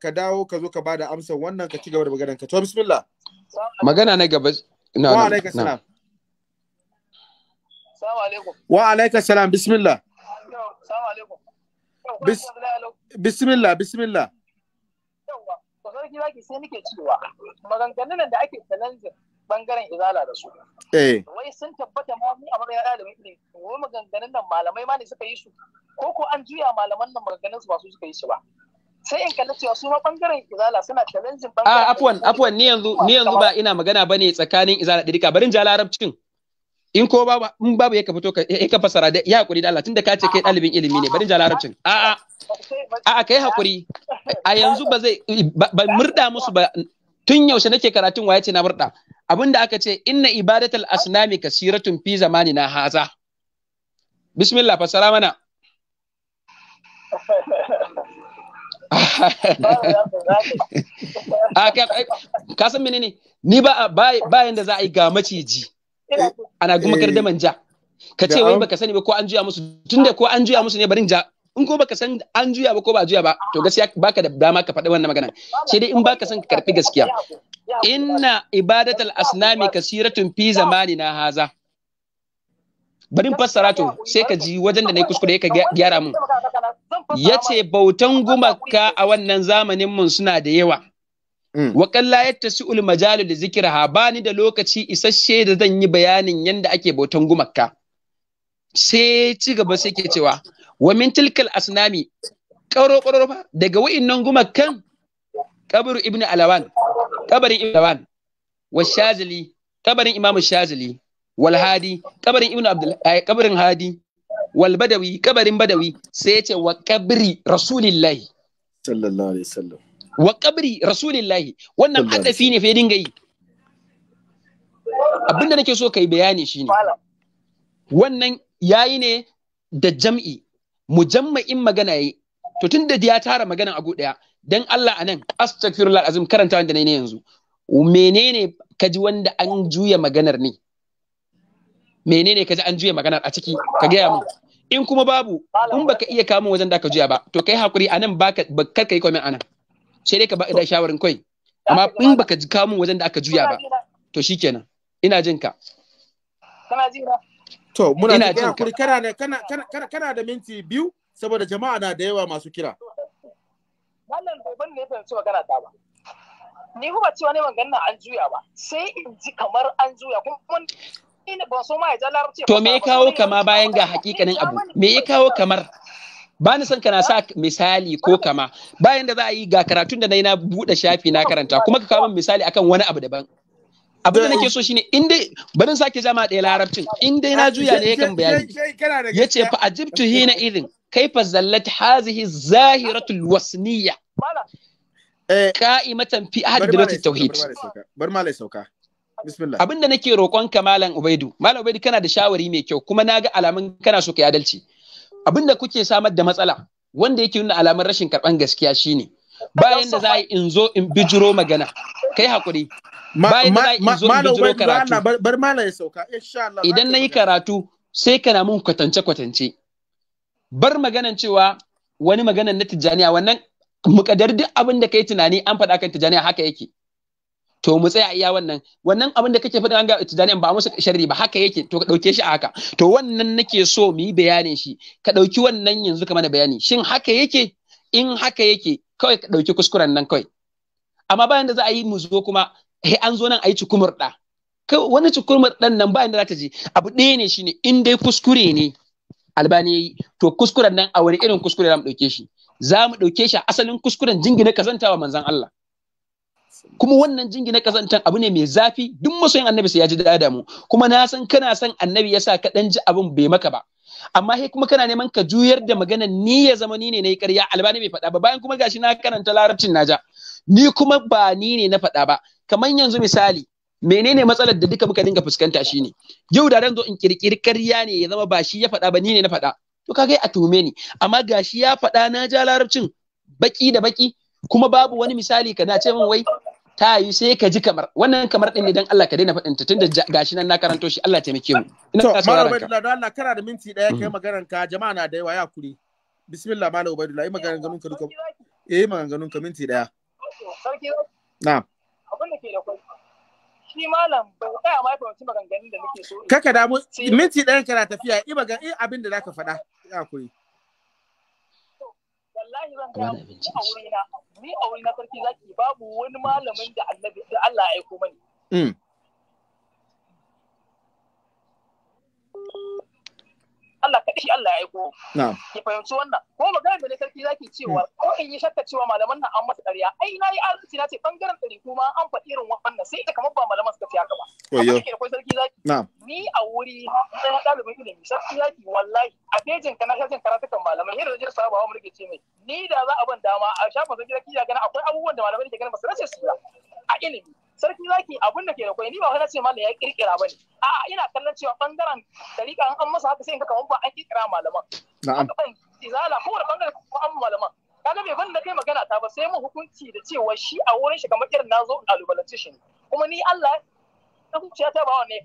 ka dawo ka zo ka bada amsa wannan ka ci gaba da maganar ka to bismillah magana na gaba ina wa alaika salam wa alaika salam bismillah bismillah bismillah sarki zaki sai nake cewa maganganun da ake challenging bangaren izala da su. Eh. Wai sun tabbata ma mu a matsayin ɗalibin ilimi, wai maganganun nan malamai ma ne suka yi su, ko ko an juya malaman nan maganganun su ba su suka yi su ba. sai in kalli cewa su ma bangaren izala suna challenging bangaren ah afwan afwan ni yanzu ni yanzu ba ina magana bane tsakanin izala da dika barin ja larabcin in ko babu in babu ya ka fito ka ka fasara da ya hakuri da Allah tunda ka ce kai dalibin ilimi ne barin ja larabcin a a a kai hakuri a yanzu ba zai ba murda musu ba tun yaushe nake karatun waye ce na murda abinda aka ce inna ibadatul asnami kasiratun fi na haza bismillah fasara mana (laughs) a ka san menene ni ba ba yanda za a yi ga maciji ana kuma kar da eh. manja ka ce wai baka sani ba ko an juya musu tunda ko an juya musu ne barin ja in ko baka san an juya ba ko ba juya ba to gaskiya baka da dama ka faɗi wannan magana sai dai in baka san ka karfi gaskiya inna ibadatul asnami kasiratun fi zamanina haza barin fassara to sai ka ji wajen da na yi kuskure ka gyara mun ya ce bautan gumaka a wannan zamanin mun suna da yawa mm. waƙalla yadda su'ul majalu da zikirha ba ni da lokaci isasshe da zan yi bayanin yadda ake bautan gumaka sai ci gaba sai ke cewa wa min tilkal asnami ƙaro ƙaro fa daga wa'innan gumakan kabarin Ibn alawan kabarin Ibn alawan wa shazili kabarin imamu shazili wal hadi kabarin Ibn abdul eh, kabarin hadi wal badawi kabarin badawi sai ya ce wa kabri rasulillahi sallallahu alaihi wasallam wa kabri rasulillahi wannan hadafi ne fa dinga yi abinda nake so kai bayani shine wannan yayi ne da jam'i mujamma'in magana yayi to tunda ya tara magana a daya dan Allah anan astaghfirullah azim karanta wanda ne yanzu menene kaji wanda an juya maganar ne menene kaji an juya maganar a ciki ka gaya mu in kuma babu in baka iya kamun wajen da ka juya ba to kai hakuri nan ba kar kai a nan, sai dai ka ba da shawarin kai amma in baka ji kamun wajen da aka juya ba to shikenan ina jin ka to muna jin hakuri kana da kana kana kana da minti biyu saboda jama'a na da yawa masu kira wannan bai ban ne fahimci magana ta ba ni kuma cewa ne maganar an juya ba sai in ji kamar an juya kuma ban so ma ya to me ya kawo kama bayan ga hakikanin abu me ya kawo kamar ba ni son kana sa misali ko kama bayan da za a yi ga karatun da na yi na buɗe shafi na karanta kuma ka kawo min misali akan wani abu daban abin da nake so shine in dai barin sake zama ɗaya larabcin in dai na ah, juya ne yakan bayani yace fa ajibtu hina idin kaifa zallat hazihi zahiratul wasniya qa'imatan eh. fi ahadi dawlat tauhid bar malai sauka bismillah abinda nake roƙon ka malam ubaidu malam ubaidu kana da shawari mai kyau kuma naga alamun kana so ka yi adalci abinda kuke samar da matsala wanda yake nuna alamun rashin karɓan gaskiya shine bayan da za a in zo in bijiro magana kai hakuri bayan da za in zo in bijiro karatu bar malam ya sauka insha Allah idan nayi karatu sai kana mun kwatance kwatance bar maganan cewa wani maganan na tijjaniya wannan mukadar duk abin da kai tunani an faɗa kan tijjaniya haka yake to mu tsaya iya wannan wannan abin da kake faɗin an ga tijaniyan ba musu sharri ba haka yake to ka ɗauke shi a haka to wannan nake so mu yi bayanin shi ka ɗauki wannan yanzu ka mana bayani shin haka yake in haka yake kawai ka ɗauki kuskuren nan kawai amma bayan da za a yi mu zo kuma he an zo nan a yi ɗa. wani ɗan nan bayan da za ta je abu ɗaya ne shine in dai kuskure ne albani ya yi to kuskuren nan a wani irin kuskure za mu ɗauke shi za mu ɗauke shi a asalin kuskuren jingina kazantawa manzan Allah kuma wannan jingi na kazantan abu ne mai zafi duk masoyin annabi sai ya ji da mu kuma na san kana san annabi yasa ka dan ji abin bai maka ba amma sai kuma kana neman ka juyar da magana ni ya zama ni ne na yi ƙarya albani bai faɗa ba bayan kuma gashi na karanta larabcin naja ni kuma ba ni ne na faɗa ba kamar yanzu misali menene matsalar da duka muka dinga fuskanta shine yau da ran zo in kirkiri ƙarya ne ya zama ba shi ya faɗa ba ni ne na faɗa to kaga a tuhume ni amma gashi ya faɗa na ja larabcin baki da baki kuma babu wani misali ka ce min wai ta yi sai ka ji kamar wannan kamar din ne dan Allah ka daina faɗin ta tunda gashi nan na karanto shi Allah ya taimake mu ina ka saurara ka Malam Allah kana da minti daya kai mm. magaran ka jama'a na da yawa ya kuri bismillah Malam Ubaidullah yi maganar ganun ka duka eh maganar ganun ka minti daya na'am abin da ke da kwai shi malam bai tsaya ma fahimci maganganun da nake so kaka damu minti ɗayan kana tafiya i magan abin da zaka faɗa ya kuri wallahi zan ga ni a wurina ni a wurina sarki zaki babu wani malamin da annabi da Allah ya aiko mani mm. Allah kaɗai shi Allah ya aiko. Ki fahimci wannan. Ko magana da ne sarki zaki cewa hmm. ko in yi shakka cewa malaman nan an masa ƙarya. Ai na yi arziki na ce bangaren ɗari kuma an faɗi irin wannan sai da kamar ba malaman suka siya gaba. ba. Amma ke sarki zaki. Ni a wuri na ɗalibin ilimi sarki zaki wallahi a fejin kana shafin karatukan malamai yadda zai ba wa mulki ce mai ni da za a ban dama a shafin sarki zaki ya gana akwai abubuwan da malamai ke ganin ba su rasa su a ilimi. sarki zaki abin da ke da kwai ni ba wani ce malam ya kirkira ne. a ina kallon cewa bangaren tarika an an masa haka sai in kaka ba an kirkira malaman na'am izala wani bangare ko an malaman kaga bai ban da kai magana ta ba sai mu hukunci da cewa shi a wurin shi kamar irin nazo kalubalance shi kuma ni Allah ta zuciya ta ba wani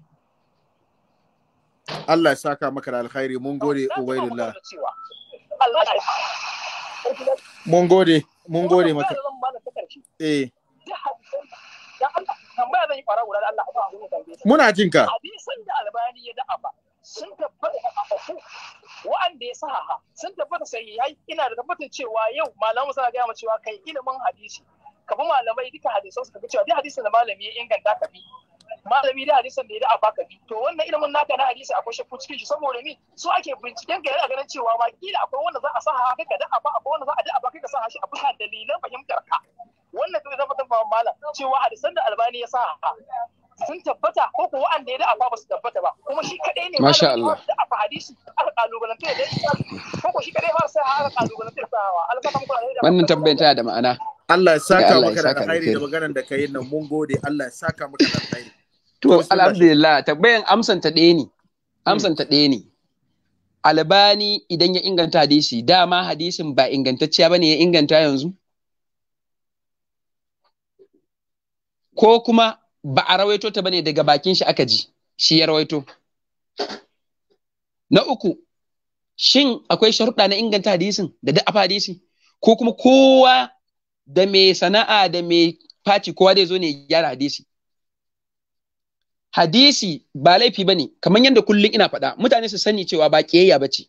Allah ya saka maka da alkhairi mun gode ubaidillah mun gode mun gode maka eh dan Allah tambaya zan yi fara guda da Allah ba abun tambaye muna jin ka hadisin da albani ya da abba sun tabbata a afafu wa'anda ya sahaha sun tabbata sai yayi ina da tabbatar cewa yau malamu suna ga mu cewa kai ilimin hadisi Ka bi malamai duka hadisan ka bi cewa duk hadisin da malami ya inganta ka bi malami da hadisan da ya da'a baka bi to wannan ilimin naka na hadisi akwai shakku cikin shi saboda mi su ake binciken ka yana ganin cewa ma kila akwai wanda za a saha haka ka da'a ba akwai wanda za a da'a ba kai ka saha shi a bisa dalilan fahimtar ka wannan kuma zama fa malam cewa hadisan da albani ya sa sun tabbata ko ko wanda ya da'afa ba su tabbata ba kuma shi kadai ne masha Allah da afa hadisi aka kalubalanta da ko ko shi kadai ba sai har kalubalanta da sahawa alfatan da wannan tabbata tana da ma'ana Allah ya saka maka da alkhairi da maganar da kai nan mun gode Allah ya saka maka da alkhairi to alhamdulillah tabbayan amsan ta ɗaya ne hmm. amsan ta ɗaya ne albani idan ya inganta hadisi dama hadisin ba ingantacciya bane ya inganta yanzu ko kuma ba a rawaito ta bane daga bakin shi aka ji shi ya rawaito na uku shin akwai sharuɗa na inganta hadisin da da'afa hadisi ko kuma kowa da mai sana'a da mai faci kowa zai zo ne ya gyara hadisi hadisi ba laifi ba ne kamar yadda kullum ina faɗa mutane su sani cewa ba ƙiyayya ba ce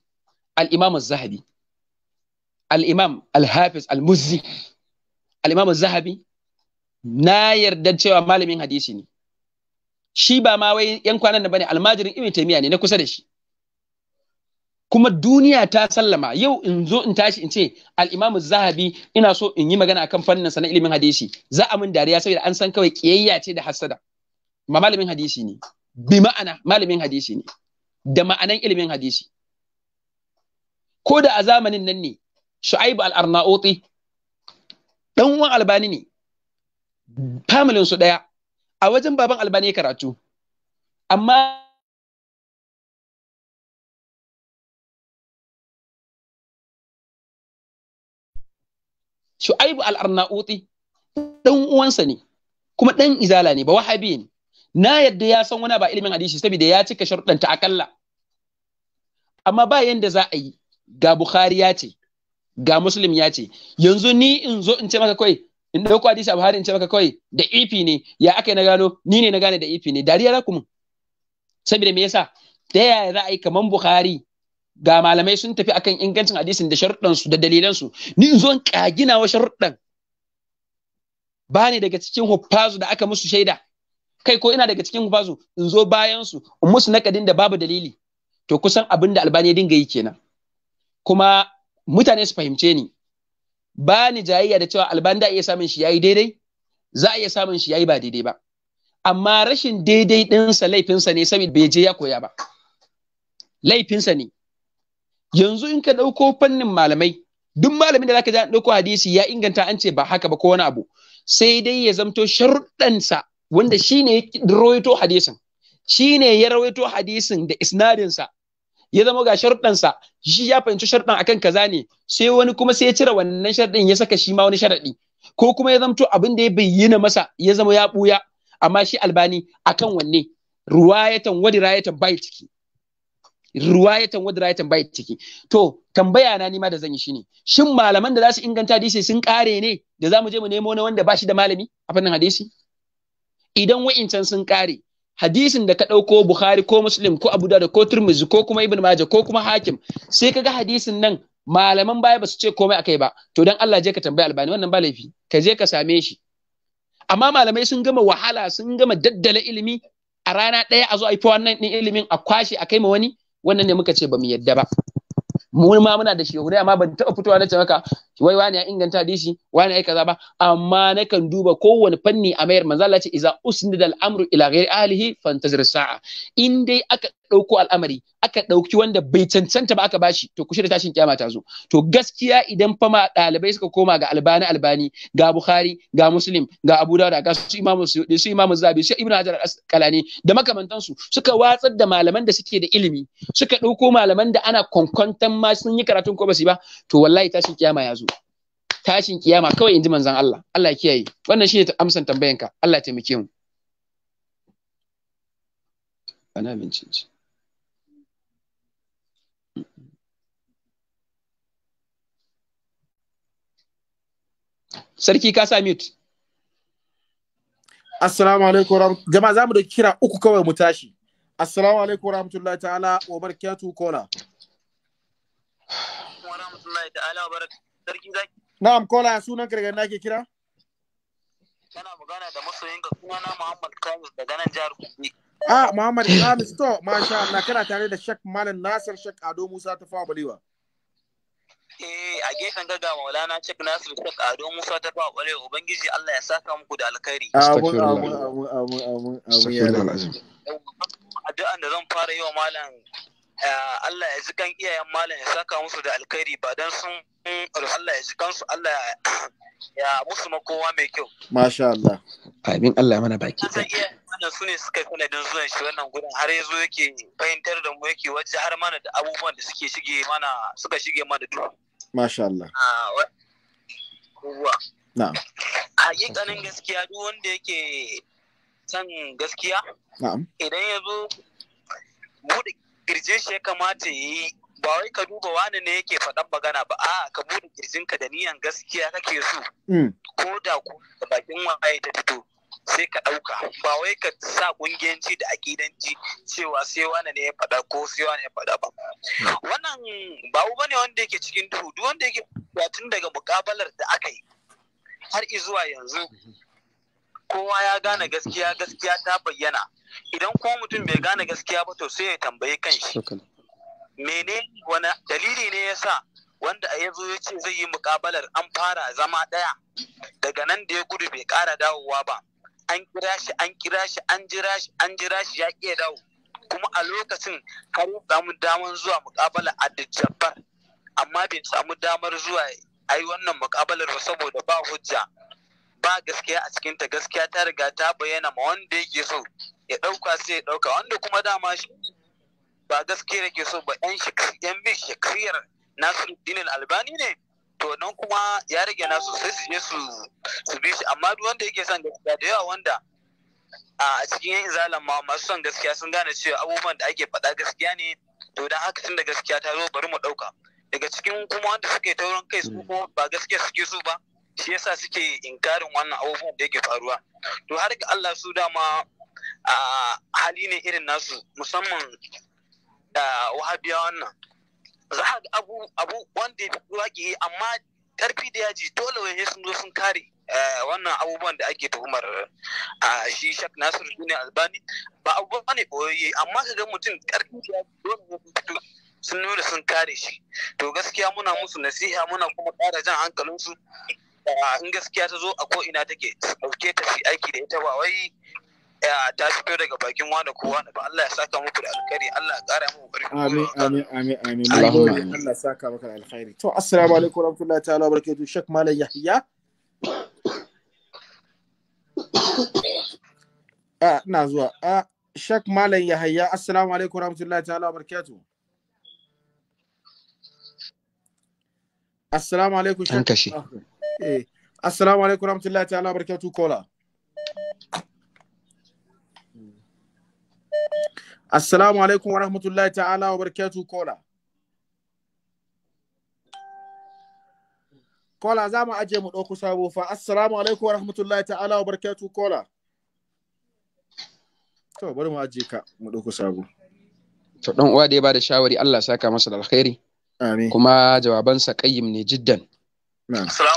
al'imam zahabi al'imam al-hafiz al muzi al'imam zahabi na yarda cewa malamin hadisi ne shi ba ma wai yan kwanan da bane almajirin ibn taymiya ne na kusa da shi kuma duniya ta sallama yau in zo in tashi in ce al-imamu zahabi ina so in yi magana akan fannin sa na ilimin hadisi za a mun dariya saboda an san kawai kiyayya ce da hasada ma malamin hadisi ne bi ma'ana malamin hadisi ne da ma'anan ilimin hadisi ko da a zamanin nan ne shu'aibu al-arnauti dan uwan albani ne familin su ɗaya a wajen baban albani ya karatu amma Shu'aibu al-Arnauti dan uwansa ne kuma ɗan izala ne ba wahabi ne na yadda ya san wani ba ilimin hadisi saboda ya cika sharuɗanta akalla amma ba yanda za a yi ga Bukhari ya ce ga Muslim ya ce yanzu ni in zo in ce maka kai in ɗauko hadisi a buhari in ce maka kawai da ifi e ne ya aka yi na gano ni ne na gane da ifi e ne dariya raku kuma saboda me yasa ta yaya za a yi kaman buhari ga malamai sun tafi akan ingancin hadisin da sharuɗan su da dalilansu ni in zo in kagina wa sharuɗan ba ne daga cikin huffazu da aka musu shaida kai ko ina daga cikin huffazu in zo bayan su in musu nakadin da babu dalili to kusan abin da albani ya dinga yi kenan kuma mutane su fahimce ni ba ni jayayya da cewa albanda da iya samun shi yayi daidai za a iya samun shi yayi ba daidai ba amma rashin daidai ɗinsa laifinsa ne saboda bai je ya koya ba laifinsa ne yanzu in ka ɗauko fannin malamai duk malamin da zaka ji an ɗauko hadisi ya inganta an ce ba haka ba ko wani abu sai dai ya zamto sharuɗansa wanda shine ya rawaito hadisin shine ya rawaito hadisin da isnadinsa ya zama ga sa shi ya fahimci sharuɗan akan kaza ne sai wani kuma sai ya cire wannan sharɗin ya saka shi ma wani sharaɗi ko kuma ya zamto abin da ya bayyana masa ya zama ya ɓuya amma shi albani akan wanne ruwayatan wadi rayatan bai ciki ruwayatan wadi rayatan bai ciki to tambaya na nima da zan yi shine shin malaman da za su inganta hadisi sun kare ne da za mu je mu nemo na wanda ba shi da malami a fannin hadisi idan wa'incan sun kare hadisin da ka ɗauko Bukhari ko Muslim ko Abu Dawud ko Tirmidhi ko kuma Ibn Majah ko kuma Hakim sai kaga hadisin nan malaman baya ba su ce komai akai ba to dan Allah je ka tambayi Albani wannan ba laifi ka je ka same shi amma malamai sun gama wahala sun gama daddala ilimi a rana ɗaya a zo a yi fa wannan ɗin ilimin a kwashe a kai ma wani wannan ne muka ce ba mu yadda ba mu ma muna da shi shehurai amma ban taɓa fitowa na ce maka wai wani ya inganta hadisi wani ya kaza ba amma kan duba kowane fanni a mayar manzo Allah ce iza usnidal amru ila ghairi ahlihi fantazir sa'a in dai aka ɗauko al'amari aka ɗauki wanda bai cancanta ba aka bashi to kushe da tashin kiyama ta zo to gaskiya idan fa ma ɗalibai suka koma ga albani albani ga bukhari ga muslim ga abu dawud ga su imamu suyudi su imamu zabi su ibnu hajar asqalani da makamantansu suka watsar da malaman da suke da ilimi suka ɗauko malaman da ana kwankwantan ma sun yi karatun ko ba su ba to wallahi tashin kiyama ya zo tashin kiyama kawai inji manzon Allah Allah ya kiyaye wannan shine amsan tambayanka Allah ya taimake mu ana bincin sarki ka sa mute assalamu alaikum jama'a zamu da kira uku kawai mu tashi assalamu alaikum rahmatullahi ta'ala wa barakatuhu kola warahmatullahi ta'ala wa sarki zaki na'am kola sunan ka daga ina ke kira kana magana da masoyin ga sunana Muhammad Kamis daga nan jihar Kogi ah Muhammad Kamis to masha Allah kana tare da Sheikh Malam Nasir Sheikh Ado Musa Tafawa Balewa Eh a gefen gaga Maulana Sheikh Nasir Sheikh Ado Musa ta ba kware ubangiji Allah ya saka muku da alkhairi. Amin amin amin amin amin amin. Addu'an da zan fara yi wa Eh, Allah ya ji kan iyayen malam ya saka musu da alkhairi ba dan sun Allah ya ji kansu Allah (coughs) ya musu makowa mai kyau. Masha Allah. Amin Allah mana baki. Sun iya wannan su ne suka kuna don zuwan shi wannan gudun, har ya zo yake fahimtar da mu yake wajen har mana da abubuwan da suke shige mana suka shige mana duk. Masha Allah. Ah, Na'am. Hakikanin gaskiya duk wanda yake san gaskiya. Idan ya zo bude kirjin shi ya kamata ya yi ba wai ka duba wani ne yake faɗan magana ba a ka bude ka da niyan gaskiya kake so mm. ko da ku da bakin waye ta fito sai ka ɗauka ba wai ka sa ƙungiyanci da aƙidanci cewa sai wani ne ya faɗa ko sai wani ya faɗa ba wannan ba ba ne wanda yake cikin duhu duk wanda yake tun daga mukabalar da aka yi har izuwa yanzu kowa ya gane gaskiya gaskiya ta bayyana idan ko mutum bai gane gaskiya ba to sai ya tambayi kanshi mene wani dalili ne yasa wanda a yazo ya ce zai yi mukabalar an fara zama ɗaya daga nan da ya gudu bai kara dawowa ba an kira shi an kira shi an jira shi an jira shi ya ƙi dawo kuma a lokacin har ya samu damar zuwa mukabala a dajabar amma bai samu damar zuwa a wannan mukabalar ba saboda ba hujja ba gaskiya a cikin ta gaskiya ta riga ta bayyana ma wanda yake so ya ɗauka sai ya ɗauka wanda kuma dama shi ba gaskiya yake so ba yan yan bi shakiyar dinin Albani ne to nan kuma ya rage nasu sai su je su su bi shi amma duk wanda yake son gaskiya da yawa wanda a cikin yan izalan ma masu son gaskiya sun gane cewa abubuwan da ake faɗa gaskiya ne to dan haka tun da gaskiya ta zo bari mu ɗauka daga cikin kuma wanda suke taurin kai su hmm. kuma ba gaskiya suke so ba shi yasa suke inkarin wannan abubuwan da yake faruwa to har ga Allah su dama a hali ne irin nasu musamman da wahabiya wannan za ga abu abu wanda ya fi amma karfi da yaji dole wai sun zo sun kare eh, wannan abubuwan da ake tuhumar a shi shak nasiru duniya albani ba abubuwa ne koyoyi. amma ka ga mutum karfi da yaji dole fito sun nuna sun kare shi to gaskiya muna musu nasiha muna kuma ƙara jan hankalinsu in gaskiya ta zo a ko ina take su ɗauke ta su aiki da ita ba wai ta fito daga bakin wani ko wani ba Allah ya saka muku da alkhairi Allah ya kara muku ƙarfi amin amin amin amin Allah ya saka maka da alkhairi to assalamu alaikum warahmatullahi ta'ala barakatuh Sheikh Malam Yahya (coughs) a ina zuwa a Sheikh Malam Yahya assalamu alaikum warahmatullahi ta'ala barakatuh Assalamu alaikum Sheikh eh assalamu alaikum rahmatullahi ta'ala barakatuh kola assalamu alaikum wa rahmatullahi ta'ala wa barakatuh kola kola za mu aje mu ɗauku sabo fa assalamu alaikum wa rahmatullahi ta'ala wa barakatuh kola to bari mu aje ka mu ɗauku sabo to dan uwa da ya bada shawari Allah saka masa da alkhairi amin kuma jawabansa qayyim ne jiddan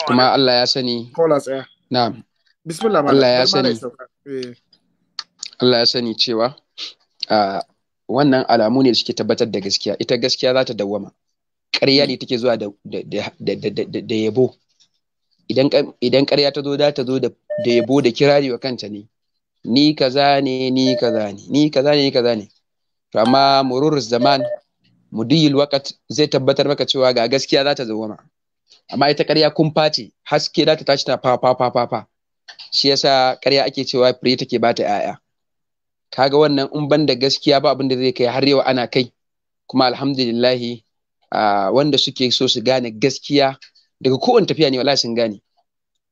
kuma Allah ya sani na'am Allah ya sani eh. Allah ya sani cewa wannan alamu ne da suke tabbatar da gaskiya ita gaskiya za ta dawwama ƙarya ne take zuwa da yabo idan ƙarya ta zo za ta zo da yabo da kirari wa kanta ne ni kaza ne ni kaza ne ni kaza ne ni kaza ne to amma mururus zaman mudiyil wakat zai tabbatar maka cewa ga gaskiya za ta dawwama amma ita ƙarya kun face haske za ta tashi ta fa fa fa fa fa shi yasa ƙarya ake cewa fure take bata ƴaƴa kaga wannan in ban da gaskiya ba abin da zai kai har yau ana kai kuma alhamdulillahi wanda suke so su gane gaskiya daga kowane tafiya ne wallahi sun gane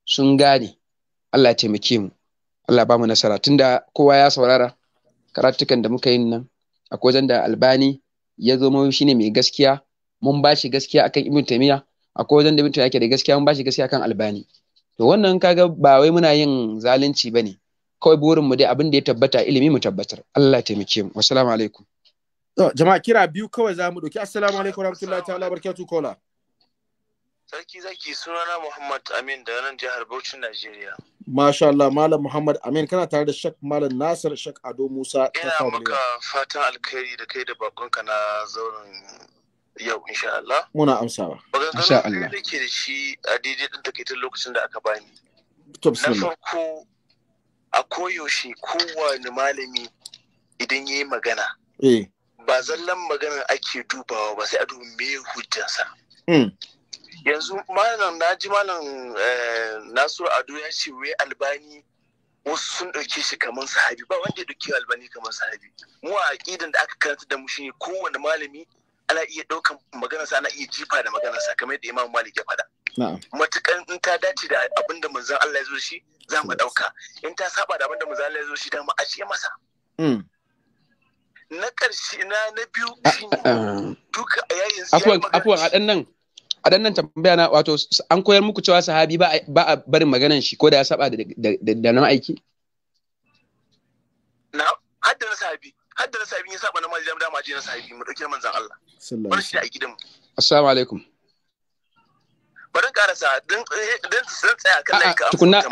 sun gane Allah ya taimake mu Allah ba mu nasara tunda kowa ya saurara karatukan da muka yi nan akwai wajen da albani ya zo mu shine mai gaskiya mun ba shi gaskiya akan ibn taymiyyah akwai wajen da bin yake da gaskiya mun bashi gaskiya kan albani to wannan kaga ba wai muna yin zalunci bane kawai burin mu dai abin da ya tabbata ilimi mu tabbatar Allah ya taimake mu assalamu alaikum to jama'a kira biyu kawai za mu doki assalamu alaikum warahmatullahi ta'ala barakatuh kola sarki zaki sunana Muhammad Amin da nan jihar Bauchi Najeriya Masha Allah Malam Muhammad Amin kana tare da Shak Malam Nasir Shak Ado Musa ta Ina maka fatan alkhairi da kai da bakonka na zauren yau insha Allah muna amsawa insha Allah da ke da shi a daidai ɗin takaitar lokacin da aka bani na farko a koyaushe kowane malami idan ya yi magana eh. ba zallan magana ake dubawa ba sai a dubi me hujjansa hmm. yanzu malam na ji malam eh, nasiru ado ya ce wai albani wasu sun ɗauke shi kamar sahabi ba wanda ya ɗauke albani kamar sahabi mu a aƙidan da aka karanta da mu shine kowane malami ana iya ɗaukan maganarsa ana iya jifa da maganarsa kamar yadda imam malik ya faɗa matukan in ta dace da abin da manzon Allah ya zo shi za mu ɗauka in ta saba da abin da manzon Allah ya zo shi da mu ajiye masa mm. na ƙarshe na na biyu ah, ah. duka a yayin afuwan afuwan a nan a nan tambaya na wato an koyar muku cewa sahabi ba a barin maganan shi ko da ya saba da nan aiki na hadda na sahabi hadda na sahabi ya saba na da ma je na sahabi mu dauke manzon Allah bar alaikum karasa tsaya kan laika tukunna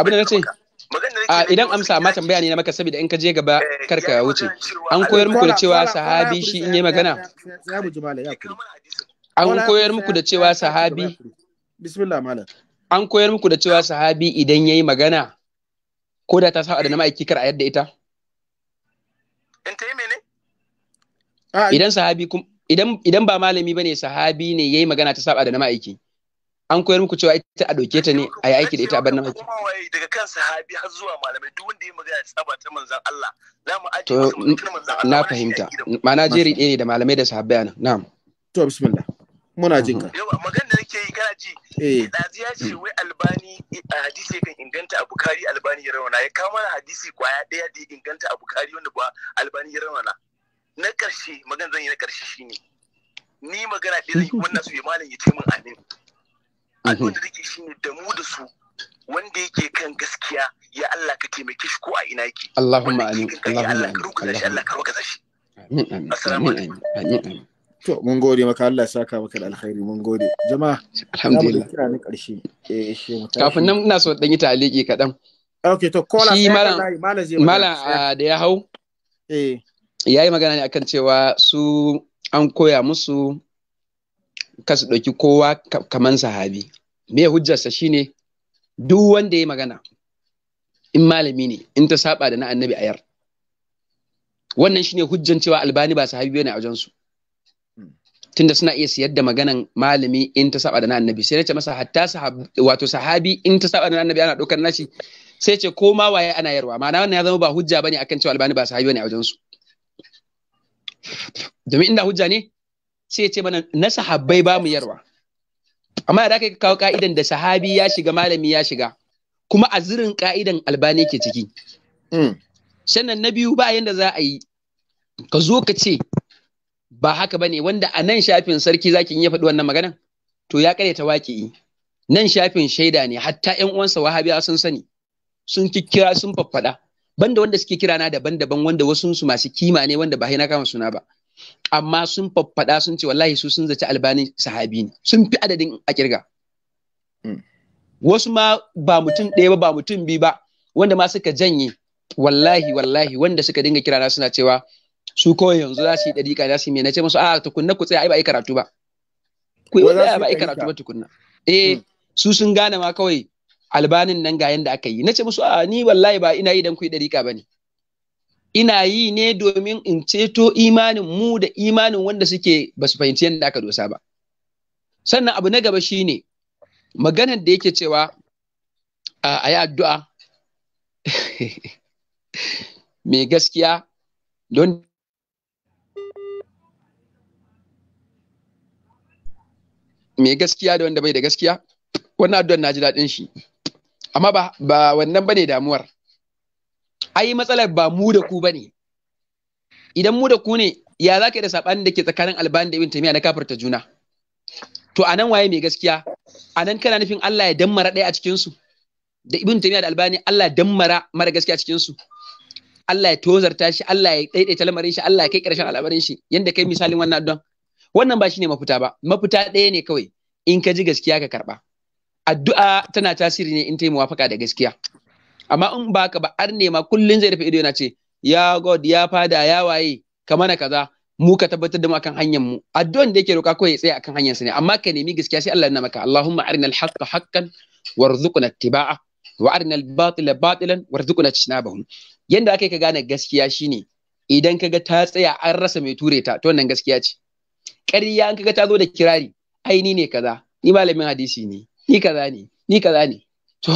idan amsa ma tambaya ne na maka saboda in ka je gaba eh, kar wuce an koyar muku da cewa sahabi shi in yi magana an koyar muku da cewa sahabi bismillah malam an koyar muku da cewa sahabi idan yayi magana ko da ta saba da na ma'aiki kar a yadda ita idan sahabi kuma idan ba malami bane sahabi ne yayi magana ta saba da na ma'aiki an koyar muku cewa ita a doke ta ne a yi aiki da ita a bar na ma'aiki daga kan sahabi har zuwa malamai duk wanda yayi magana ta saba ta manzan Allah za mu aje na fahimta ma'ana jeri ɗaya ne da malamai da sahabbai nan na'am to bismillah muna jin ka yawa magana da nake yi kana ji eh dazu ya ce wai albani hadisi kan inganta a bukari albani ya rawana ya kawo mana hadisi kwaya ɗaya da inganta a bukari wanda ba albani ya rawana na ƙarshe magana zan yi na ƙarshe shine ni magana ɗin zan yi wannan su ya malam ya ce min amin abin da take shine da mu da su wanda yake kan gaskiya ya Allah ka taimake shi ko a ina yake Allahumma amin Allahumma amin Allah ka roƙa shi assalamu alaikum to mun gode maka Allah ya saka maka da alkhairi mun gode jama'a alhamdulillah kira ni ƙarshe eh she mutane kafin nan ina so dan yi taliki kadan okay to kola sai malam malam ah, da ya hau eh ya yi magana ne akan cewa su an koya musu su ɗauki kowa kaman sahabi me hujjarsa shine duk wanda ya magana in malami ne in ta saba da na annabi ayar wannan shine hujjan cewa albani ba sahabi bane a wajen su tunda suna iya siyar da maganan malami in ta saba da na annabi sai ce masa hatta wato sahabi in ta saba da na annabi ana ɗaukar nashi sai ce ko ma waye ana yarwa ma'ana wannan ya zama ba hujja bane akan cewa albani ba sahabi bane a wajen su domin inda hujja ne sai ya ce mana na sahabbai ba mu yarwa amma da aka kawo ka'idan da sahabi ya shiga malami ya shiga kuma a zirin ka'idan albani ke ciki hmm. sannan na biyu ba yanda za a yi ka zo ka ce ba haka ba ne wanda a nan shafin sarki zaki iya faɗi wannan magana to ya ta waƙi nan shafin shaida ne hatta 'yan uwansa wahabiya sun sani sun kikkira sun faffaɗa banda wanda suke kira na daban-daban wanda wasu su masu kima ne wanda ba na kama suna ba amma sun faffada sun ce wallahi su sun zaci albani sahabi ne sun fi adadin a kirga hmm. wasu ma ba mutum ɗaya ba ba mutum biyu ba wanda ma suka janye wallahi wallahi wanda suka dinga kirana suna cewa su kawai yanzu za su yi ɗariƙa za su yi mai na ce musu a tukunna ku tsaya ai ba ai karatu ba ku yi tsaya ba ai karatu ba tukunna eh hmm. su sun gane ma kawai albanin nan ga yanda aka yi Na ce musu a ni wallahi ba ina yi dan ku dariƙa ne. ina yi ne domin in ceto imanin mu da imanin wanda suke ba su fahimci yadda aka dosa ba sannan abu na gaba shine maganar da yake cewa a yi addu'a (laughs) mai gaskiya don mai gaskiya da wanda bai da gaskiya wannan addu'ar na ji daɗin shi amma ba ba wannan bane damuwar ai matsalar ba mu da ku bane idan mu da ku ne ya zaka da saban da ke tsakanin albani da ibn taymiya na kafirta juna to anan waye mai gaskiya anan kana nufin Allah ya dammara ɗaya a cikin su da ibn taymiya da albani Allah ya dammara mara gaskiya a cikin su Allah ya tozarta shi Allah ya daidaita lamarin shi Allah ya kai ƙarshen al'amarin shi yanda kai misalin wannan addu'an wannan ba shine mafita ba mafita ɗaya ne kawai in ka ji gaskiya ka karba addu'a tana tasiri ne in ta yi muwafaka da gaskiya amma in ba ka ba ar nema kullun zai rufe ido yana ce ya god ya fada ya waye ka mana kaza mu ka tabbatar da mu akan hanyar mu addu'an da yake roƙa ko ya tsaya akan hanyar sa ne amma ka nemi gaskiya sai Allah ya maka Allahumma arina al-haqqa haqqan warzuqna ittiba'a wa arina al-batila batilan warzuqna ijtinabahu yanda kai ka gane gaskiya shine idan kaga ta tsaya an rasa mai ture ta to wannan gaskiya ce ƙarya an kaga ta zo da kirari aini ne kaza ni malamin hadisi ne ni kaza ne ni kaza ne to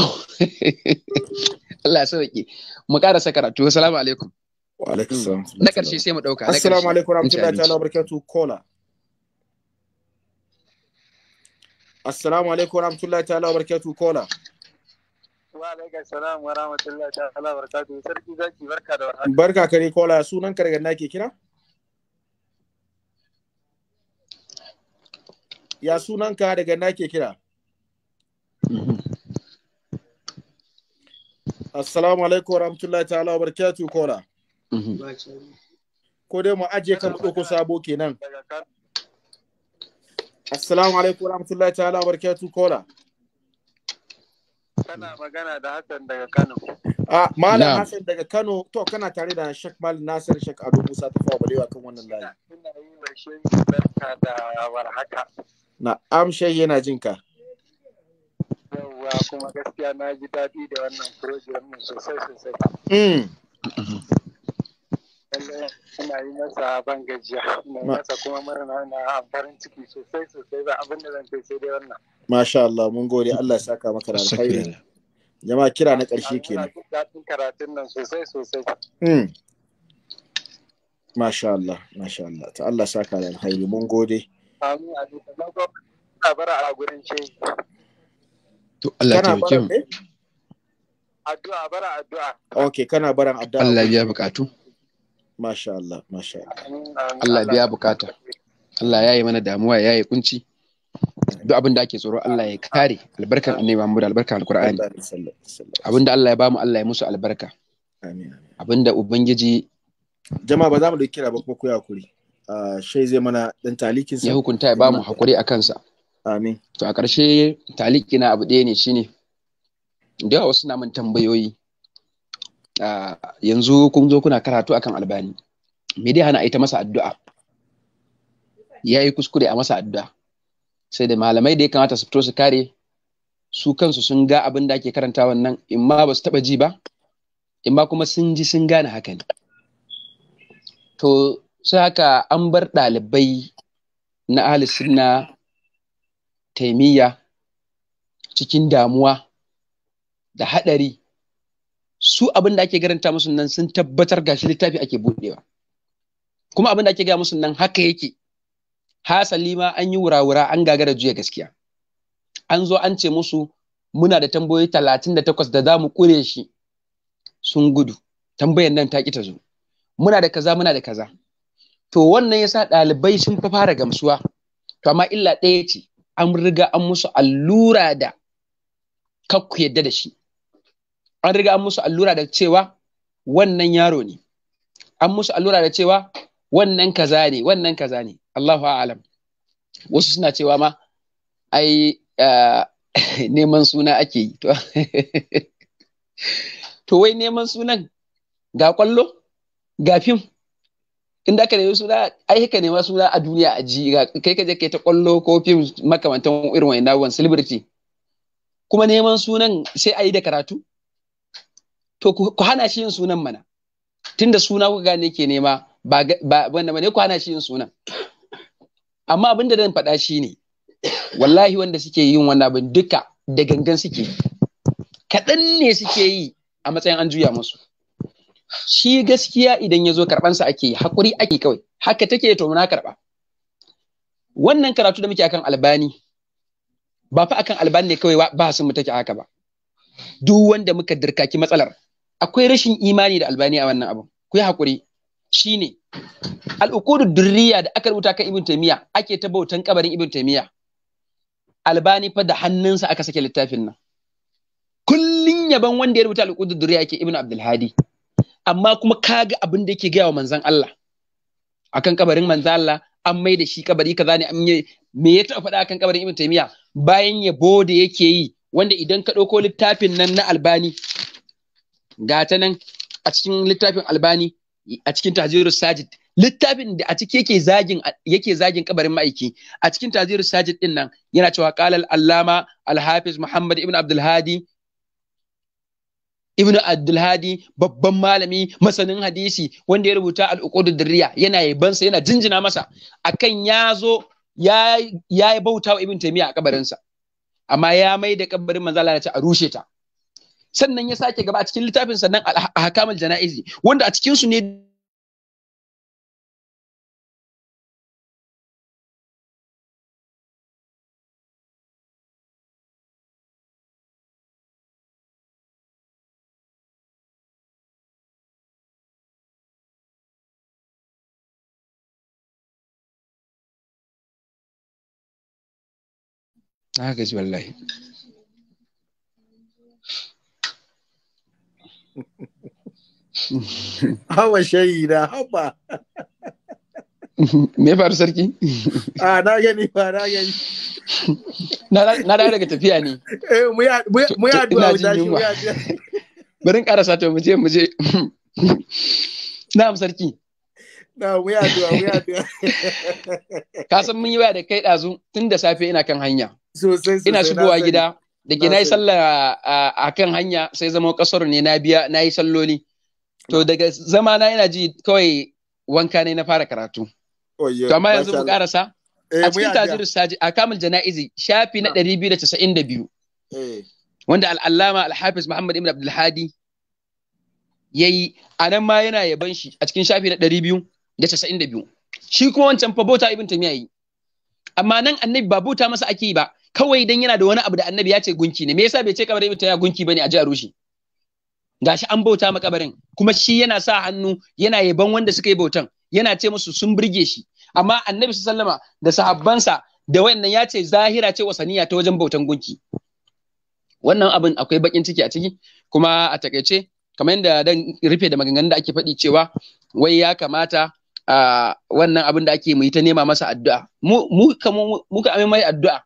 Allah ya sauke mu karasa karatu assalamu alaikum wa alaikum salam hmm. na karshe sai mu dauka assalamu alaikum rahmatullahi ta'ala barakatuh kola assalamu alaikum rahmatullahi ta'ala barakatuh kola wa alaikum salam wa rahmatullahi ta'ala barakatuh sarki zaki barka da warhaka barka kare kola sunan kargan nake kira ya sunanka daga nake kira Mhm. Assalamu alaikum wa rahmatullahi ta'ala wa barakatu kola. Mhm. Ko dai mu aje kan ɗauko sabo kenan. Assalamu alaikum wa rahmatullahi ta'ala wa barakatu kola. Kana magana da Hassan daga Kano. Ah, Malam Hassan daga Kano, to kana tare da Sheikh Mal Nasir Sheikh Ado Musa ta fawa balewa kan wannan layi. Ina yi mai shehi barka da warhaka. Na'am shehi yana jinka. yawwa kuma gaskiya na ji daɗi da wannan program din sosai sosai mm. ina yi masa ban gajiya ina yi masa kuma mara na amfarin ciki sosai sosai ba abin da zan ce sai dai wannan masha Allah mun gode Allah ya saka maka da alkhairi jama'a kira na ƙarshe ke daɗin karatun nan sosai sosai mm. Masha Allah, Masha Allah, ta Allah saka da alkhairi mun gode. Amin, a a gurin To Allah taimake mu. Addu'a bara addu'a. Okay, kana baran addu'a. Allah ya bukatu. Masha Allah, masha Allah. Allah biya bukata. Allah ya yi mana damuwa, ya yi kunci. Duk abin da ake tsoro Allah ya kare albarkar Annabi Muhammad albarkar Alkur'ani. Abin da Allah ya bamu Allah ya musu albarka. Abin da Ubangiji Jama'a ba za mu da kira ba kuma ku hakuri. Uh, ah, shai zai mana dan talikin sa. Ya hukunta ya bamu hakuri akan sa. Amin. To a ƙarshe taliki na abu ɗaya ne shine da wasu na min tambayoyi yanzu kun zo kuna karatu akan albani me dai hana ita masa addu'a ya yi kuskure a masa addu'a sai da malamai da ya kamata su fito su kare su kansu sun ga abin da ake karanta wannan in ma ba su taɓa ji ba in ma kuma sun ji sun gane haka ne to sai haka an bar ɗalibai na ahli sunna taimiyya cikin damuwa da haɗari su abin da ake garanta musu nan sun tabbatar shi littafi ake buɗewa kuma abin da ake gaya musu nan haka yake hasali ma an yi wura an gagara juya gaskiya an zo an ce musu muna da tambayoyi talatin da takwas da za mu ƙure shi sun gudu tambayan nan ta ƙi ta zo muna da kaza muna da kaza to wannan yasa ɗalibai sun fa fara gamsuwa to amma illa ɗaya ce an riga an musu allura da kakku yadda da shi an riga an musu allura da cewa wannan yaro ne an musu allura da cewa wannan kaza ne wannan kaza ne Allahu a'lam wasu suna cewa ma ai eh, (laughs) neman suna ake yi to (laughs) wai neman sunan ga kwallo ga fim In da aka nemi suna ai haka nema suna a duniya a ji kai ka je kai ta kwallo ko fim makamantan irin wani nagon celebrity kuma neman sunan sai a yi da karatu to ku hana shi yin sunan mana tunda suna kuka gane ke nema ba wanda ba ne ku hana shi yin sunan amma abinda zan faɗa shi ne wallahi wanda suke yin wani abin duka da gangan suke kaɗan ne suke yi a matsayin an juya musu shi gaskiya idan ya zo karɓansa ake haƙuri ake kawai haka take to muna karɓa wannan karatu da muke akan albani ba fa akan albani ne kawai ba sun mu take haka ba duk wanda muka dirkaki matsalar akwai rashin imani da albani a wannan abu ku yi haƙuri shine al'ukudu durriya da aka rubuta kan ibn taymiya ake ta bautan kabarin ibn taymiya albani fa da hannunsa aka sake littafin nan kullun yaban wanda ya rubuta al'ukudu durriya ke ibn abdul hadi amma kuma kaga abin da yake gaya wa manzan Allah akan kabarin manzon Allah an mai da shi kabari kaza ne an me ya taɓa faɗa akan kabarin Ibn Taymiya bayan yabo da yake yi wanda idan ka ɗauko littafin nan na Albani gata nan a cikin littafin Albani a cikin Tahzirus Sajid littafin da a ciki yake zagin yake zagin kabarin ma'aiki a cikin Tahzirus Sajid din nan yana cewa al allama al-hafiz Muhammad ibn Abdul Hadi ibnu abdulhadi babban malami masanin hadisi wanda ya rubuta al'uqud dirriya yana yabansa yana jinjina masa akan ya zo ya ya bauta wa ibn taymiya a kabarinsa amma ya mai da kabarin manzo Allah a rushe ta sannan ya sake gaba a cikin littafin sannan al-ahkamul janaizi wanda a cikin ne na gaji wallahi hawa shayi na haba me faru sarki a na gani ba na gani na dawo daga tafiya ne eh, mu ya duwa mu tashi mu ya bari in karasa to mu je mu je na'am sarki Na (laughs) Ka san mun yi waya da kai ɗazu tun da safe ina kan hanya. Sosai Ina shigowa gida da ke na yi sallah a kan hanya sai zama kasar ne na biya na yi salloli. To daga zama na ina ji kawai wanka ne na fara karatu. To amma yanzu mu karasa. Eh, a cikin tajiru saji a kamul jana'izi shafi na ɗari biyu da casa'in da biyu. Eh. Wanda al'allama alhafiz Muhammad Ibn Abdulhadi ya yi a nan ma yana yaban shi a cikin shafi na ɗari biyu da casa'in da biyu shi kuma wancan fa bauta ibn tamiya yi amma nan annabi ba bauta masa ake yi ba kawai dan yana da wani abu da annabi ya ce gunki ne me yasa bai ce kabarin ibn tamiya gunki bane a ji a rushe gashi an bauta ma kabarin kuma shi yana sa hannu yana yaban wanda suka yi bautan yana ce musu sun burge shi amma annabi sallama da sahabbansa da wannan ya ce zahira ce wasaniya ta wajen bautan gunki wannan abin akwai bakin ciki a ciki kuma a takaice kamar yadda dan rufe da maganganun da ake faɗi cewa wai ya kamata wannan abin da ake yi ta nema masa addu'a mu muka amin mai addu'a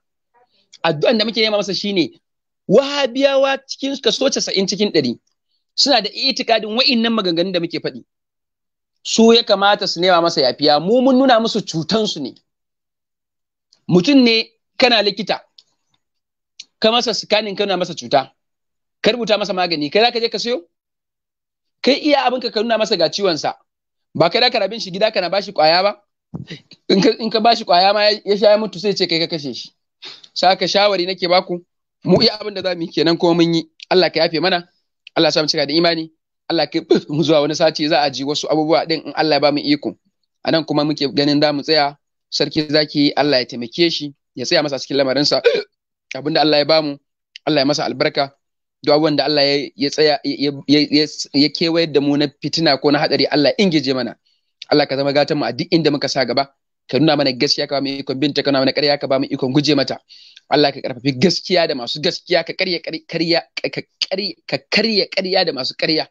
addu'an da muke nema masa shine wahabiyawa cikin kaso casa'in cikin ɗari suna da itikadin wa'innan maganganun da muke faɗi su ya kamata su nema masa yafiya mu mun nuna musu cutansu ne mutum ne kana likita ka masa scanning ka nuna masa cuta ka rubuta masa magani kai ka je ka sayo kai iya abinka ka nuna masa ga ciwon sa ba kai da kana bin shi gida kana bashi kwaya ba in ka bashi kwaya ma ya sha mutu sai ce kai ka kashe shi saka shawari nake baku mu iya abin da zamu yi kenan kuma mun yi Allah ka yafe mana Allah ya sa mu cika da imani Allah ka mu zuwa wani sati za a ji wasu abubuwa din in Allah ya ba mu iko anan kuma muke ganin za mu tsaya sarki zaki Allah ya taimake shi ya tsaya masa cikin lamarinsa abinda Allah ya bamu Allah ya masa albarka duk abubuwan da Allah ya tsaya ya da mu na fitina ko na hadari Allah ingije mana Allah ka zama gatan mu a duk inda muka sa gaba ka nuna mana gaskiya ka ba mu ikon binta ka nuna mana ƙarya ka ba mu ikon guje mata Allah ka karfafi gaskiya da masu gaskiya ka karya karya ka karya karya da masu karya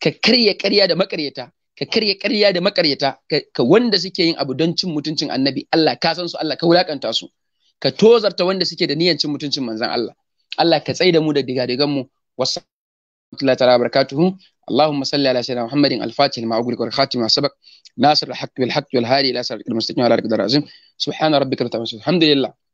ka karya karya da makaryata ka karya karya da makaryata ka wanda suke yin abu don cin mutuncin annabi Allah ka san su Allah ka wulakanta su ka tozarta wanda suke da niyyar cin mutuncin manzon Allah الله ka tsaida mu da digadigan الله تعالى بركاته اللهم صل على سيدنا محمد الفاتح لما اقول والخاتم ما سبق ناصر الحق بالحق والهادي إلى سر المستقيم على قدر العظيم سبحان ربك رب العزة الحمد لله